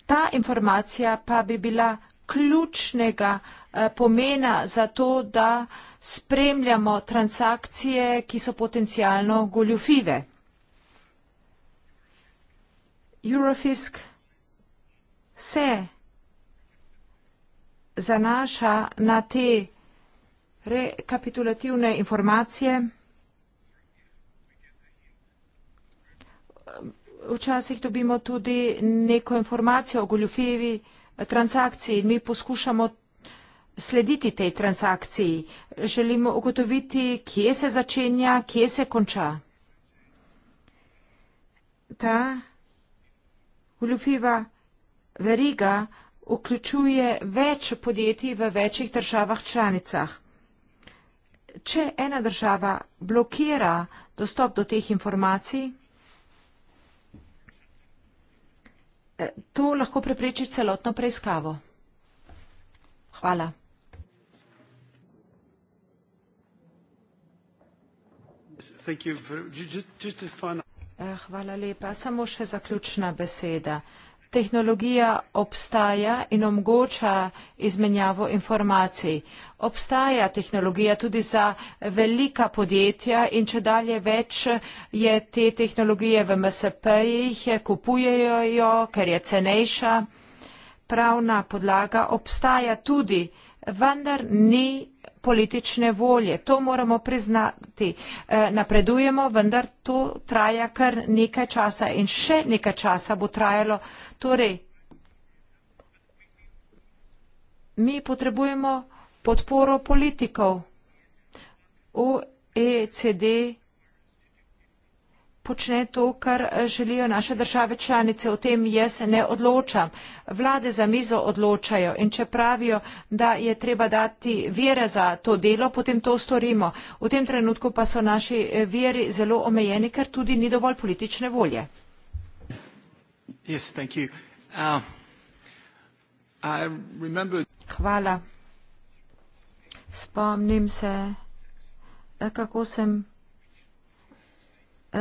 Ta informacija pa bi bila ključnega eh, pomena za to, da spremljamo transakcije, ki so potencijalno goljufive. Eurofisk se zanaša na te rekapitulativne informacije. Včasih dobimo tudi neko informacijo o goljufivi transakciji in mi poskušamo slediti tej transakciji. Želimo ugotoviti, kje se začenja, kje se konča. Ta goljufiva veriga vključuje več podjetij v večjih državah članicah. Če ena država blokira dostop do teh informacij, eh, to lahko prepreči celotno preiskavo. Hvala. Eh, hvala lepa. Samo še zaključna beseda. Tehnologija obstaja in omogoča izmenjavo informacij. Obstaja tehnologija tudi za velika podjetja in če dalje več je te tehnologije v MSP-jih, kupujejo jo, ker je cenejša. Pravna podlaga obstaja tudi, vendar ni politične volje. To moramo priznati. E, napredujemo, vendar to traja kar nekaj časa in še nekaj časa bo trajalo. Torej, mi potrebujemo podporo politikov. OECD počne to, kar eh, želijo naše države članice, o tem jaz ne odločam. Vlade za mizo odločajo in če pravijo, da je treba dati vere za to delo, potem to storimo. V tem trenutku pa so naši eh, veri zelo omejeni, ker tudi ni dovolj politične volje. Yes, thank you. Uh, I remember... Hvala. Spomnim se, eh, kako sem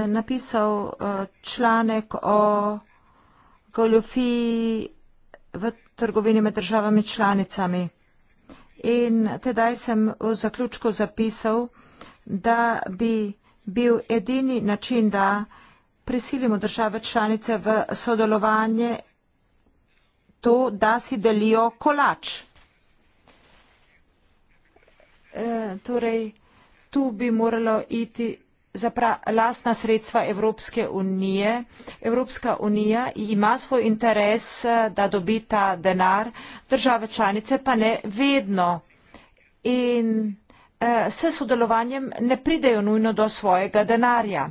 napisal eh, članek o goljofiji v trgovini med državami članicami. In tedaj sem v zaključku zapisal, da bi bil edini način, da prisilimo države članice v sodelovanje to, da si delijo kolač. Eh, torej, tu bi moralo iti za lastna sredstva Evropske unije. Evropska unija ima svoj interes, eh, da dobi ta denar, države članice pa ne vedno. In eh, s sodelovanjem ne pridejo nujno do svojega denarja.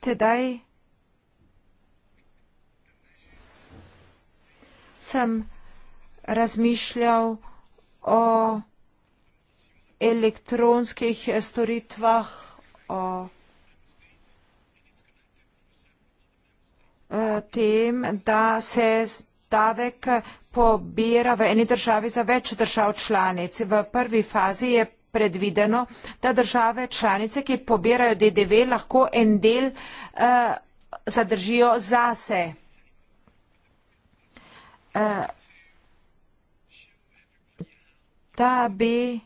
Tedaj sem razmišljal o elektronskih eh, storitvah, o eh, tem, da se davek pobira v eni državi za več držav članic. V prvi fazi je predvideno, da države članice, ki pobirajo DDV, lahko en del uh, zadržijo zase. Uh, da bi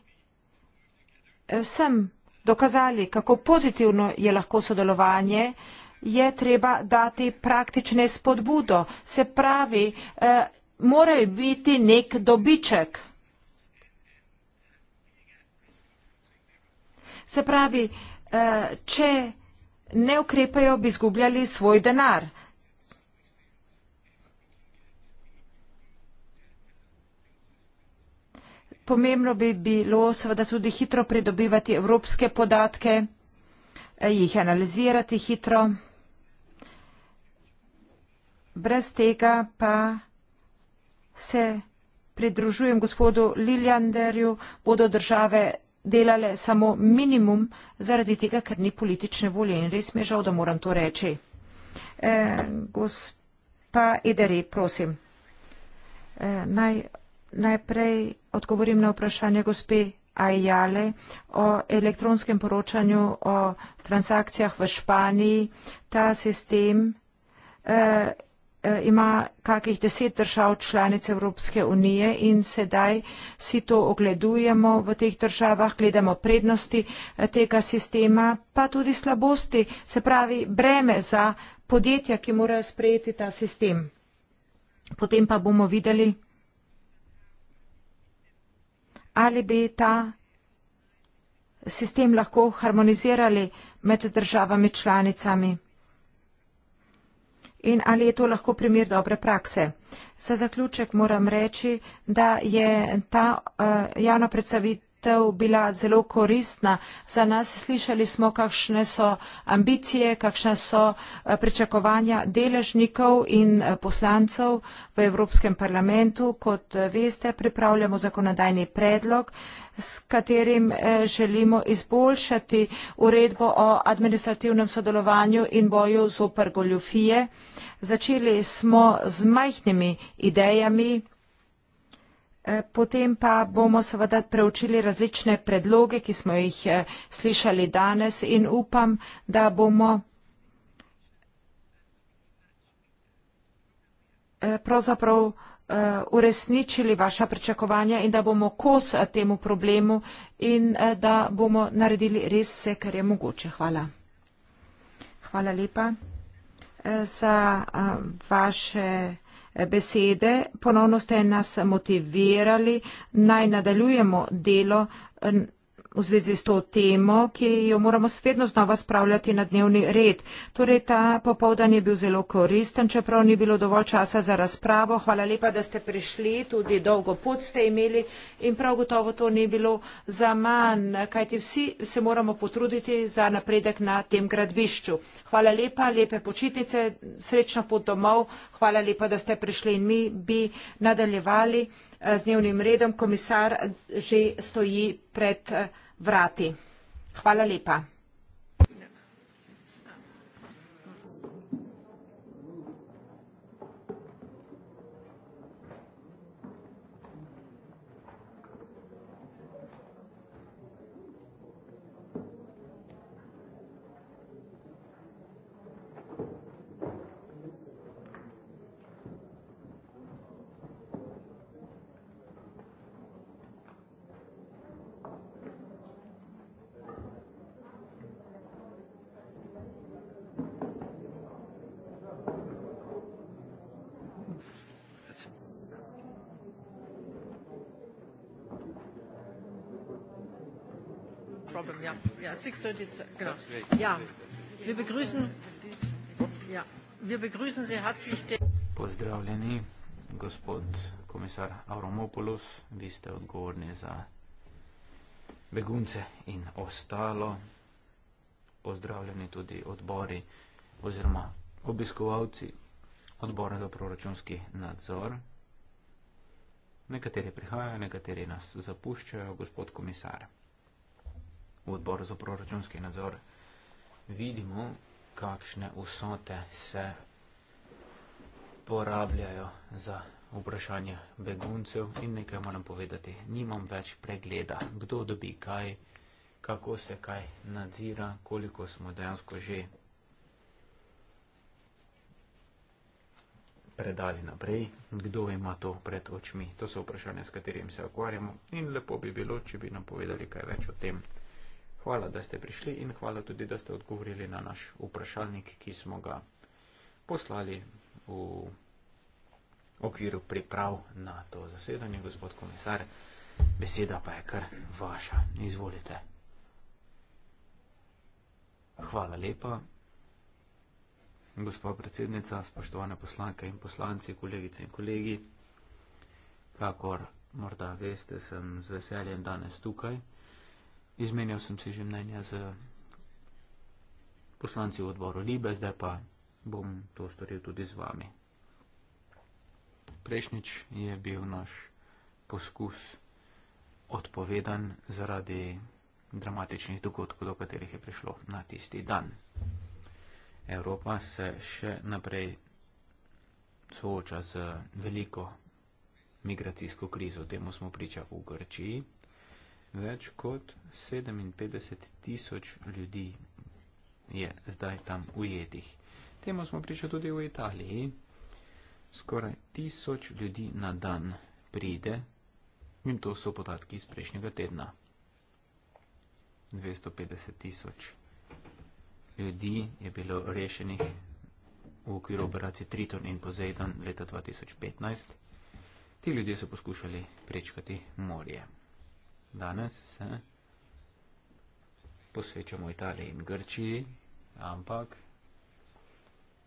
vsem dokazali, kako pozitivno je lahko sodelovanje, je treba dati praktične spodbudo. Se pravi, eh, morajo biti nek dobiček. Se pravi, eh, če ne ukrepajo, bi zgubljali svoj denar. Pomembno bi bilo seveda tudi hitro pridobivati evropske podatke, eh, jih analizirati hitro. Brez tega pa se pridružujem gospodu Liljanderju, bodo države delale samo minimum zaradi tega, ker ni politične volje in res mi je žal, da moram to reči. E, gospa Ederi, prosim, e, naj, najprej odgovorim na vprašanje gospe Ajale o elektronskem poročanju o transakcijah v Španiji. Ta sistem eh, eh, ima kakih deset držav članic Evropske unije in sedaj si to ogledujemo v teh državah, gledamo prednosti eh, tega sistema, pa tudi slabosti, se pravi breme za podjetja, ki morajo sprejeti ta sistem. Potem pa bomo videli, ali bi ta sistem lahko harmonizirali med državami članicami? In ali je to lahko primer dobre prakse? Za zaključek moram reči, da je ta uh, javna predstavitev volitev bila zelo koristna za nas. Slišali smo, kakšne so ambicije, kakšne so eh, pričakovanja deležnikov in eh, poslancev v Evropskem parlamentu. Kot eh, veste, pripravljamo zakonodajni predlog, s katerim želimo izboljšati uredbo o administrativnem sodelovanju in boju z opergoljufije. Začeli smo z majhnimi idejami, Eh, potem pa bomo seveda preučili različne predloge, ki smo jih eh, slišali danes in upam, da bomo eh, pravzaprav uresničili vaša pričakovanja in da bomo kos temu problemu in da bomo naredili res vse, kar je mogoče. Hvala. Hvala lepa za vaše besede. Ponovno ste nas motivirali, naj nadaljujemo delo v zvezi s to temo, ki jo moramo vedno znova spravljati na dnevni red. Torej, ta popovdan je bil zelo koristen, čeprav ni bilo dovolj časa za razpravo. Hvala lepa, da ste prišli, tudi dolgo pot ste imeli in prav gotovo to ni bilo za manj, kajti vsi se moramo potruditi za napredek na tem gradbišču. Hvala lepa, lepe počitnice, srečno pot domov. Hvala lepa, da ste prišli in mi bi nadaljevali eh, z dnevnim redom. Komisar eh, že stoji pred eh, vrati. Hvala lepa. so die genau. Ja, wir begrüßen, ja, wir begrüßen Sie herzlich. Pozdravljeni, gospod komisar Avromopoulos, vi ste odgovorni za begunce in ostalo. Pozdravljeni tudi odbori oziroma obiskovalci odbora za proračunski nadzor. Nekateri prihajajo, nekateri nas zapuščajo, gospod komisar v odboru za proračunski nadzor, vidimo, kakšne vsote se porabljajo za vprašanje beguncev in nekaj moram povedati. Nimam več pregleda, kdo dobi kaj, kako se kaj nadzira, koliko smo dejansko že predali naprej, kdo ima to pred očmi. To so vprašanja, s katerim se okvarjamo in lepo bi bilo, če bi nam povedali kaj več o tem. Hvala, da ste prišli in hvala tudi, da ste odgovorili na naš vprašalnik, ki smo ga poslali v okviru priprav na to zasedanje, gospod komisar. Beseda pa je kar vaša. Izvolite. Hvala lepa. Gospod predsednica, spoštovane poslanke in poslanci, kolegice in kolegi, kakor morda veste, sem z veseljem danes tukaj. Izmenjal sem si že mnenja z poslanci v odboru Libe, zdaj pa bom to storil tudi z vami. Prejšnjič je bil naš poskus odpovedan zaradi dramatičnih dogodkov, do katerih je prišlo na tisti dan. Evropa se še naprej sooča z veliko migracijsko krizo. Temu smo priča v Grčiji. Več kot 57 tisoč ljudi je zdaj tam ujetih. Temu smo pričali tudi v Italiji. Skoraj tisoč ljudi na dan pride in to so podatki iz prejšnjega tedna. 250 tisoč ljudi je bilo rešenih v okviru operacije Triton in Poseidon leta 2015. Ti ljudje so poskušali prečkati morje. Danes se posvečamo Italiji in Grčiji, ampak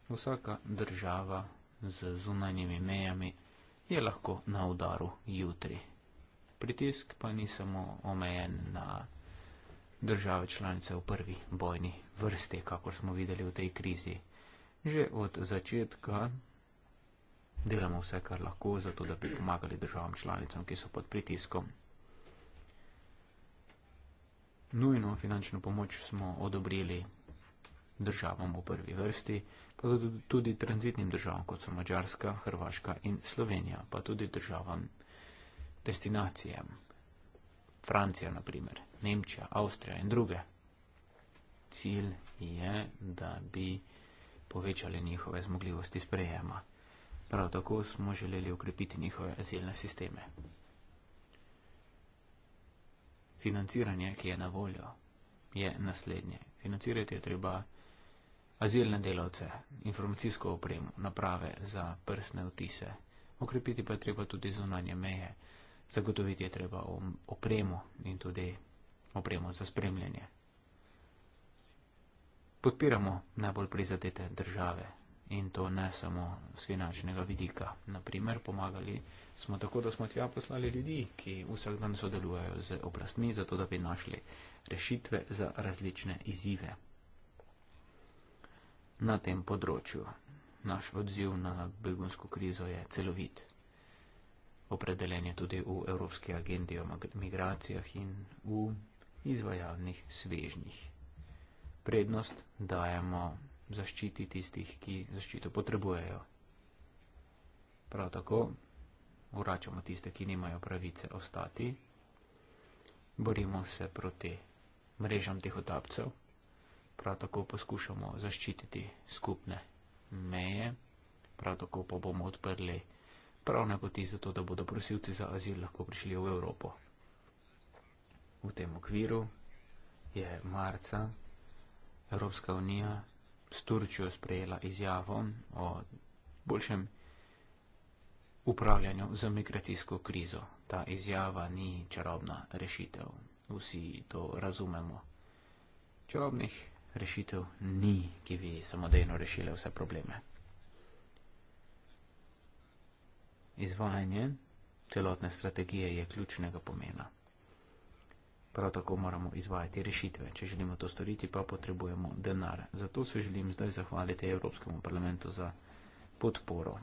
vsaka država z zunanjimi mejami je lahko na udaru jutri. Pritisk pa ni samo omejen na države članice v prvi bojni vrsti, kakor smo videli v tej krizi. Že od začetka delamo vse, kar lahko, zato da bi pomagali državam članicam, ki so pod pritiskom nujno finančno pomoč smo odobrili državam v prvi vrsti, pa tudi tranzitnim državam, kot so Mačarska, Hrvaška in Slovenija, pa tudi državam destinacijam. Francija, na primer, Nemčija, Avstrija in druge. Cilj je, da bi povečali njihove zmogljivosti sprejema. Prav tako smo želeli ukrepiti njihove azilne sisteme financiranje, ki je na voljo, je naslednje. Financirati je treba azilne delavce, informacijsko opremo, naprave za prsne vtise. Okrepiti pa je treba tudi zunanje meje, zagotoviti je treba opremo in tudi opremo za spremljanje. Podpiramo najbolj prizadete države, in to ne samo z finančnega vidika. Naprimer, pomagali smo tako, da smo tja poslali ljudi, ki vsak dan sodelujejo z oblastmi, zato da bi našli rešitve za različne izzive na tem področju. Naš odziv na begunsko krizo je celovit. Opredeljen je tudi v Evropski agendi o migracijah in v izvajalnih svežnjih. Prednost dajemo zaščiti tistih, ki zaščito potrebujejo. Prav tako vračamo tiste, ki nimajo pravice ostati, borimo se proti mrežam teh otapcev, prav tako poskušamo zaščititi skupne meje, prav tako pa bomo odprli pravne poti za to, da bodo prosilci za azil lahko prišli v Evropo. V tem okviru je marca Evropska unija s Turčijo sprejela izjavo o boljšem upravljanju za migracijsko krizo. Ta izjava ni čarobna rešitev. Vsi to razumemo. Čarobnih rešitev ni, ki bi samodejno rešile vse probleme. Izvajanje celotne strategije je ključnega pomena. Prav tako moramo izvajati rešitve. Če želimo to storiti, pa potrebujemo denar. Zato se želim zdaj zahvaliti Evropskemu parlamentu za podporo.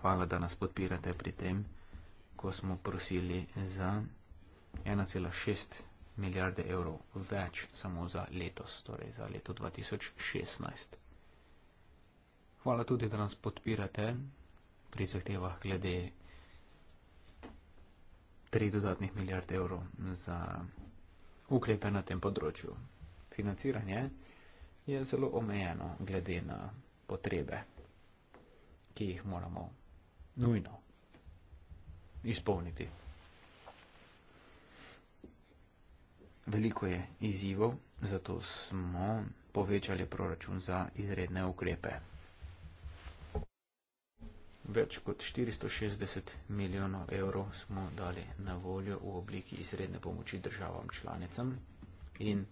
Hvala, da nas podpirate pri tem, ko smo prosili za 1,6 milijarde evrov več samo za letos, torej za leto 2016. Hvala tudi, da nas podpirate pri zahtevah glede tri dodatnih milijarde evrov za ukrepe na tem področju. Financiranje je zelo omejeno glede na potrebe, ki jih moramo nujno izpolniti. Veliko je izzivov, zato smo povečali proračun za izredne ukrepe več kot 460 milijonov evrov smo dali na voljo v obliki izredne pomoči državam članicam in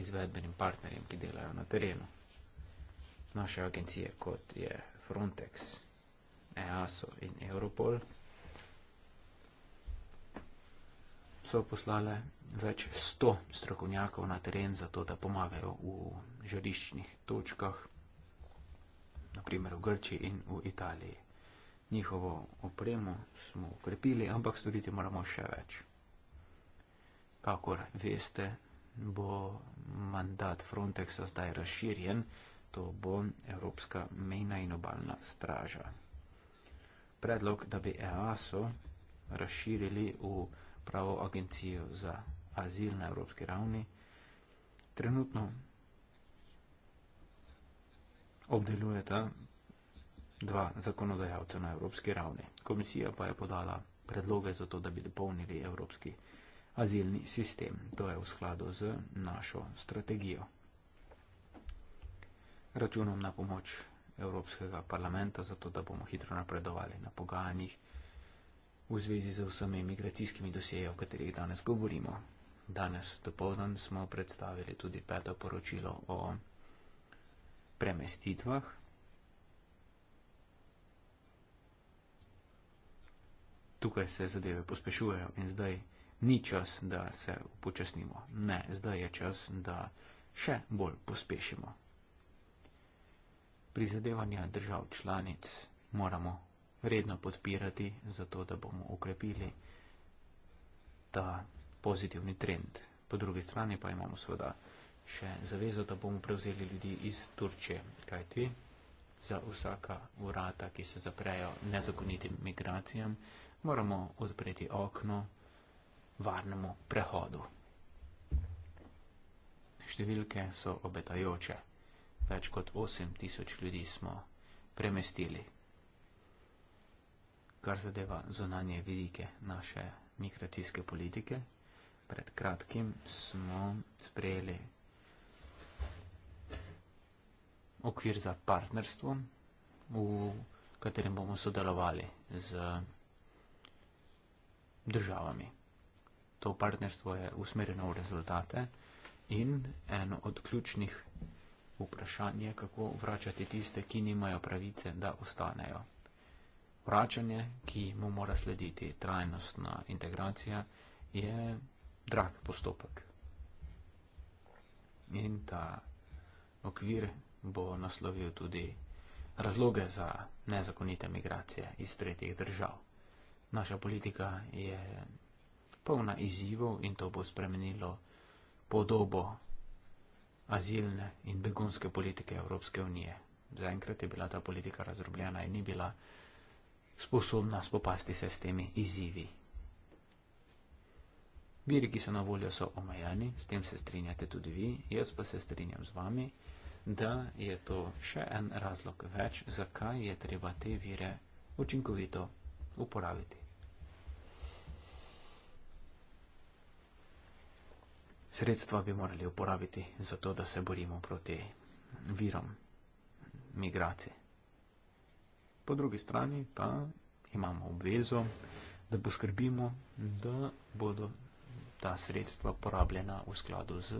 izvedbenim partnerjem, ki delajo na terenu. Naše agencije, kot je Frontex, EASO in Europol, so poslale več sto strokovnjakov na teren za to, da pomagajo v žariščnih točkah, naprimer v Grči in v Italiji njihovo opremo smo ukrepili, ampak storiti moramo še več. Kakor veste, bo mandat Frontexa zdaj razširjen, to bo Evropska mejna in obalna straža. Predlog, da bi EASO razširili v pravo agencijo za azil na evropski ravni, trenutno obdelujeta dva zakonodajalca na evropski ravni. Komisija pa je podala predloge za to, da bi dopolnili evropski azilni sistem. To je v skladu z našo strategijo. Računam na pomoč Evropskega parlamenta, zato da bomo hitro napredovali na pogajanjih v zvezi z vsemi migracijskimi dosejami, o katerih danes govorimo. Danes dopoldan smo predstavili tudi peto poročilo o premestitvah tukaj se zadeve pospešujejo in zdaj ni čas, da se upočasnimo. Ne, zdaj je čas, da še bolj pospešimo. Prizadevanja držav članic moramo redno podpirati, zato da bomo ukrepili ta pozitivni trend. Po drugi strani pa imamo seveda še zavezo, da bomo prevzeli ljudi iz Turčije. Kaj ti? Za vsaka vrata, ki se zaprejo nezakonitim migracijam, moramo odpreti okno varnemu prehodu. Številke so obetajoče. Več kot 8 tisoč ljudi smo premestili. Kar zadeva zunanje vidike naše migracijske politike, pred kratkim smo sprejeli okvir za partnerstvo, v katerem bomo sodelovali z državami. To partnerstvo je usmerjeno v rezultate in eno od ključnih vprašanj je, kako vračati tiste, ki nimajo pravice, da ostanejo. Vračanje, ki mu mora slediti trajnostna integracija, je drag postopek. In ta okvir bo naslovil tudi razloge za nezakonite migracije iz tretjih držav. Naša politika je polna izzivov in to bo spremenilo podobo azilne in begunske politike Evropske unije. Zaenkrat je bila ta politika razdrobljena in ni bila sposobna spopasti se s temi izzivi. Viri, ki so na voljo, so omejeni, s tem se strinjate tudi vi, jaz pa se strinjam z vami, da je to še en razlog več, zakaj je treba te vire učinkovito uporabiti. Sredstva bi morali uporabiti za to, da se borimo proti virom migracij. Po drugi strani pa imamo obvezo, da poskrbimo, da bodo ta sredstva porabljena v skladu z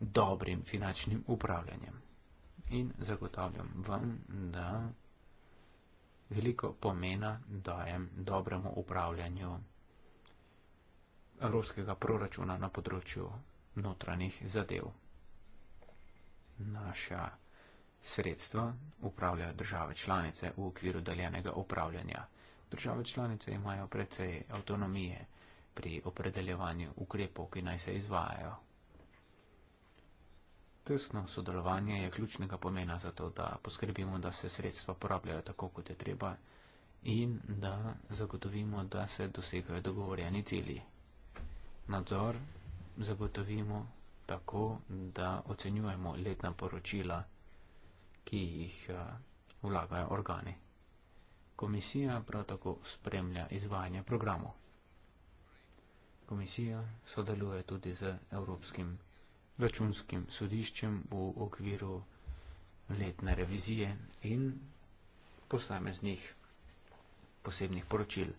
dobrim finančnim upravljanjem. In zagotavljam vam, da veliko pomena dajem dobremu upravljanju evropskega proračuna na področju notranjih zadev. Naša sredstva upravljajo države članice v okviru deljenega upravljanja. Države članice imajo precej avtonomije pri opredeljevanju ukrepov, ki naj se izvajajo. Tesno sodelovanje je ključnega pomena za to, da poskrbimo, da se sredstva porabljajo tako, kot je treba in da zagotovimo, da se dosegajo dogovorjeni cilji. Nadzor zagotovimo tako, da ocenjujemo letna poročila, ki jih eh, vlagajo organi. Komisija prav tako spremlja izvajanje programov. Komisija sodeluje tudi z Evropskim računskim sodiščem v okviru letne revizije in posameznih posebnih poročil.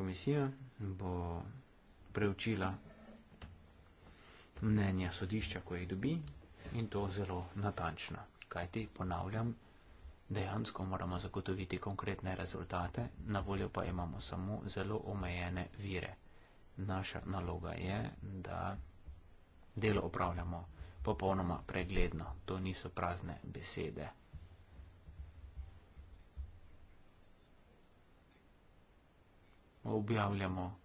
Komisija bo preučila mnenja sodišča, ko jih dobi in to zelo natančno. Kaj ti ponavljam, dejansko moramo zagotoviti konkretne rezultate, na voljo pa imamo samo zelo omejene vire. Naša naloga je, da delo opravljamo popolnoma pregledno. To niso prazne besede. Objavljamo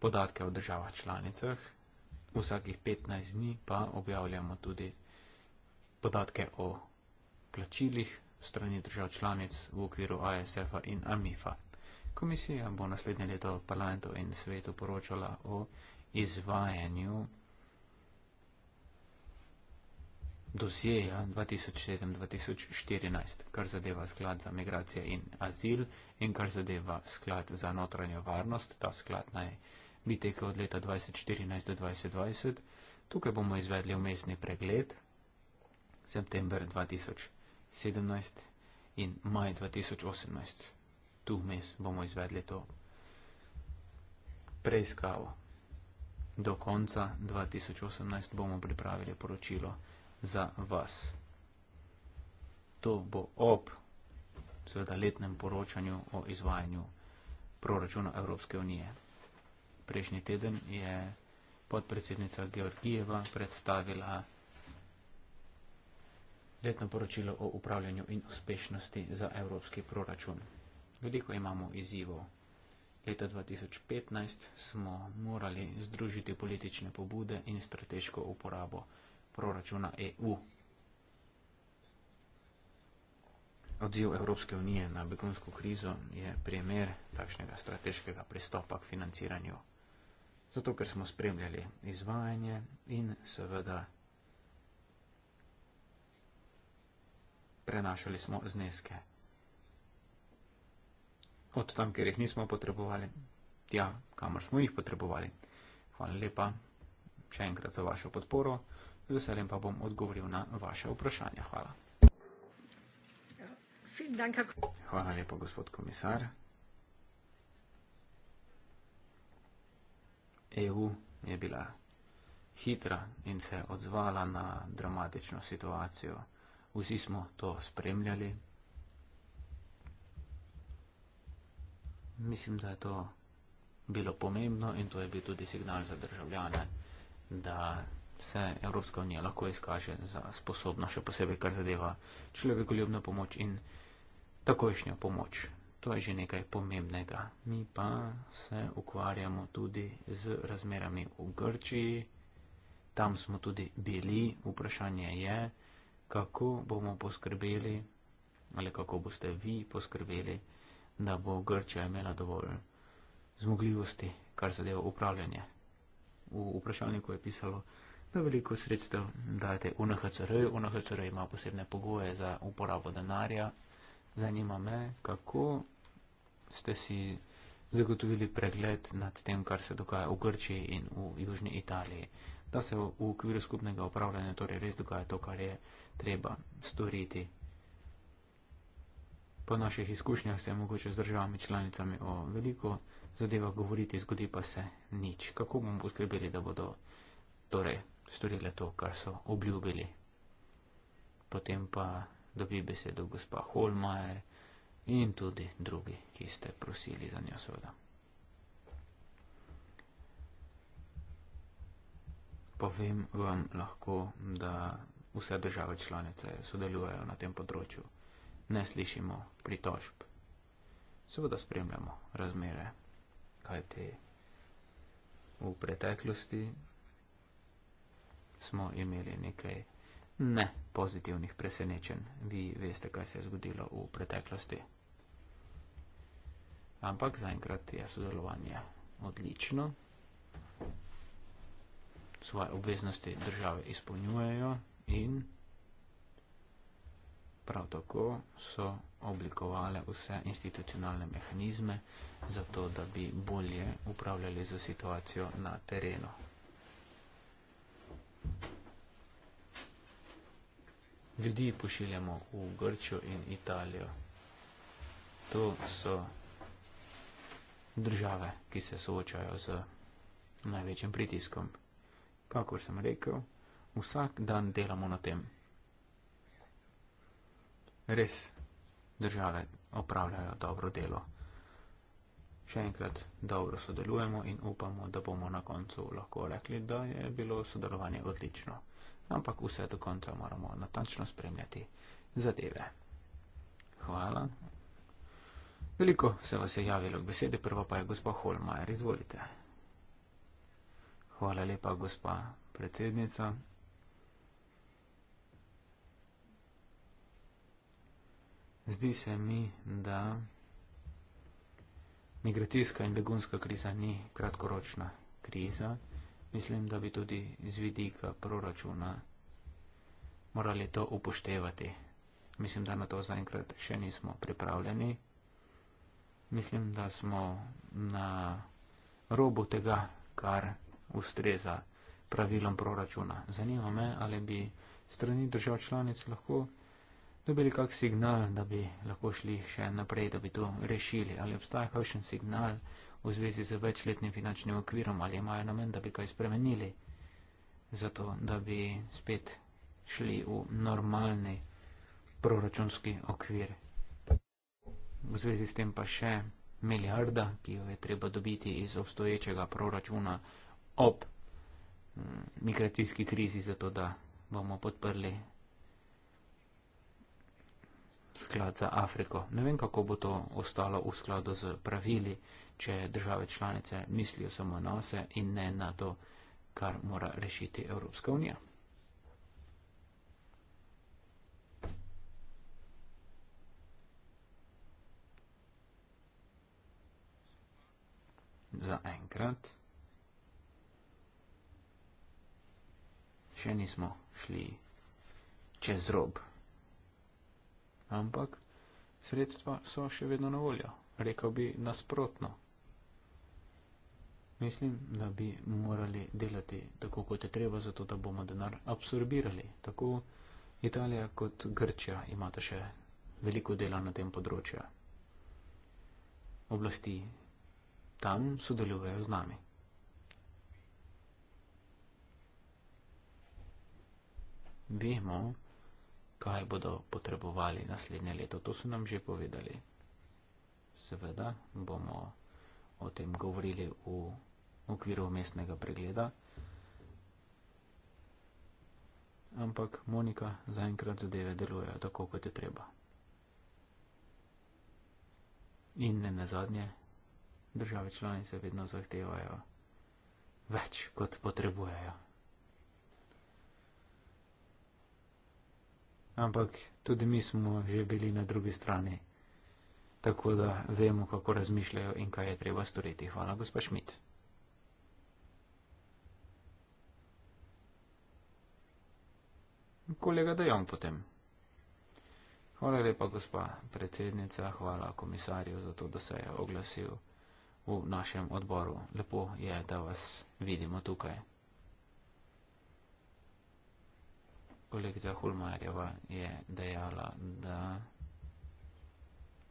podatke o državah članicah, vsakih 15 dni pa objavljamo tudi podatke o plačilih strani držav članic v okviru ASF-a in AMIF-a. Komisija bo naslednje leto parlamentu in svetu poročala o izvajanju dosjeja 2007-2014, kar zadeva sklad za migracije in azil in kar zadeva sklad za notranjo varnost, ta sklad naj bi tekel od leta 2014 do 2020. Tukaj bomo izvedli umestni pregled, september 2017 in maj 2018. Tu mes bomo izvedli to preiskavo. Do konca 2018 bomo pripravili poročilo za vas. To bo ob seveda letnem poročanju o izvajanju proračuna Evropske unije. Prejšnji teden je podpredsednica Georgijeva predstavila letno poročilo o upravljanju in uspešnosti za evropski proračun. Veliko imamo izzivov. Leta 2015 smo morali združiti politične pobude in strateško uporabo proračuna EU. Odziv Evropske unije na begunsko krizo je primer takšnega strateškega pristopa k financiranju. Zato, ker smo spremljali izvajanje in seveda prenašali smo zneske. Od tam, kjer jih nismo potrebovali, tja, kamor smo jih potrebovali. Hvala lepa še enkrat za vašo podporo z veseljem pa bom odgovoril na vaše vprašanja. Hvala. Hvala lepa, gospod komisar. EU je bila hitra in se je odzvala na dramatično situacijo. Vsi smo to spremljali. Mislim, da je to bilo pomembno in to je bil tudi signal za državljane, da se Evropska unija lahko izkaže za sposobno, še posebej, kar zadeva človekoljubno pomoč in takojšnjo pomoč. To je že nekaj pomembnega. Mi pa se ukvarjamo tudi z razmerami v Grčiji. Tam smo tudi bili. Vprašanje je, kako bomo poskrbeli ali kako boste vi poskrbeli, da bo Grčija imela dovolj zmogljivosti, kar zadeva upravljanje. V vprašalniku je pisalo, da veliko sredstev dajete v NHCR. -ju. V NHCR ima posebne pogoje za uporabo denarja. Zanima me, kako ste si zagotovili pregled nad tem, kar se dogaja v Grčiji in v Južni Italiji, da se v okviru skupnega upravljanja torej res dogaja to, kar je treba storiti. Po naših izkušnjah se je mogoče z državami članicami o veliko zadeva govoriti, zgodi pa se nič. Kako bomo poskrbeli, da bodo torej storile to, kar so obljubili. Potem pa dobi besedo gospa Holmajer in tudi drugi, ki ste prosili za njo seveda. Povem vam lahko, da vse države članice sodelujejo na tem področju. Ne slišimo pritožb. Seveda spremljamo razmere, kajte v preteklosti smo imeli nekaj ne pozitivnih presenečenj. Vi veste, kaj se je zgodilo v preteklosti. Ampak zaenkrat je sodelovanje odlično. Svoje obveznosti države izpolnjujejo in prav tako so oblikovale vse institucionalne mehanizme za to, da bi bolje upravljali z situacijo na terenu. ljudi pošiljamo v Grčijo in Italijo. To so države, ki se soočajo z največjim pritiskom. Kakor sem rekel, vsak dan delamo na tem. Res, države opravljajo dobro delo. Še enkrat dobro sodelujemo in upamo, da bomo na koncu lahko rekli, da je bilo sodelovanje odlično ampak vse do konca moramo natančno spremljati zadeve. Hvala. Veliko se vas je javilo k besedi, prva pa je gospa Holmajer, izvolite. Hvala lepa, gospa predsednica. Zdi se mi, da migracijska in begunska kriza ni kratkoročna kriza, mislim, da bi tudi z vidika proračuna morali to upoštevati. Mislim, da na to zaenkrat še nismo pripravljeni. Mislim, da smo na robu tega, kar ustreza pravilom proračuna. Zanima me, ali bi strani držav članic lahko dobili kak signal, da bi lahko šli še naprej, da bi to rešili. Ali obstaja kakšen signal? v zvezi z večletnim finančnim okvirom ali imajo namen, da bi kaj spremenili, zato da bi spet šli v normalni proračunski okvir. V zvezi s tem pa še milijarda, ki jo je treba dobiti iz obstoječega proračuna ob mm, migracijski krizi, zato da bomo podprli sklad za Afriko. Ne vem, kako bo to ostalo v skladu z pravili, če države članice mislijo samo na se in ne na to, kar mora rešiti Evropska unija. Za enkrat. Še nismo šli čez rob ampak sredstva so še vedno na voljo. Rekel bi nasprotno. Mislim, da bi morali delati tako, kot je treba, zato da bomo denar absorbirali. Tako Italija kot Grčija imata še veliko dela na tem področju. Oblasti tam sodelujejo z nami. Vemo, kaj bodo potrebovali naslednje leto. To so nam že povedali. Seveda bomo o tem govorili v okviru mestnega pregleda. Ampak Monika zaenkrat zadeve delujejo tako, kot je treba. In ne na zadnje, države članice vedno zahtevajo več, kot potrebujejo. ampak tudi mi smo že bili na drugi strani, tako da vemo, kako razmišljajo in kaj je treba storiti. Hvala, gospa Šmit. Kolega Dajon potem. Hvala lepa, gospa predsednica, hvala komisarju za to, da se je oglasil v našem odboru. Lepo je, da vas vidimo tukaj. kolegica Hulmarjeva je dejala, da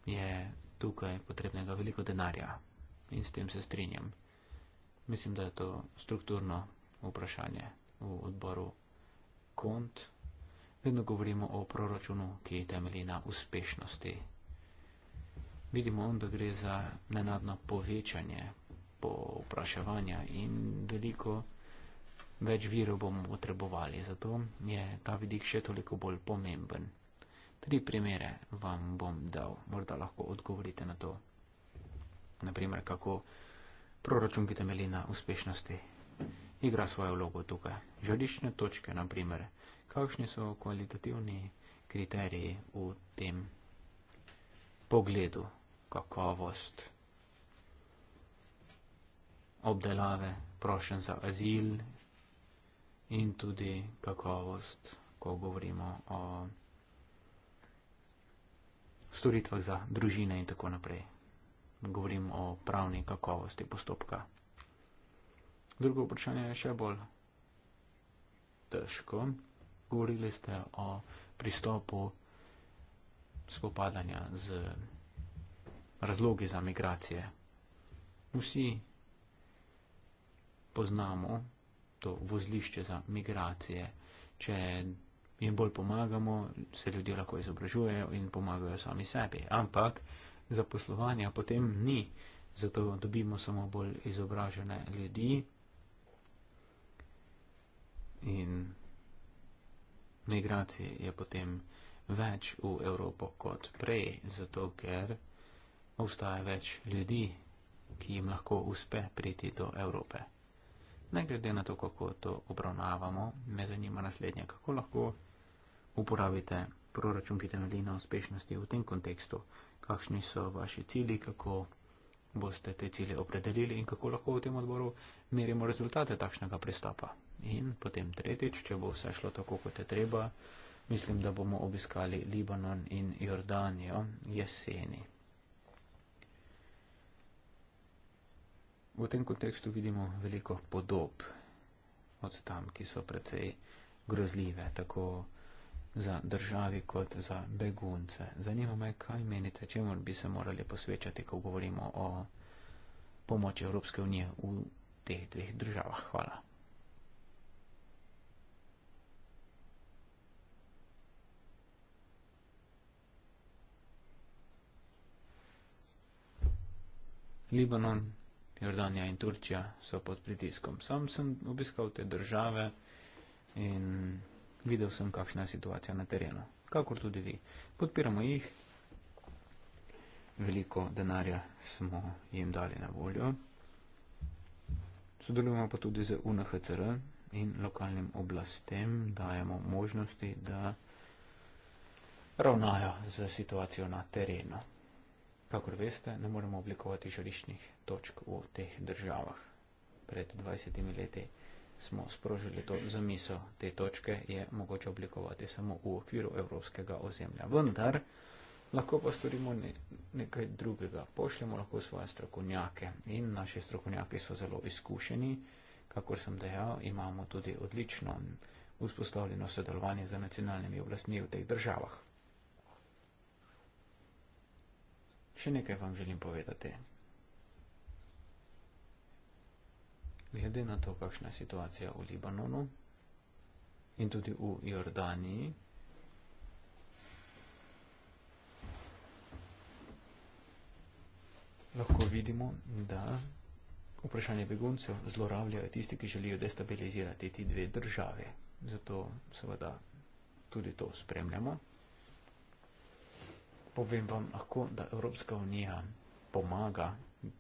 je tukaj potrebnega veliko denarja in s tem se strinjam. Mislim, da je to strukturno vprašanje v odboru KONT. Vedno govorimo o proračunu, ki temelji na uspešnosti. Vidimo, da gre za nenadno povečanje povpraševanja in veliko več virov bomo potrebovali, zato je ta vidik še toliko bolj pomemben. Tri primere vam bom dal, morda lahko odgovorite na to. Naprimer, kako proračun, ki temelji na uspešnosti, igra svojo vlogo tukaj. Žarišne točke, naprimer, kakšni so kvalitativni kriteriji v tem pogledu, kakovost obdelave, prošen za azil, in tudi kakovost, ko govorimo o storitvah za družine in tako naprej. Govorim o pravni kakovosti postopka. Drugo vprašanje je še bolj težko. Govorili ste o pristopu spopadanja z razlogi za migracije. Vsi poznamo to vozlišče za migracije. Če jim bolj pomagamo, se ljudje lahko izobražujejo in pomagajo sami sebi. Ampak zaposlovanja potem ni, zato dobimo samo bolj izobražene ljudi. In migracije je potem več v Evropo kot prej, zato ker obstaja več ljudi, ki jim lahko uspe priti do Evrope. Ne glede na to, kako to obravnavamo, me zanima naslednje, kako lahko uporabite proračun, ki temelji na uspešnosti v tem kontekstu, kakšni so vaši cilji, kako boste te cilje opredelili in kako lahko v tem odboru merimo rezultate takšnega pristopa. In potem tretjič, če bo vse šlo tako, kot je treba, mislim, da bomo obiskali Libanon in Jordanijo jeseni. v tem kontekstu vidimo veliko podob od tam, ki so precej grozljive, tako za državi kot za begunce. Zanima me, kaj menite, čemu bi se morali posvečati, ko govorimo o pomoči Evropske unije v teh dveh državah. Hvala. Libanon. Jordanija in Turčija so pod pritiskom. Sam sem obiskal te države in videl sem, kakšna je situacija na terenu. Kakor tudi vi. Podpiramo jih, veliko denarja smo jim dali na voljo. Sodelujemo pa tudi z UNHCR in lokalnim oblastem, dajemo možnosti, da ravnajo za situacijo na terenu. Kakor veste, ne moremo oblikovati žariščnih točk v teh državah. Pred 20 leti smo sprožili to zamiso. Te točke je mogoče oblikovati samo v okviru evropskega ozemlja. Vendar lahko pa storimo ne, nekaj drugega. Pošljemo lahko svoje strokovnjake in naši strokovnjaki so zelo izkušeni. Kakor sem dejal, imamo tudi odlično vzpostavljeno sodelovanje z nacionalnimi oblastmi v teh državah. še nekaj vam želim povedati. Glede na to, kakšna je situacija v Libanonu in tudi v Jordaniji, lahko vidimo, da vprašanje beguncev zlorabljajo tisti, ki želijo destabilizirati ti dve države. Zato seveda tudi to spremljamo povem vam lahko, da Evropska unija pomaga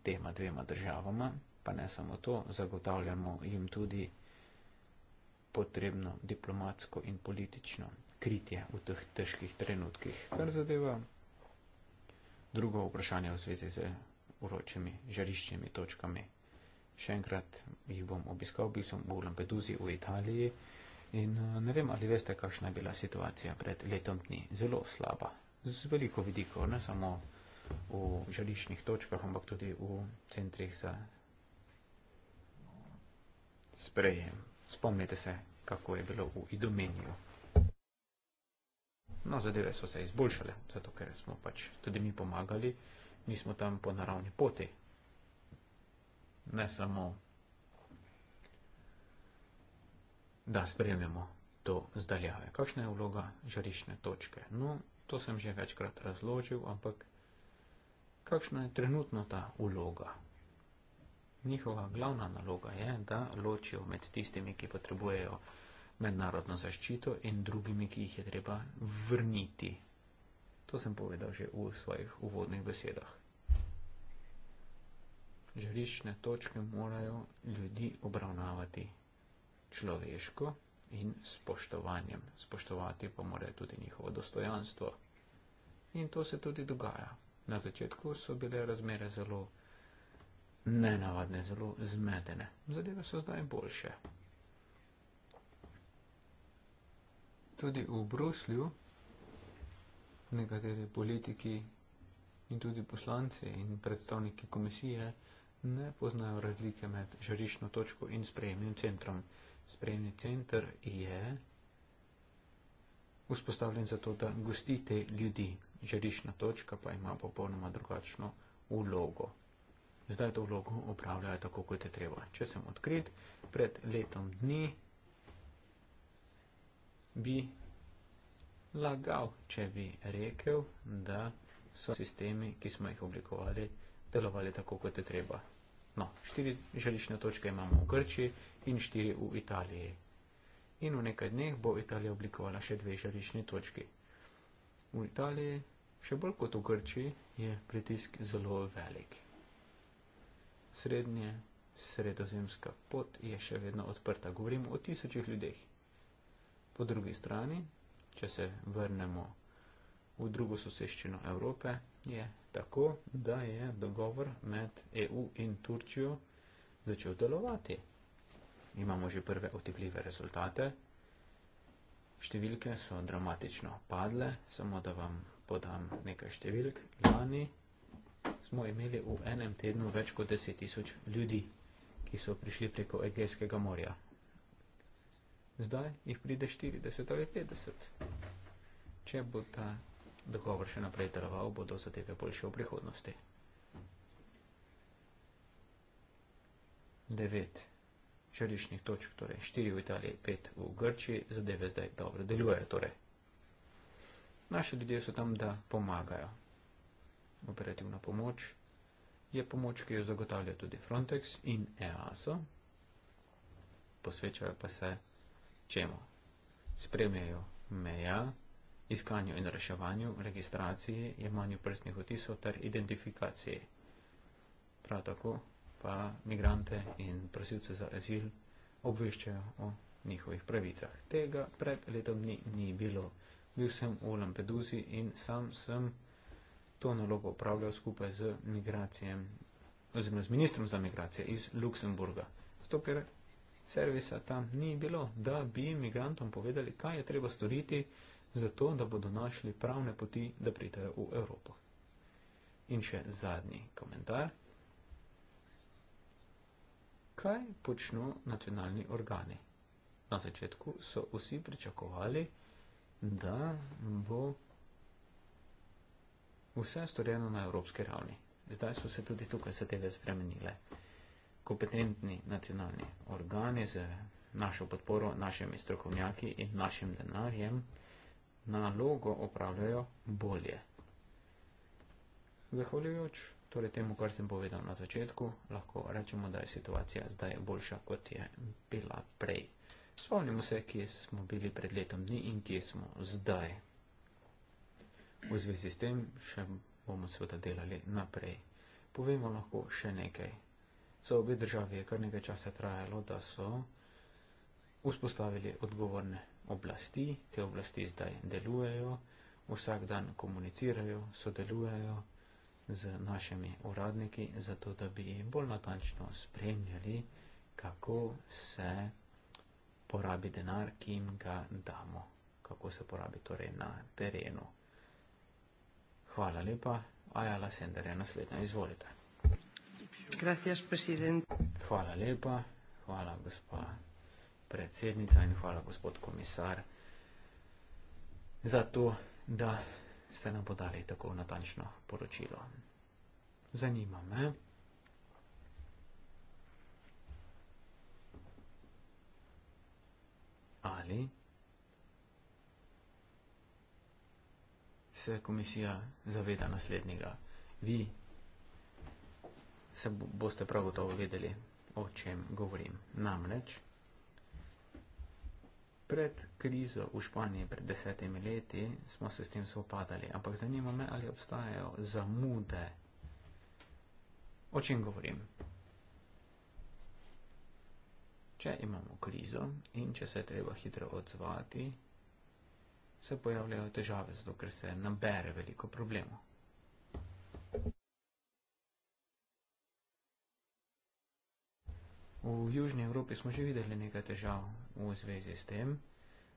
tema dvema državama, pa ne samo to, zagotavljamo jim tudi potrebno diplomatsko in politično kritje v teh težkih trenutkih. Kar zadeva drugo vprašanje v zvezi z uročimi žariščimi točkami. Še enkrat jih bom obiskal, bil sem v Lampeduzi v Italiji in eh, ne vem, ali veste, kakšna je bila situacija pred letom dni. Zelo slaba z veliko vidikov, ne samo v žariščnih točkah, ampak tudi v centrih za sprejem. Spomnite se, kako je bilo v Idomeniju. No, zadeve so se izboljšale, zato ker smo pač tudi mi pomagali, mi smo tam po naravni poti. Ne samo, da spremljamo to zdaljave. Kakšna je vloga žarišne točke? No, to sem že večkrat razložil, ampak kakšna je trenutno ta uloga? Njihova glavna naloga je, da ločijo med tistimi, ki potrebujejo mednarodno zaščito in drugimi, ki jih je treba vrniti. To sem povedal že v svojih uvodnih besedah. Žarične točke morajo ljudi obravnavati človeško, in spoštovanjem. Spoštovati pa mora tudi njihovo dostojanstvo. In to se tudi dogaja. Na začetku so bile razmere zelo nenavadne, zelo zmedene. Zadeve so zdaj boljše. Tudi v Bruslju nekateri politiki in tudi poslanci in predstavniki komisije ne poznajo razlike med žarišno točko in sprejemnim centrom sprejemni centr je vzpostavljen zato, da gostite ljudi. Žarišna točka pa ima popolnoma drugačno vlogo. Zdaj to vlogo upravljajo tako, kot je treba. Če sem odkrit, pred letom dni bi lagal, če bi rekel, da so sistemi, ki smo jih oblikovali, delovali tako, kot je treba. No, štiri žarišne točke imamo v Grči, in 4 v Italiji. In v nekaj dneh bo Italija oblikovala še dve žarišni točki. V Italiji, še bolj kot v Grčiji, je pritisk zelo velik. Srednje, sredozemska pot je še vedno odprta, govorimo o tisočih ljudeh. Po drugi strani, če se vrnemo v drugo soseščino Evrope, je tako, da je dogovor med EU in Turčijo začel delovati imamo že prve otepljive rezultate. Številke so dramatično padle, samo da vam podam nekaj številk. Lani smo imeli v enem tednu več kot 10 tisoč ljudi, ki so prišli preko Egejskega morja. Zdaj jih pride 40 ali 50. Če bo ta dogovor še naprej deloval, bodo zadeve boljše v prihodnosti. 9 včerajšnjih točk, torej 4 v Italiji, 5 v Grčiji, zadeve zdaj dobro delujejo. Torej. Naši ljudje so tam, da pomagajo. Operativna pomoč je pomoč, ki jo zagotavlja tudi Frontex in EASO. Posvečajo pa se čemu? Spremljajo meja, iskanju in reševanju, registraciji, jemanju prstnih otisov ter identifikaciji. Prav tako pa migrante in prosilce za azil obveščajo o njihovih pravicah. Tega pred letom dni ni bilo. Bil sem v Lampeduzi in sam sem to nalogo upravljal skupaj z migracijem oziroma z ministrom za migracije iz Luksemburga. Zato, ker servisa tam ni bilo, da bi migrantom povedali, kaj je treba storiti, zato da bodo našli pravne poti, da pridejo v Evropo. In še zadnji komentar kaj počnu nacionalni organi. Na začetku so vsi pričakovali, da bo vse storjeno na evropski ravni. Zdaj so se tudi tukaj zadeve spremenile. Kompetentni nacionalni organi z našo podporo, našimi strokovnjaki in našim denarjem nalogo opravljajo bolje. Zahvaljujoč Torej temu, kar sem povedal na začetku, lahko rečemo, da je situacija zdaj boljša, kot je bila prej. Spomnimo se, kje smo bili pred letom dni in kje smo zdaj. V zvezi s tem še bomo sveda delali naprej. Povemo lahko še nekaj. Za obe državi je kar nekaj časa trajalo, da so vzpostavili odgovorne oblasti. Te oblasti zdaj delujejo, vsak dan komunicirajo, sodelujejo z našimi uradniki, zato da bi bolj natančno spremljali, kako se porabi denar, ki jim ga damo, kako se porabi torej na terenu. Hvala lepa, Ajala Sender je naslednja, izvolite. Gracias, hvala lepa, hvala gospa predsednica in hvala gospod komisar za to, da ste nam podali tako natančno poročilo. Zanima me. Ali se komisija zaveda naslednjega? Vi se boste prav gotovo vedeli, o čem govorim. Namreč. Pred krizo v Španiji, pred desetimi leti, smo se s tem soopadali, ampak zanima me, ali obstajajo zamude. O čem govorim? Če imamo krizo in če se je treba hitro odzvati, se pojavljajo težave, zato ker se nabere veliko problemov. V Južni Evropi smo že videli nekaj težav v zvezi s tem,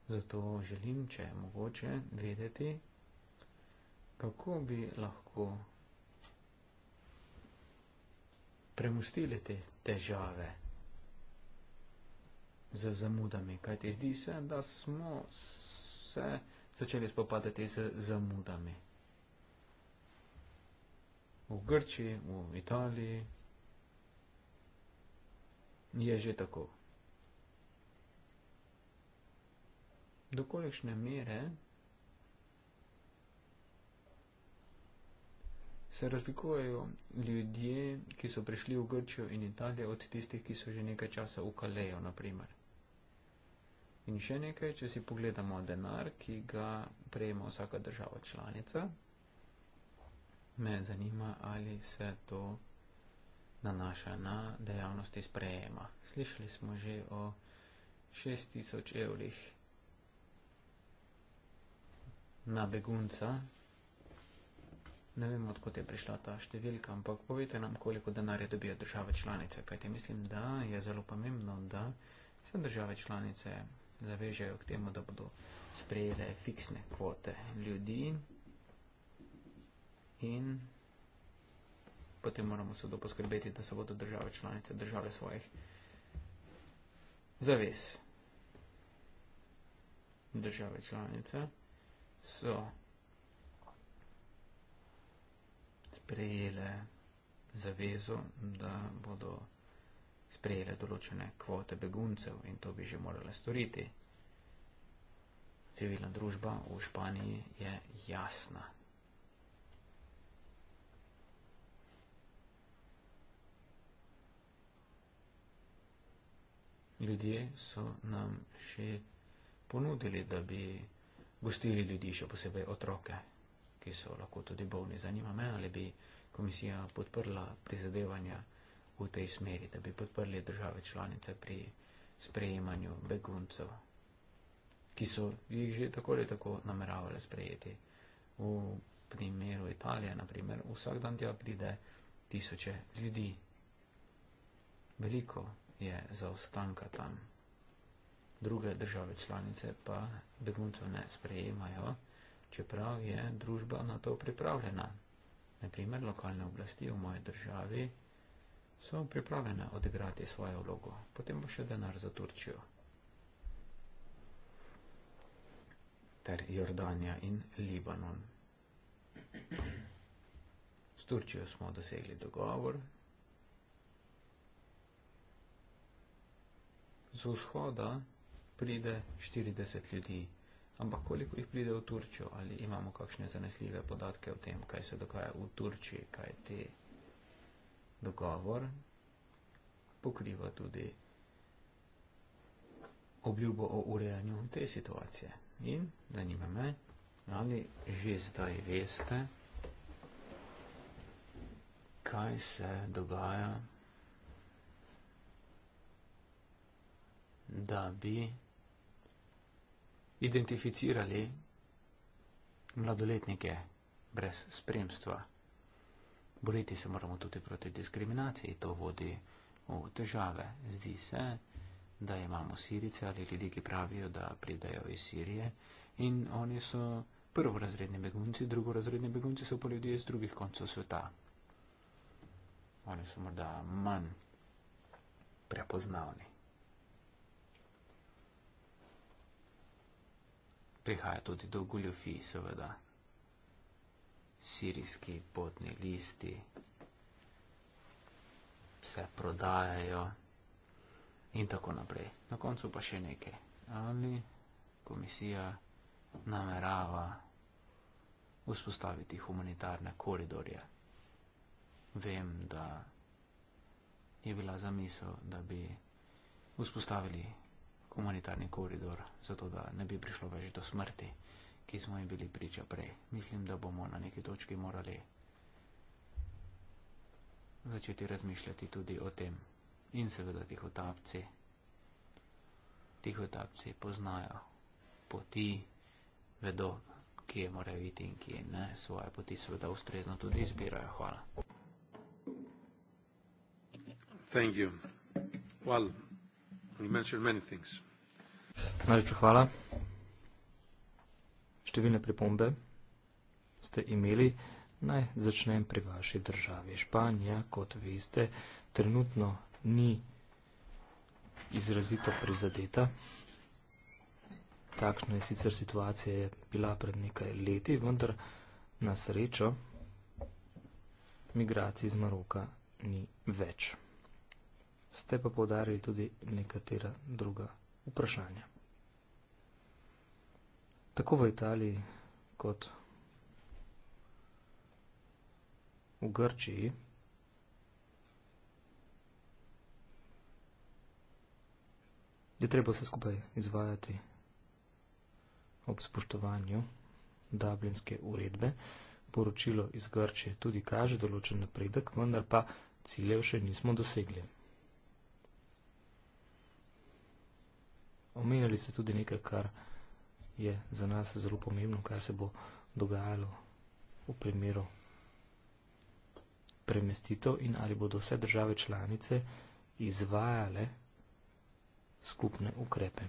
zato želim, če je mogoče, vedeti, kako bi lahko premustili te težave z zamudami, kajti zdi se, da smo se začeli spopadati z zamudami. V Grčiji, v Italiji, je že tako. Dokolikšne mere se razlikujejo ljudje, ki so prišli v Grčijo in Italijo, od tistih, ki so že nekaj časa v Kalejo, naprimer. In še nekaj, če si pogledamo denar, ki ga prejema vsaka država članica, me zanima, ali se to nanaša na dejavnosti sprejema. Slišali smo že o 6000 evrih na begunca. Ne vemo, odkot je prišla ta številka, ampak povete nam, koliko denarja dobijo države članice. Kajti mislim, da je zelo pomembno, da se države članice zavežejo k temu, da bodo sprejele fiksne kvote ljudi in potem moramo se do poskrbeti, da se bodo države članice držale svojih zavez. Države članice so sprejele zavezo, da bodo sprejele določene kvote beguncev in to bi že morale storiti. Civilna družba v Španiji je jasna. ljudje so nam še ponudili, da bi gostili ljudi, še posebej otroke, ki so lahko tudi bolni. Zanima me, ali bi komisija podprla prizadevanja v tej smeri, da bi podprli države članice pri sprejemanju beguncev, ki so jih že tako ali tako nameravali sprejeti. V primeru Italije, na primer, vsak dan tja pride tisoče ljudi. Veliko je zaostanka tam. Druge države članice pa beguncev ne sprejemajo, čeprav je družba na to pripravljena. Naprimer, lokalne oblasti v moji državi so pripravljene odigrati svojo vlogo, potem bo še denar za Turčijo. ter Jordanija in Libanon. S Turčijo smo dosegli dogovor, z vzhoda pride 40 ljudi. Ampak koliko jih pride v Turčijo? Ali imamo kakšne zanesljive podatke o tem, kaj se dogaja v Turčiji, kaj ti dogovor pokriva tudi obljubo o urejanju te situacije. In zanima me, ali že zdaj veste, kaj se dogaja da bi identificirali mladoletnike brez spremstva. Boriti se moramo tudi proti diskriminaciji, to vodi v težave. Zdi se, da imamo Sirice ali ljudi, ki pravijo, da pridejo iz Sirije in oni so prvorazredni begunci, drugorazredni begunci so pa ljudje iz drugih koncev sveta. Oni so morda manj prepoznavni. prihaja tudi do goljofij, seveda. Sirijski potni listi se prodajajo in tako naprej. Na koncu pa še nekaj. Ali komisija namerava vzpostaviti humanitarne koridorje? Vem, da je bila zamisel, da bi vzpostavili humanitarni koridor, zato da ne bi prišlo več do smrti, ki smo jim bili priča prej. Mislim, da bomo na neki točki morali začeti razmišljati tudi o tem. In seveda tihotapci, tihotapci poznajo poti, vedo, kje morajo iti in kje ne, svoje poti seveda ustrezno tudi izbirajo. Hvala. Thank you. Well. Najlepša hvala. Številne pripombe ste imeli. Naj začnem pri vaši državi. Španija, kot veste, trenutno ni izrazito prizadeta. Takšna je sicer situacija je bila pred nekaj leti, vendar na srečo migracij iz Maroka ni več ste pa povdarili tudi nekatera druga vprašanja. Tako v Italiji kot v Grčiji je treba vse skupaj izvajati ob spoštovanju Dublinske uredbe. Poročilo iz Grčije tudi kaže določen napredek, vendar pa ciljev še nismo dosegli. omenjali ste tudi nekaj, kar je za nas zelo pomembno, kaj se bo dogajalo v primeru premestitev in ali bodo vse države članice izvajale skupne ukrepe.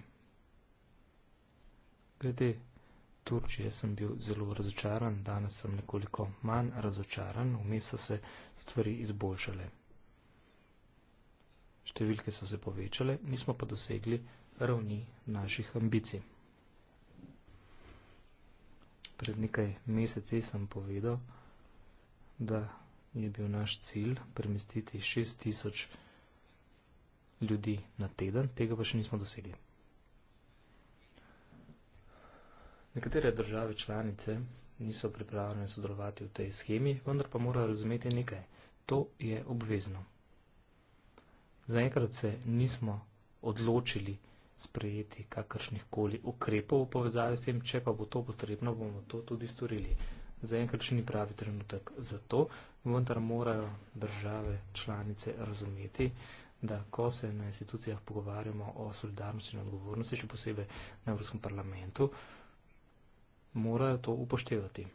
Glede Turčije sem bil zelo razočaran, danes sem nekoliko manj razočaran, vmes so se stvari izboljšale. Številke so se povečale, nismo pa dosegli ravni naših ambicij. Pred nekaj meseci sem povedal, da je bil naš cilj premestiti 6000 ljudi na teden, tega pa še nismo dosegli. Nekatere države članice niso pripravljene sodelovati v tej schemi, vendar pa morajo razumeti nekaj. To je obvezno. Zaenkrat se nismo odločili, sprejeti kakršnih koli ukrepov v povezavi s tem, če pa bo to potrebno, bomo to tudi storili. Zaenkrat še ni pravi trenutek za to, vendar morajo države članice razumeti, da ko se na institucijah pogovarjamo o solidarnosti in odgovornosti, še posebej na Evropskem parlamentu, morajo to upoštevati.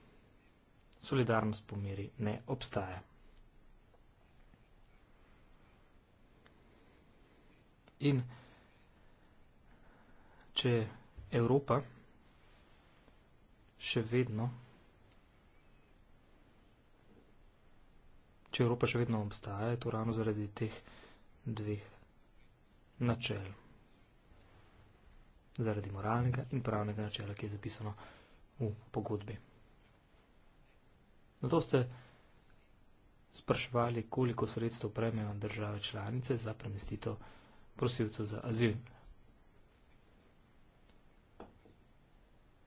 Solidarnost po meri ne obstaja. In če Evropa še vedno, če Evropa še vedno obstaja, je to ravno zaradi teh dveh načel. Zaradi moralnega in pravnega načela, ki je zapisano v pogodbi. Zato ste spraševali, koliko sredstev prejmejo države članice za premestitev prosilcev za azil.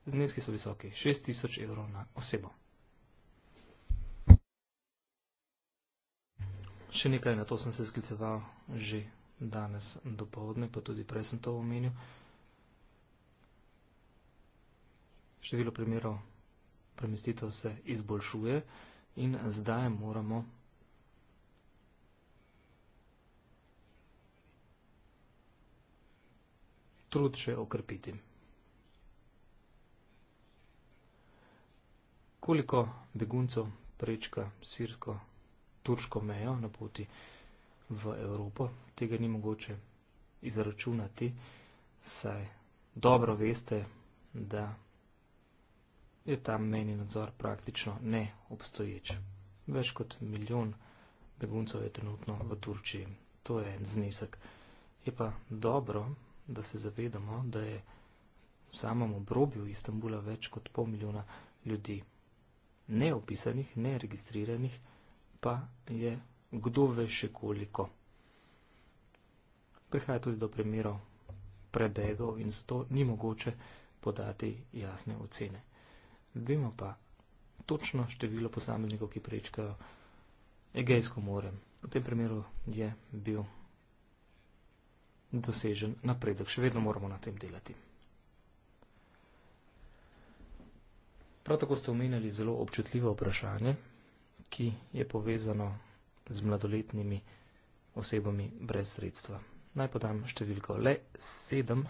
Zneski so visoki 6000 evrov na osebo. Še nekaj, na to sem se skliceval že danes do povodne, pa tudi prej sem to omenil. Število primerov premestitev se izboljšuje in zdaj moramo trud še okrepiti. koliko beguncev prečka sirsko, turško mejo na poti v Evropo. Tega ni mogoče izračunati, saj dobro veste, da je tam meni nadzor praktično neobstoječ. Več kot milijon beguncev je trenutno v Turčiji. To je en znesek. Je pa dobro, da se zavedamo, da je v samem obrobju Istanbula več kot pol milijona ljudi neopisanih, neregistriranih pa je kdo ve še koliko. Prihaja tudi do primerov prebegov in zato ni mogoče podati jasne ocene. Vemo pa točno število posameznikov, ki prečkajo Egejsko more. V tem primeru je bil dosežen napredek. Še vedno moramo na tem delati. Prav tako ste omenjali zelo občutljivo vprašanje, ki je povezano z mladoletnimi osebami brez sredstva. Naj podam številko. Le sedem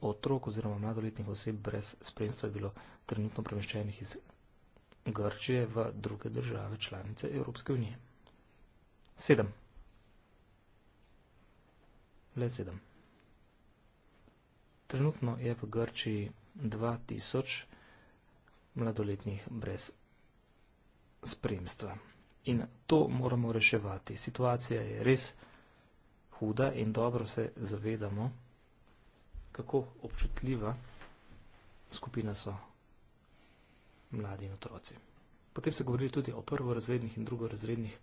otrok oziroma mladoletnih oseb brez spremstva je bilo trenutno premeščenih iz Grčije v druge države članice Evropske unije. Sedem. Le sedem. Trenutno je v Grčiji 2000 mladoletnih brez spremstva. In to moramo reševati. Situacija je res huda in dobro se zavedamo, kako občutljiva skupina so mladi in otroci. Potem se govorili tudi o prvorazrednih in drugorazrednih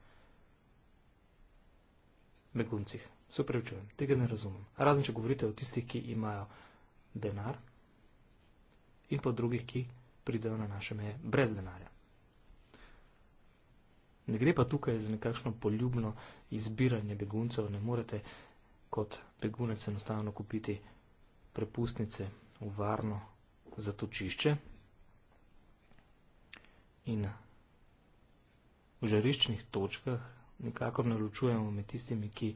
beguncih. Se upravičujem, tega ne razumem. Razen, če govorite o tistih, ki imajo denar, in po drugih, ki pridejo na naše meje brez denarja. Ne gre pa tukaj za nekakšno poljubno izbiranje beguncev, ne morete kot begunec enostavno kupiti prepustnice v varno zatočišče in v žariščnih točkah nikakor ne ločujemo med tistimi, ki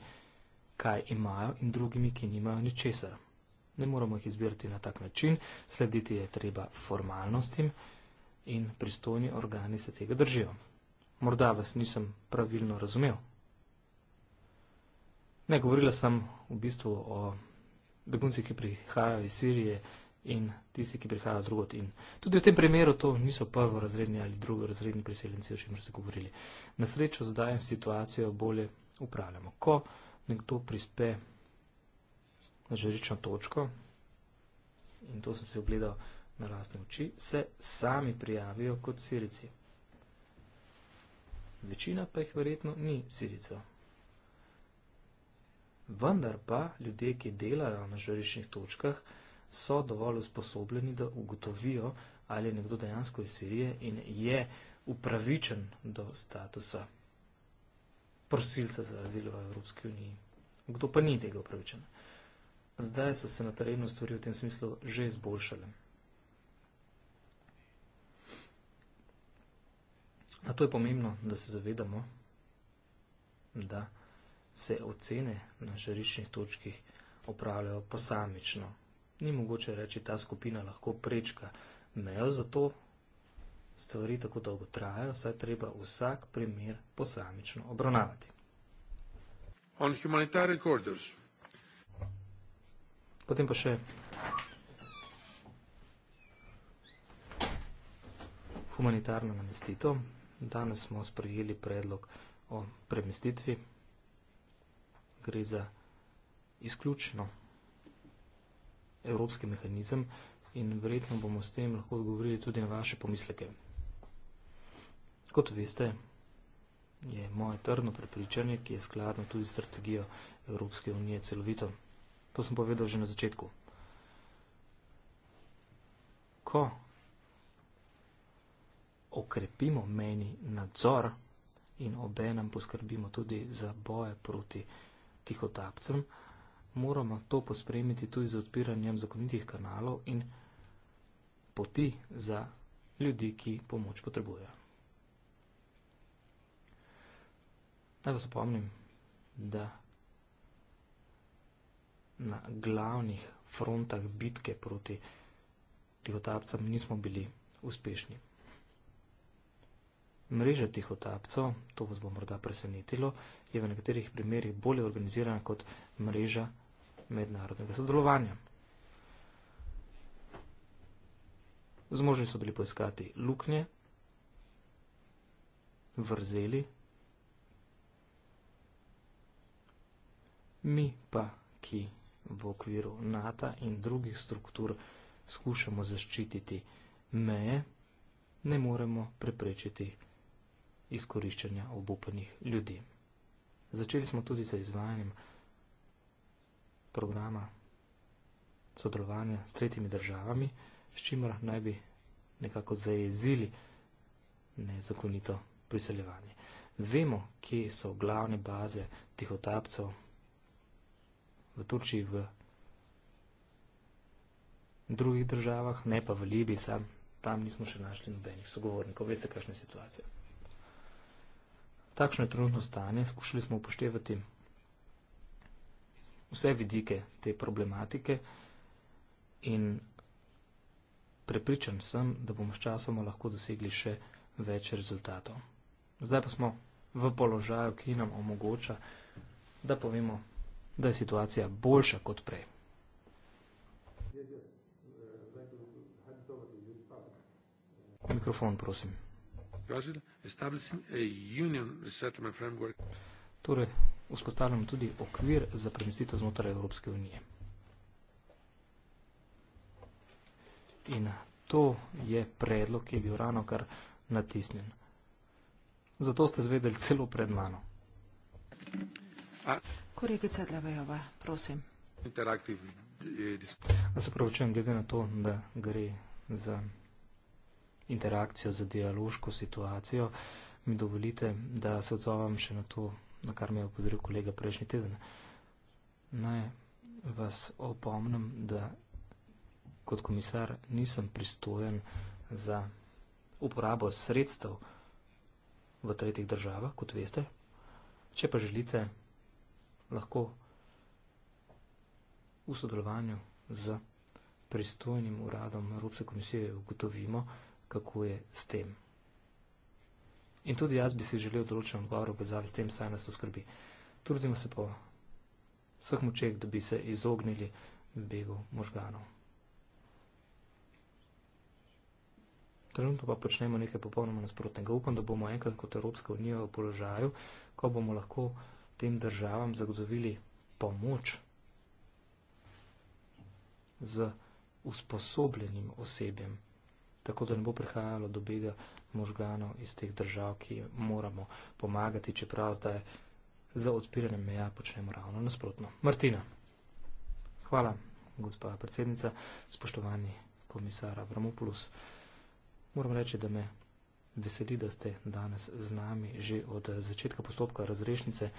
kaj imajo in drugimi, ki nimajo ničesar. Ne moramo jih izbirati na tak način, slediti je treba formalnostim in pristojni organi se tega držijo. Morda vas nisem pravilno razumel. Ne, govorila sem v bistvu o beguncih, ki prihajajo iz Sirije in tisti, ki prihajajo drugot. In tudi v tem primeru to niso prvorazredni ali drugorazredni priseljenci, o čemer ste govorili. Na srečo zdaj situacijo bolje upravljamo. Ko nekdo prispe na žarično točko in to sem si ogledal na lastne oči, se sami prijavijo kot sirici. Večina pa jih verjetno ni sirico. Vendar pa ljudje, ki delajo na žariščnih točkah, so dovolj usposobljeni, da ugotovijo, ali je nekdo dejansko iz Sirije in je upravičen do statusa prosilca za azil v Evropski uniji. Kdo pa ni tega upravičena? zdaj so se na terenu stvari v tem smislu že izboljšale. A to je pomembno, da se zavedamo, da se ocene na žariščnih točkih opravljajo posamično. Ni mogoče reči, ta skupina lahko prečka mejo, zato stvari tako dolgo trajajo, saj treba vsak primer posamično obravnavati. On humanitarian corridors, potem pa še humanitarno namestitev. Danes smo sprejeli predlog o premestitvi. Gre za izključno evropski mehanizem in verjetno bomo s tem lahko odgovorili tudi na vaše pomisleke. Kot veste, je moje trdno prepričanje, ki je skladno tudi strategijo Evropske unije celovito. To sem povedal že na začetku. Ko okrepimo meni nadzor in obenem poskrbimo tudi za boje proti tihotapcem, moramo to pospremiti tudi z odpiranjem zakonitih kanalov in poti za ljudi, ki pomoč potrebujejo. Naj vas opomnim, da na glavnih frontah bitke proti tihotapcem nismo bili uspešni. Mreža tihotapcev, to vas bo morda presenetilo, je v nekaterih primerjih bolje organizirana kot mreža mednarodnega sodelovanja. Zmožni so bili poiskati luknje, vrzeli, mi pa, ki v okviru NATO in drugih struktur skušamo zaščititi meje, ne moremo preprečiti izkoriščanja obupanih ljudi. Začeli smo tudi z izvajanjem programa sodelovanja s tretjimi državami, s čimer naj bi nekako zajezili nezakonito priseljevanje. Vemo, kje so glavne baze tihotapcev, v Turčiji, v drugih državah, ne pa v Libiji, sam tam nismo še našli nobenih sogovornikov. Veste, kakšna je situacija. Takšno je trenutno stanje. Skušali smo upoštevati vse vidike te problematike in prepričan sem, da bomo s časoma lahko dosegli še več rezultatov. Zdaj pa smo v položaju, ki nam omogoča, da povemo, da je situacija boljša kot prej. Mikrofon, prosim. Torej, vzpostavljamo tudi okvir za premestitev znotraj Evropske unije. In to je predlog, ki je bil rano kar natisnjen. Zato ste zvedeli celo pred mano. Kolegica Dlevejova, prosim. Interaktivni. Se pravi, če vam glede na to, da gre za interakcijo, za dialoško situacijo, mi dovolite, da se odzovam še na to, na kar me je opozoril kolega prejšnji teden. Naj vas opomnim, da kot komisar nisem pristojen za uporabo sredstev v tretjih državah, kot veste. Če pa želite lahko v sodelovanju z pristojnim uradom Evropske komisije ugotovimo, kako je s tem. In tudi jaz bi si želel določen odgovor v povezavi s tem, saj nas to skrbi. Trudimo se po vseh močeh, da bi se izognili begu možganov. Trenutno pa počnemo nekaj popolnoma nasprotnega. Upam, da bomo enkrat kot Evropska unija v položaju, ko bomo lahko tem državam zagotovili pomoč z usposobljenim osebjem, tako da ne bo prihajalo do bega možganov iz teh držav, ki moramo pomagati, čeprav zdaj za odpiranje meja počnemo ravno nasprotno. Martina. Hvala, gospa predsednica, spoštovani komisar Avramopoulos. Moram reči, da me veseli, da ste danes z nami že od začetka postopka razrešnice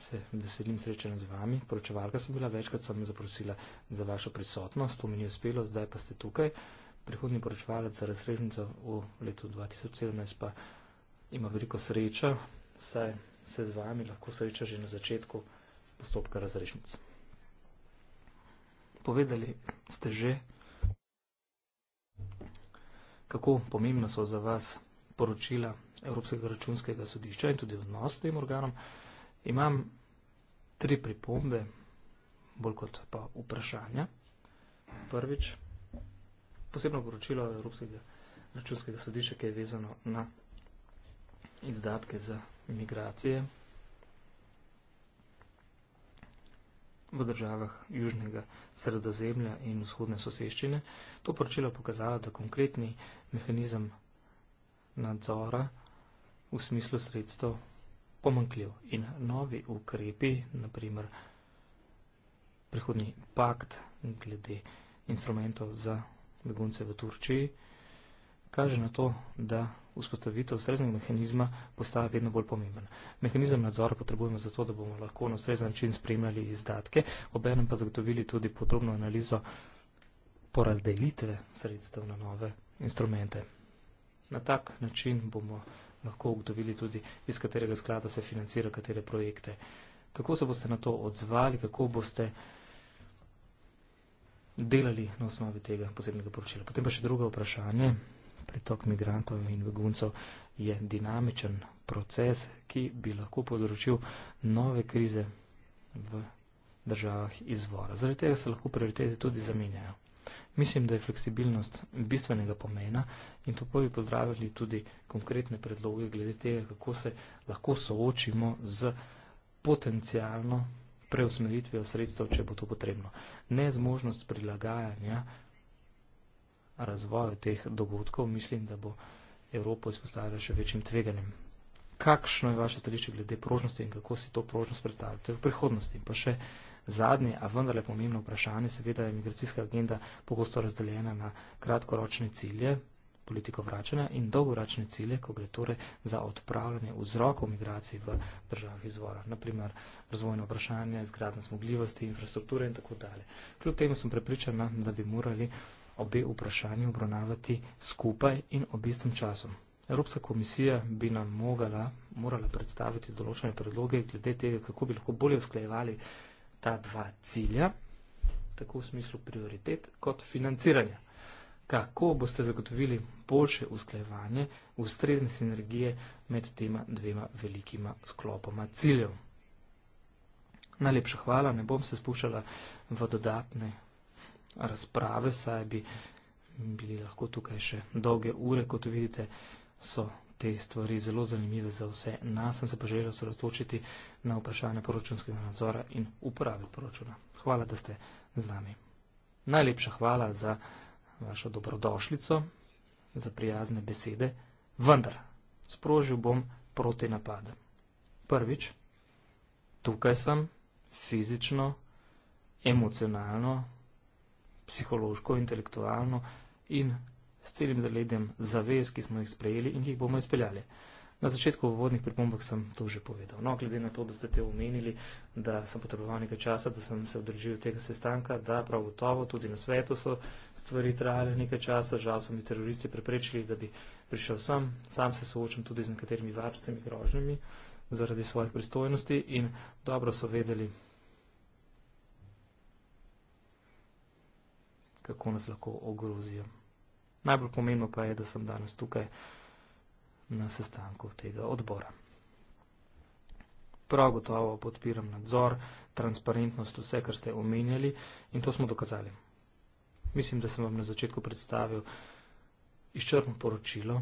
se veselim srečanja z vami. Poročevalka sem bila, večkrat sem zaprosila za vašo prisotnost, to mi ni uspelo, zdaj pa ste tukaj. Prihodni poročevalec za razrežnico v letu 2017 pa ima veliko sreča, saj se z vami lahko sreča že na začetku postopka razrežnice. Povedali ste že, kako pomembna so za vas poročila Evropskega računskega sodišča in tudi odnos s tem organom. Imam tri pripombe, bolj kot pa vprašanja. Prvič, posebno poročilo Evropskega računskega sodišča, ki je vezano na izdatke za imigracije v državah Južnega sredozemlja in vzhodne soseščine. To poročilo je pokazalo, da konkretni mehanizem nadzora v smislu sredstev pomankljiv in novi ukrepi, naprimer prihodni pakt glede instrumentov za begunce v Turčiji, kaže na to, da vzpostavitev ustreznega mehanizma postaja vedno bolj pomemben. Mehanizem nadzora potrebujemo zato, da bomo lahko na ustrezen način spremljali izdatke, obenem pa zagotovili tudi podrobno analizo porazdelitve sredstev na nove instrumente. Na tak način bomo lahko ugotovili tudi, iz katerega sklada se financira katere projekte. Kako se boste na to odzvali, kako boste delali na osnovi tega posebnega poročila. Potem pa še drugo vprašanje. Pritok migrantov in beguncov je dinamičen proces, ki bi lahko povzročil nove krize v državah izvora. Zaradi tega se lahko prioritete tudi zamenjajo. Mislim, da je fleksibilnost bistvenega pomena in to bi pozdravili tudi konkretne predloge glede tega, kako se lahko soočimo z potencijalno preusmeritvijo sredstev, če bo to potrebno. Nezmožnost prilagajanja razvoju teh dogodkov mislim, da bo Evropo izpostavila še večjim tveganjem. Kakšno je vaše stališče glede prožnosti in kako si to prožnost predstavljate v prihodnosti? Pa še zadnje, a vendarle pomembno vprašanje, seveda je migracijska agenda pogosto razdeljena na kratkoročne cilje, politiko vračanja in dolgoročne cilje, ko gre torej za odpravljanje vzrokov migracij v državah izvora, naprimer razvojno vprašanje, zgradne zmogljivosti, infrastrukture in tako dalje. Kljub temu sem prepričana, da bi morali obe vprašanje obravnavati skupaj in ob istem času. Evropska komisija bi nam mogala, morala predstaviti določene predloge glede tega, kako bi lahko bolje usklajevali ta dva cilja, tako v smislu prioritet, kot financiranja. Kako boste zagotovili boljše usklajevanje, ustrezne sinergije med tema dvema velikima sklopoma ciljev? Najlepša hvala, ne bom se spuščala v dodatne razprave, saj bi bili lahko tukaj še dolge ure, kot vidite, so te stvari zelo zanimive za vse. Nas sem se pa želel sredotočiti na vprašanje poročunskega nadzora in uporabe poročuna. Hvala, da ste z nami. Najlepša hvala za vašo dobrodošlico, za prijazne besede, vendar sprožil bom proti napade. Prvič, tukaj sem fizično, emocionalno, psihološko, intelektualno in s celim zaledjem zavez, ki smo jih sprejeli in ki jih bomo izpeljali. Na začetku v vodnih pripombah sem to že povedal. No, glede na to, da ste te omenili, da sem potreboval nekaj časa, da sem se odrežil tega sestanka, da prav gotovo tudi na svetu so stvari trajale nekaj časa, žal so mi teroristi preprečili, da bi prišel sem, sam se soočam tudi z nekaterimi varnostnimi grožnjami zaradi svojih pristojnosti in dobro so vedeli, kako nas lahko ogrozijo. Najbolj pomembno pa je, da sem danes tukaj na sestanku tega odbora. Prav gotovo podpiram nadzor, transparentnost, vse, kar ste omenjali in to smo dokazali. Mislim, da sem vam na začetku predstavil izčrpno poročilo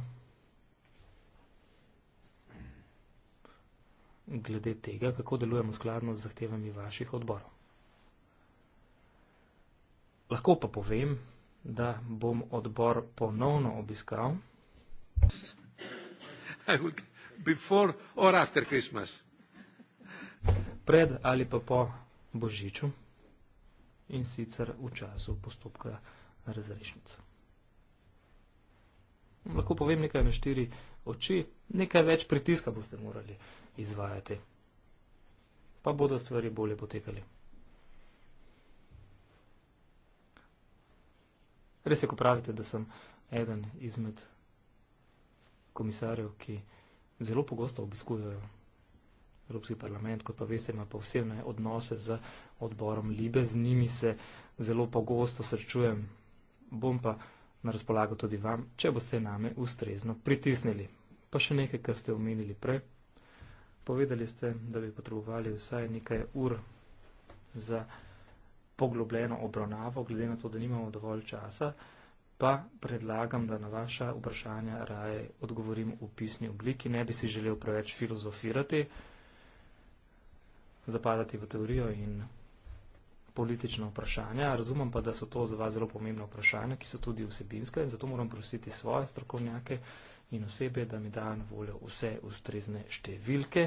glede tega, kako delujemo skladno z zahtevami vaših odborov. Lahko pa povem, da bom odbor ponovno obiskal. Pred ali pa po Božiču in sicer v času postopka razrešnice. Lahko povem nekaj na štiri oči, nekaj več pritiska boste morali izvajati, pa bodo stvari bolje potekali. Res je, ko pravite, da sem eden izmed komisarjev, ki zelo pogosto obiskujejo Evropski parlament, kot pa veste, ima pa vsebne odnose z odborom Libe, z njimi se zelo pogosto srečujem, bom pa na razpolago tudi vam, če boste name ustrezno pritisnili. Pa še nekaj, kar ste omenili prej. Povedali ste, da bi potrebovali vsaj nekaj ur za odbor poglobljeno obravnavo, glede na to, da nimamo dovolj časa, pa predlagam, da na vaša vprašanja raje odgovorim v pisni obliki. Ne bi si želel preveč filozofirati, zapadati v teorijo in politična vprašanja. Razumem pa, da so to za vas zelo pomembna vprašanja, ki so tudi vsebinska in zato moram prositi svoje strokovnjake in osebe, da mi dajo na voljo vse ustrezne številke,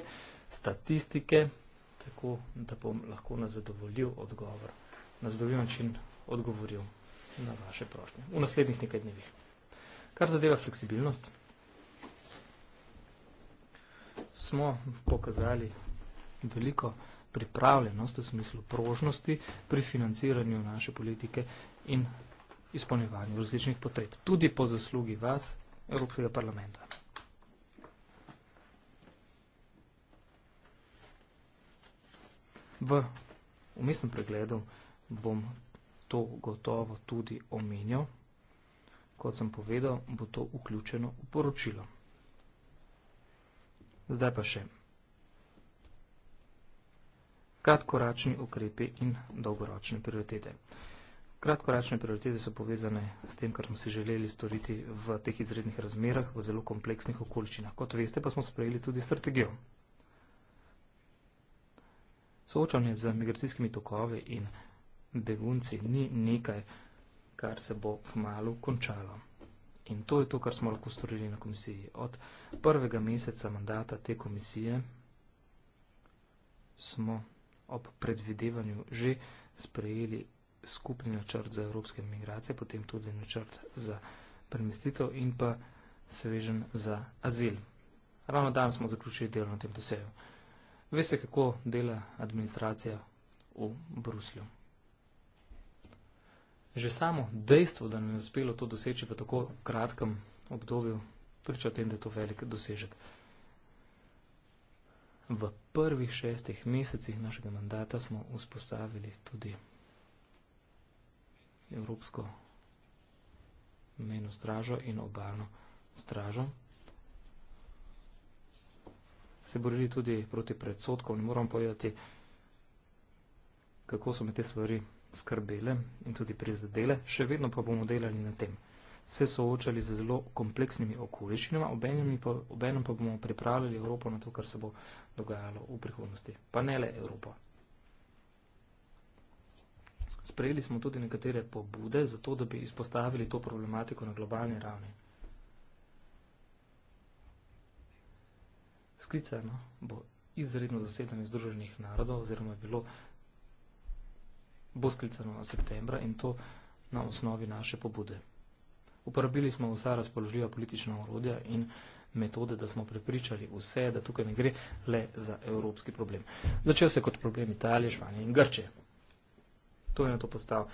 statistike, tako da bom lahko na zadovoljiv odgovor na zdravljiv način odgovoril na vaše prošnje v naslednjih nekaj dnevih. Kar zadeva fleksibilnost, smo pokazali veliko pripravljenost v smislu prožnosti pri financiranju naše politike in izpolnjevanju različnih potreb, tudi po zaslugi vas, Evropskega parlamenta. V umestnem pregledu bom to gotovo tudi omenjal. Kot sem povedal, bo to vključeno v poročilo. Zdaj pa še. Kratkoračni ukrepi in dolgoročne prioritete. Kratkoračne prioritete so povezane s tem, kar smo si želeli storiti v teh izrednih razmerah, v zelo kompleksnih okoličinah. Kot veste, pa smo sprejeli tudi strategijo. Soočanje z migracijskimi tokovi in begunci ni nekaj, kar se bo kmalo končalo. In to je to, kar smo lahko storili na komisiji. Od prvega meseca mandata te komisije smo ob predvidevanju že sprejeli skupni načrt za evropske migracije, potem tudi načrt za premestitev in pa svežen za azil. Ravno danes smo zaključili delo na tem doseju. Veste, kako dela administracija v Bruslju. Že samo dejstvo, da nam je uspelo to doseči v tako kratkem obdobju, priča o tem, da je to velik dosežek. V prvih šestih mesecih našega mandata smo vzpostavili tudi Evropsko mejno stražo in obalno stražo. Se borili tudi proti predsotkov, ne moram povedati, kako so me te stvari skrbele in tudi prizadele, še vedno pa bomo delali na tem. Se soočali z zelo kompleksnimi okoliščinami, obenem pa bomo pripravljali Evropo na to, kar se bo dogajalo v prihodnosti, pa ne le Evropa. Sprejeli smo tudi nekatere pobude za to, da bi izpostavili to problematiko na globalni ravni. Sklicano bo izredno zasedanje Združenih narodov oziroma bilo bo sklicano septembra in to na osnovi naše pobude. Uporabili smo vsa razpoložljiva politična orodja in metode, da smo prepričali vse, da tukaj ne gre le za evropski problem. Začel se je kot problem Italije, Španije in Grče. To je na to postal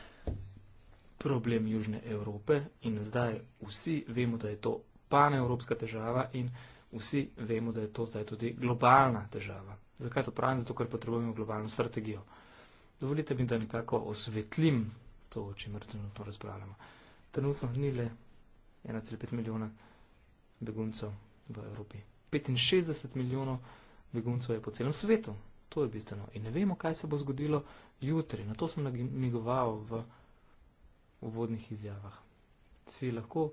problem Južne Evrope in zdaj vsi vemo, da je to paneevropska težava in vsi vemo, da je to zdaj tudi globalna težava. Zakaj to pravim? Zato, ker potrebujemo globalno strategijo. Dovolite mi, da nekako osvetlim to, o čemer trenutno razpravljamo. Trenutno ni le 1,5 milijona beguncev v Evropi. 65 milijonov beguncev je po celem svetu. To je bistveno. In ne vemo, kaj se bo zgodilo jutri. Na to sem nagmigoval v uvodnih izjavah. Si lahko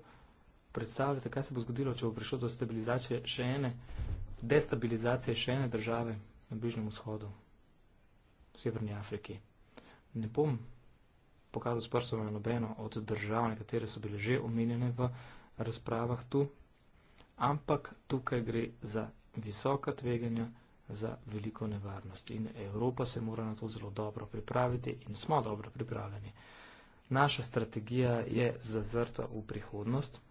predstavljate, kaj se bo zgodilo, če bo prišlo do stabilizacije še ene, destabilizacije še ene države na Bližnjem vzhodu. Severni Afriki. Ne bom pokazal s prstom na nobeno od držav, nekatere so bile že omenjene v razpravah tu, ampak tukaj gre za visoka tveganja, za veliko nevarnost. In Evropa se mora na to zelo dobro pripraviti in smo dobro pripravljeni. Naša strategija je zazrta v prihodnost.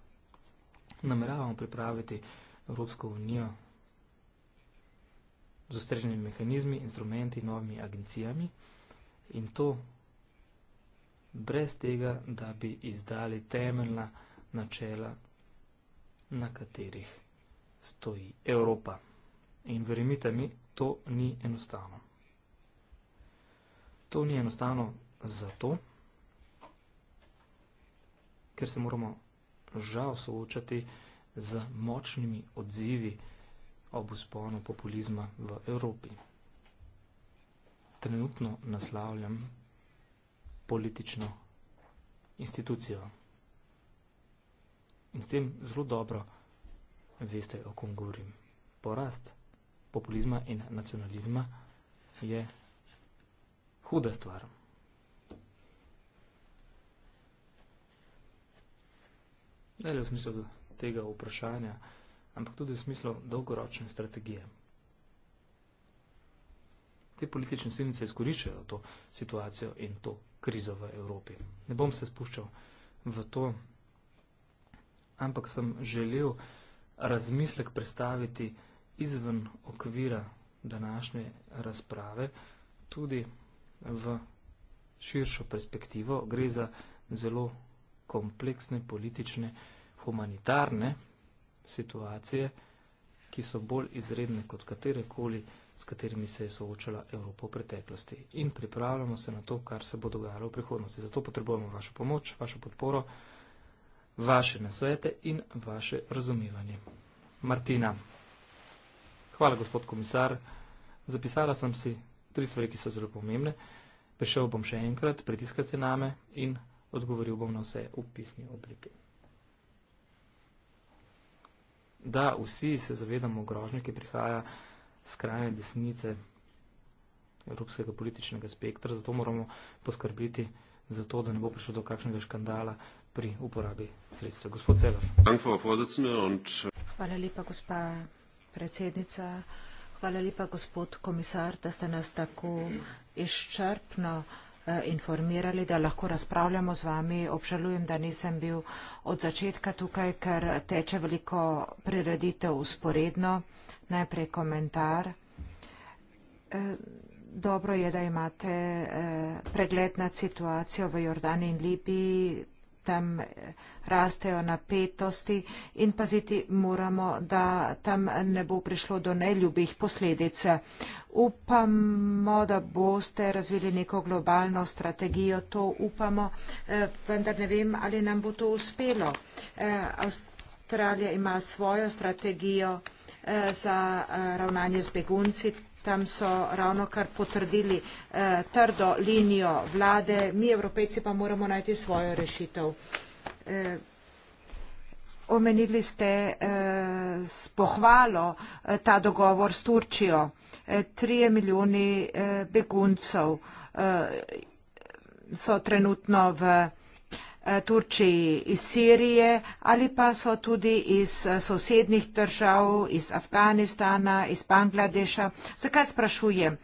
Nameravamo pripraviti Evropsko unijo z ustreženimi mehanizmi, instrumenti, novimi agencijami in to brez tega, da bi izdali temeljna načela, na katerih stoji Evropa. In verjemite mi, to ni enostavno. To ni enostavno zato, ker se moramo žal soočati z močnimi odzivi, ki so vsega, ob usponu populizma v Evropi. Trenutno naslavljam politično institucijo. In s tem zelo dobro veste, o kom govorim. Porast populizma in nacionalizma je huda stvar. Zdaj, v smislu tega vprašanja, ampak tudi v smislu dolgoročne strategije. Te politične silnice izkoriščajo to situacijo in to krizo v Evropi. Ne bom se spuščal v to, ampak sem želel razmislek predstaviti izven okvira današnje razprave tudi v širšo perspektivo. Gre za zelo kompleksne politične, humanitarne situacije, ki so bolj izredne kot katerekoli, s katerimi se je soočala Evropa v preteklosti. In pripravljamo se na to, kar se bo dogajalo v prihodnosti. Zato potrebujemo vašo pomoč, vašo podporo, vaše nasvete in vaše razumevanje. Martina. Hvala, gospod komisar. Zapisala sem si tri stvari, ki so zelo pomembne. Prišel bom še enkrat, pritiskate name in odgovoril bom na vse v pismi obliki da vsi se zavedamo grožnje, ki prihaja skrajne desnice evropskega političnega spektra, zato moramo poskrbiti za to, da ne bo prišlo do kakšnega škandala pri uporabi sredstva. Gospod Celar. Hvala lepa, gospa predsednica. Hvala lepa, gospod komisar, da ste nas tako izčrpno. Mm -hmm. Eh, informirali, da lahko razpravljamo z vami. Obžalujem, da nisem bil od začetka tukaj, ker teče veliko prireditev usporedno. Najprej komentar. Eh, dobro je, da imate eh, pregled nad situacijo v Jordani in Libiji, tam eh, rastejo napetosti in paziti moramo, da tam ne bo prišlo do neljubih posledic. Upamo, da boste razvili neko globalno strategijo, to upamo, eh, vendar ne vem, ali nam bo to uspelo. Eh, Avstralija ima svojo strategijo za ravnanje z begunci, tam so ravno kar potrdili eh, trdo linijo vlade, mi evropejci pa moramo najti svojo rešitev. Eh, omenili ste eh, s pohvalo eh, ta dogovor s Turčijo, tri eh, milijoni eh, beguncev eh, so trenutno v Eh, Turčiji, iz Sirije ali pa so tudi iz eh, sosednjih držav, iz Afganistana, iz Bangladeša. Zakaj sprašujem?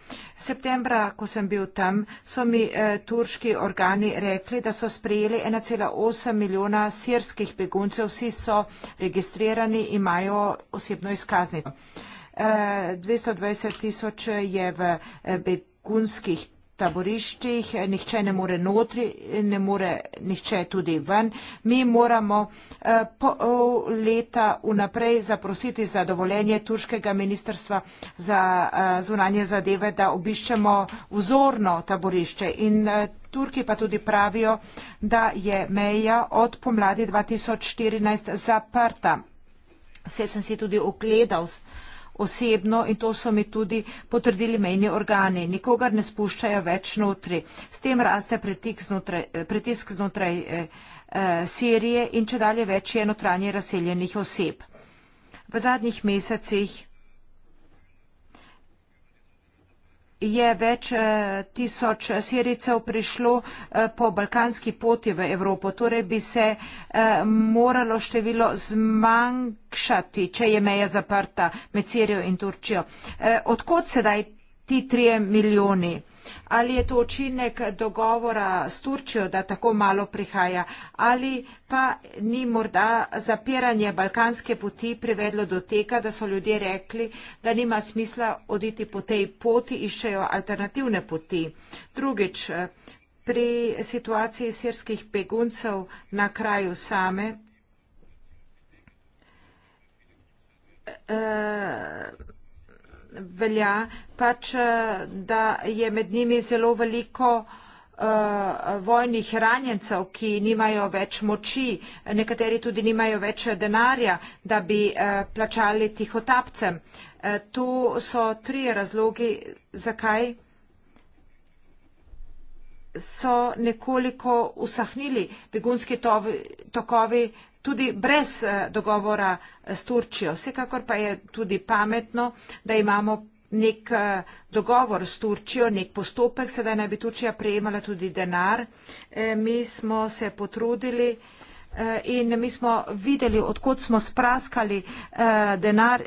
Septembra, ko sem bil tam, so mi eh, turški organi rekli, da so sprejeli 1,8 milijona sirskih beguncev. Vsi so registrirani, imajo osebno izkaznico. Eh, 220 tisoč je v eh, begunskih taboriščih, nihče ne more notri, ne more nihče tudi ven. Mi moramo eh, pol leta vnaprej zaprositi za dovoljenje Turškega ministrstva za eh, zunanje zadeve, da obiščemo vzorno taborišče. In eh, Turki pa tudi pravijo, da je meja od pomladi 2014 zaprta. Vse sem si tudi ogledal osebno in to so mi tudi potrdili mejni organi. Nikogar ne spuščajo več notri. S tem raste znotraj, eh, pritisk znotraj eh, eh Sirije in če dalje več je notranje razseljenih oseb. V zadnjih mesecih je več eh, tisoč Sirijcev prišlo eh, po balkanski poti v Evropo. Torej bi se eh, moralo število zmanjšati, če je meja zaprta med Sirijo in Turčijo. Odkot sedaj ti trije milijoni. Ali je to očinek dogovora s Turčijo, da tako malo prihaja, ali pa ni morda zapiranje balkanske poti privedlo do tega, da so ljudje rekli, da nima smisla oditi po tej poti, iščejo alternativne poti. Drugič, pri situaciji sirskih beguncev na kraju same. Uh, velja, pač, eh, da je med njimi zelo veliko eh, vojnih ranjencev, ki nimajo več moči, nekateri tudi nimajo več denarja, da bi eh, plačali tihotapcem. Tu so tri razlogi, zakaj so nekoliko usahnili begunski tokovi tudi brez eh, dogovora s Turčijo. Vsekakor pa je tudi pametno, da imamo nek eh, dogovor s Turčijo, nek postopek, sedaj naj bi Turčija prejemala tudi denar. Eh, mi smo se potrudili in mi smo videli, odkot smo spraskali denar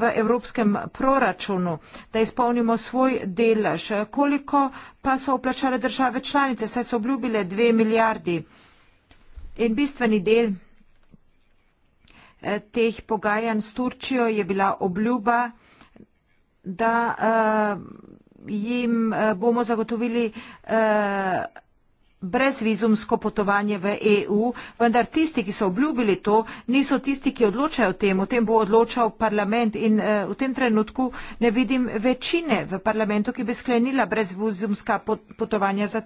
v evropskem proračunu, da izpolnimo svoj delež. Koliko pa so oplačale države članice? Saj so obljubile dve milijardi. In bistveni del Eh, teh pogajanj s Turčijo je bila obljuba, da uh, jim uh, bomo zagotovili uh, brezvizumsko potovanje v EU, vendar tisti, ki so obljubili to, niso tisti, ki odločajo o tem. O tem bo odločal parlament in uh, v tem trenutku ne vidim večine v parlamentu, ki bi sklenila brezvizumska potovanja za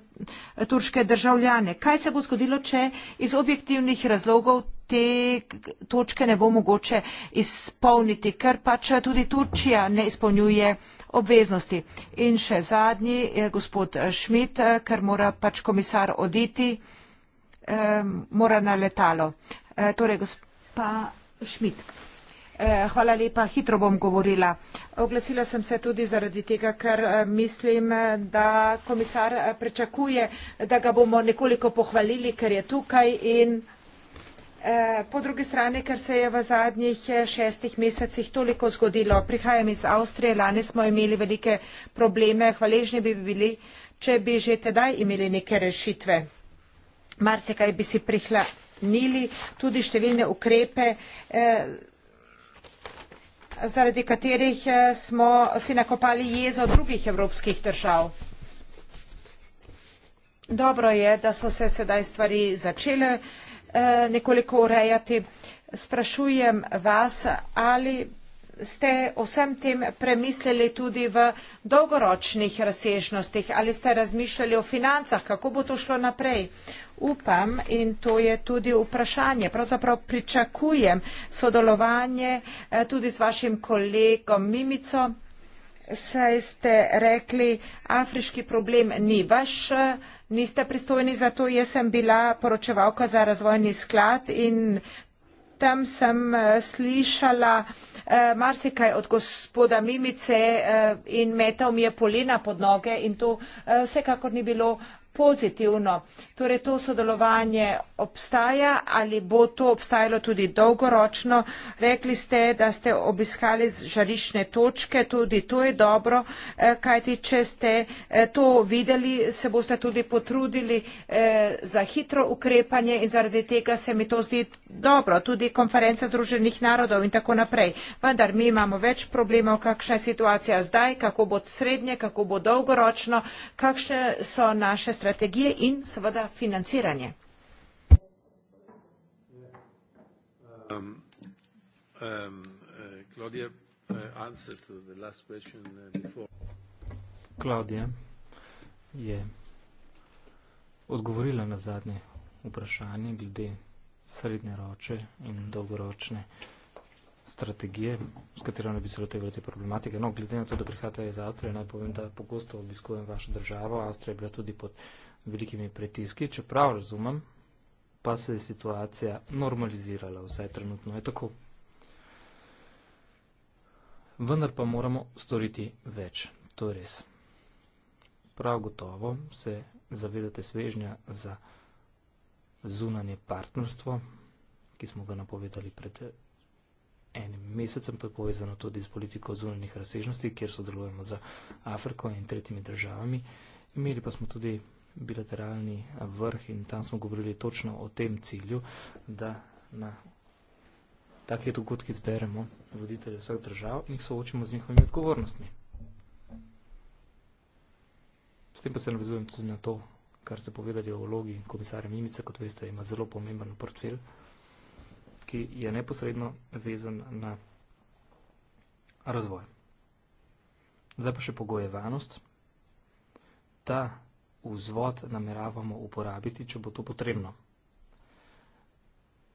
turške državljane. Kaj se bo zgodilo, če iz objektivnih razlogov te točke ne bo mogoče izpolniti, ker pač tudi Turčija ne izpolnjuje obveznosti. In še zadnji, eh, gospod Šmit, eh, ker mora pač komisar oditi, eh, mora na letalo. Torej, gospa Šmit. Hvala lepa, hitro bom govorila. Oglasila sem se tudi zaradi tega, ker mislim, da komisar pričakuje, da ga bomo nekoliko pohvalili, ker je tukaj in Eh, po drugi strani, ker se je v zadnjih eh, šestih mesecih toliko zgodilo. Prihajam iz Avstrije, lani smo imeli velike probleme, hvaležni bi bili, če bi že tedaj imeli neke rešitve. Mar se kaj bi si prihlanili, tudi številne ukrepe, eh, zaradi katerih smo si nakopali jezo drugih evropskih držav. Dobro je, da so se sedaj stvari začele uh, Eh, nekoliko urejati. Sprašujem vas, ali ste vsem tem premislili tudi v dolgoročnih razsežnostih, ali ste razmišljali o financah, kako bo to šlo naprej. Upam in to je tudi vprašanje. Pravzaprav pričakujem sodelovanje eh, tudi s vašim kolegom Mimico. Saj ste rekli, afriški problem ni vaš eh, niste pristojni za to. Jaz sem bila poročevalka za razvojni sklad in tam sem eh, slišala eh, marsikaj od gospoda Mimice eh, in metal mi je polena pod noge in to eh, vsekakor ni bilo eh, pozitivno. Torej, to sodelovanje obstaja ali bo to obstajalo tudi dolgoročno. Rekli ste, da ste obiskali žarišne točke, tudi to je dobro, eh, kajti če ste eh, to videli, se boste tudi potrudili eh, za hitro ukrepanje in zaradi tega se mi to zdi dobro. Tudi konferenca Združenih narodov in tako naprej. Vendar mi imamo več problemov, kakšna je situacija zdaj, kako bo srednje, kako bo dolgoročno, kakšne so naše strategije strategije in seveda financiranje. Klavdija um, um, uh, uh, uh, je odgovorila na zadnje vprašanje glede srednjeročne in dolgoročne strategije, s katero ne bi se lotevali te problematike. No, glede na to, da prihajate iz Avstrije, naj povem, da pogosto obiskujem vašo državo. Avstrija je bila tudi pod velikimi pritiski, čeprav razumem, pa se je situacija normalizirala, vsaj trenutno je tako. Vendar pa moramo storiti več, to je res. Prav gotovo se zavedate svežnja za zunanje partnerstvo, ki smo ga napovedali pred enim mesecem. To je povezano tudi z politiko zunanjih razsežnosti, kjer sodelujemo z Afriko in tretjimi državami. Imeli pa smo tudi bilateralni vrh in tam smo govorili točno o tem cilju, da na takih dogodkih zberemo voditelje vseh držav in jih soočimo z njihovimi odgovornostmi. S tem pa se navizujem tudi na to, kar ste povedali o vlogi komisarja Mimice, kot veste, ima zelo pomemben portfelj ki je neposredno vezan na razvoj. Zdaj pa še pogoje varnost. Ta vzvod nameravamo uporabiti, če bo to potrebno.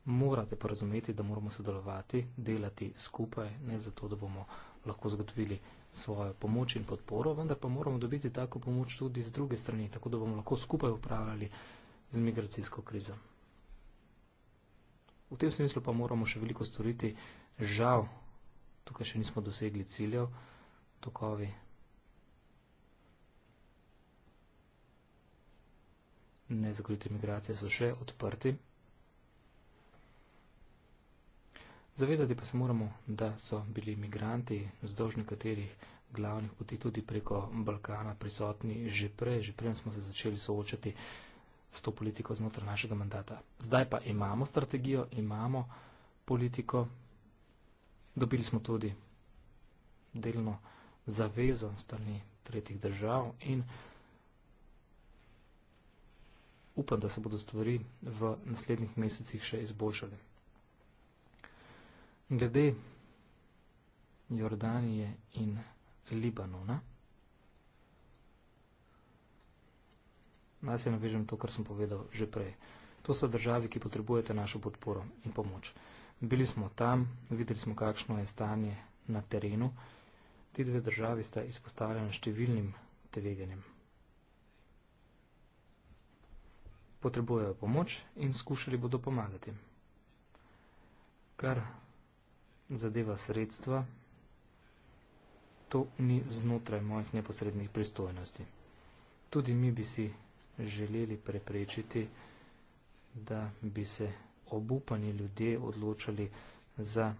Morate pa razumeti, da moramo sodelovati, delati skupaj, ne zato, da bomo lahko zagotovili svojo pomoč in podporo, vendar pa moramo dobiti tako pomoč tudi z druge strani, tako da bomo lahko skupaj upravljali z migracijsko krizo. V tem smislu pa moramo še veliko storiti. Žal, tukaj še nismo dosegli ciljev, tokovi. Nezakonite migracije so še odprti. Zavedati pa se moramo, da so bili migranti z dožnih katerih glavnih poti tudi preko Balkana prisotni že prej, že prej smo se začeli soočati s s to politiko znotraj našega mandata. Zdaj pa imamo strategijo, imamo politiko, dobili smo tudi delno zavezo strani tretjih držav in upam, da se bodo stvari v naslednjih mesecih še izboljšali. Glede Jordanije in Libanona. Naj se navežem to, kar sem povedal že prej. To so države, ki potrebujete našo podporo in pomoč. Bili smo tam, videli smo, kakšno je stanje na terenu. Ti dve državi sta izpostavljena številnim tveganjem. Potrebujejo pomoč in skušali bodo pomagati. Kar zadeva sredstva, to ni znotraj mojih neposrednih pristojnosti. Tudi mi bi si želeli preprečiti, da bi se obupani ljudje odločali za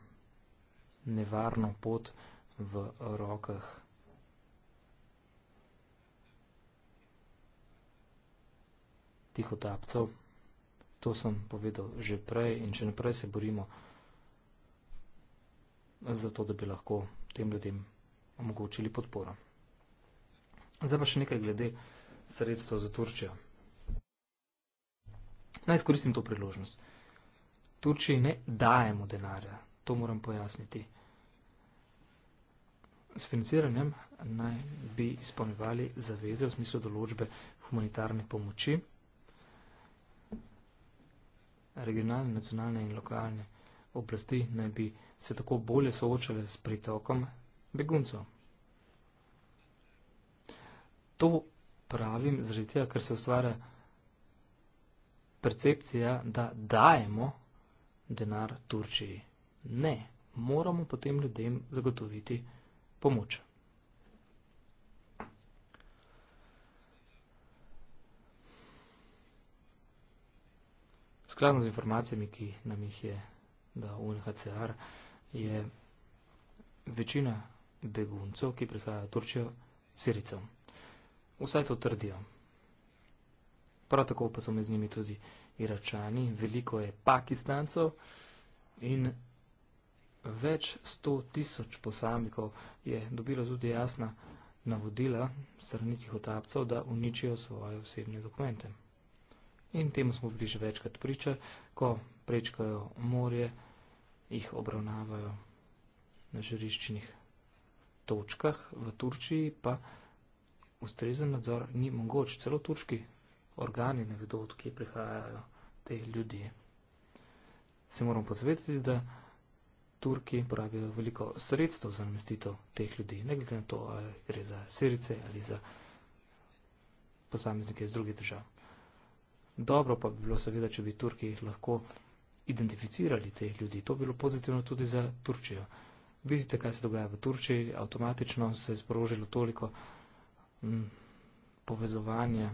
nevarno pot v rokah tihotapcev. To sem povedal že prej in če naprej se borimo za to, da bi lahko tem ljudem omogočili podporo. Zdaj pa še nekaj glede tihotapcev sredstva za Turčijo. Naj izkoristim to priložnost. Turčiji ne dajemo denarja, to moram pojasniti. S financiranjem naj bi izpolnjevali zaveze v smislu določbe humanitarne pomoči, regionalne, nacionalne in lokalne oblasti naj bi se tako bolje soočale s pritokom beguncov. To pravim, zaradi tega, ker se ustvarja percepcija, da dajemo denar Turčiji. Ne, moramo potem ljudem zagotoviti pomoč. Skladno z informacijami, ki nam jih je dal UNHCR, je večina beguncev, ki prihajajo v Turčijo, siricev. Vse to trdijo. Prav tako pa so med njimi tudi iračani, veliko je pakistancev in več sto tisoč posameznikov je dobilo tudi jasna navodila srnitih otapcev, da uničijo svoje osebne dokumente. In temu smo bili že večkrat priča, ko prečkajo morje, jih obravnavajo na žariščnih točkah v Turčiji, pa ustrezen nadzor ni mogoč, celo turški organi ne vedo, odkje prihajajo te ljudi. Se moramo pozavedati, da Turki porabijo veliko sredstev za namestitev teh ljudi, ne glede na to, ali gre za Sirice ali za posameznike iz drugih držav. Dobro pa bi bilo seveda, če bi Turki lahko identificirali te ljudi. To bi bilo pozitivno tudi za Turčijo. Vidite, kaj se dogaja v Turčiji, avtomatično se je sprožilo toliko Mm, povezovanje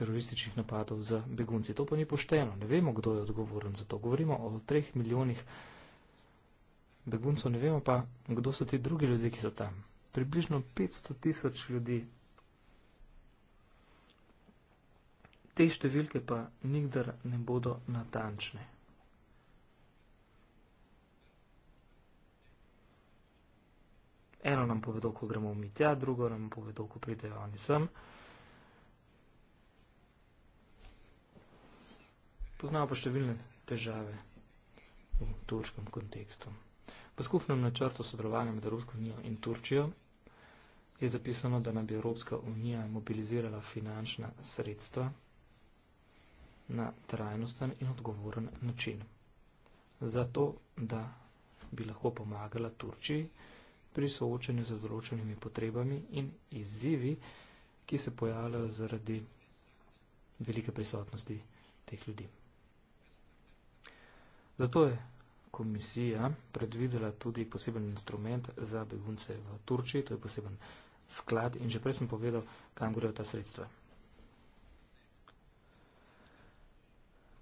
terorističnih napadov z begunci. To pa ni pošteno. Ne vemo, kdo je odgovoren za to. Govorimo o treh milijonih beguncev, ne vemo pa, kdo so ti drugi ljudje, ki so tam. Približno 500 tisoč ljudi. Te številke pa nikdar ne bodo natančne. Eno nam povedo, ko gremo mi tja, drugo nam povedo, ko pridejo oni sem. Poznamo pa številne težave v turškem kontekstu. V skupnem načrtu sodelovanja med Evropsko unijo in Turčijo je zapisano, da nam bi Evropska unija mobilizirala finančna sredstva na trajnosten in odgovoren način. Zato, da bi lahko pomagala Turčiji, pri soočanju z določenimi potrebami in izzivi, ki se pojavljajo zaradi velike prisotnosti teh ljudi. Zato je komisija predvidela tudi poseben instrument za begunce v Turčiji, to je poseben sklad in že prej sem povedal, kam grejo ta sredstva.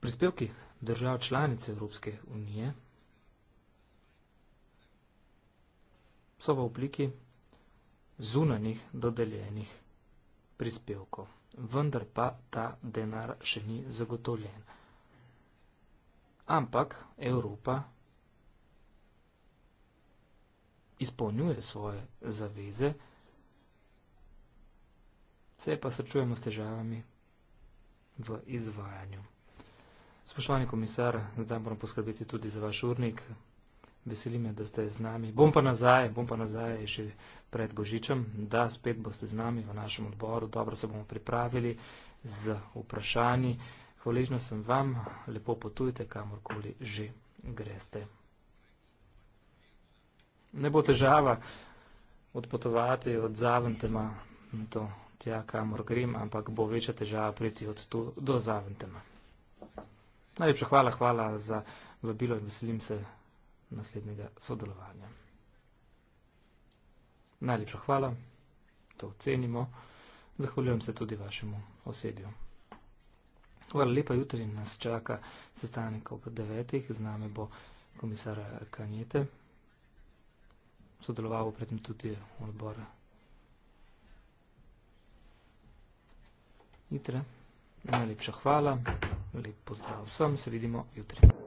Prispevki držav članice Evropske unije so v obliki zunanih dodeljenih prispevkov, vendar pa ta denar še ni zagotovljen. Ampak Evropa izpolnjuje svoje zaveze, se pa srečujemo s težavami v izvajanju. Spoštovani komisar, zdaj moram poskrbeti tudi za vaš urnik, veseli me, da ste z nami. Bom pa nazaj, bom pa nazaj še pred Božičem, da spet boste z nami v našem odboru, dobro se bomo pripravili z vprašanji. Hvaležna sem vam, lepo potujte, kamorkoli že greste. Ne bo težava odpotovati od Zaventema do tja, kamor grem, ampak bo večja težava priti od tu do Zaventema. Najlepša hvala, hvala za vabilo in veselim se naslednjega sodelovanja. Najlepša hvala, to ocenimo. Zahvaljujem se tudi vašemu osebju. Hvala lepa, jutri nas čaka sestanek ob devetih, z nami bo komisar Kanjete. Sodeloval predtem tudi odbor. Jutre. Najlepša hvala, lep pozdrav vsem, se vidimo jutri.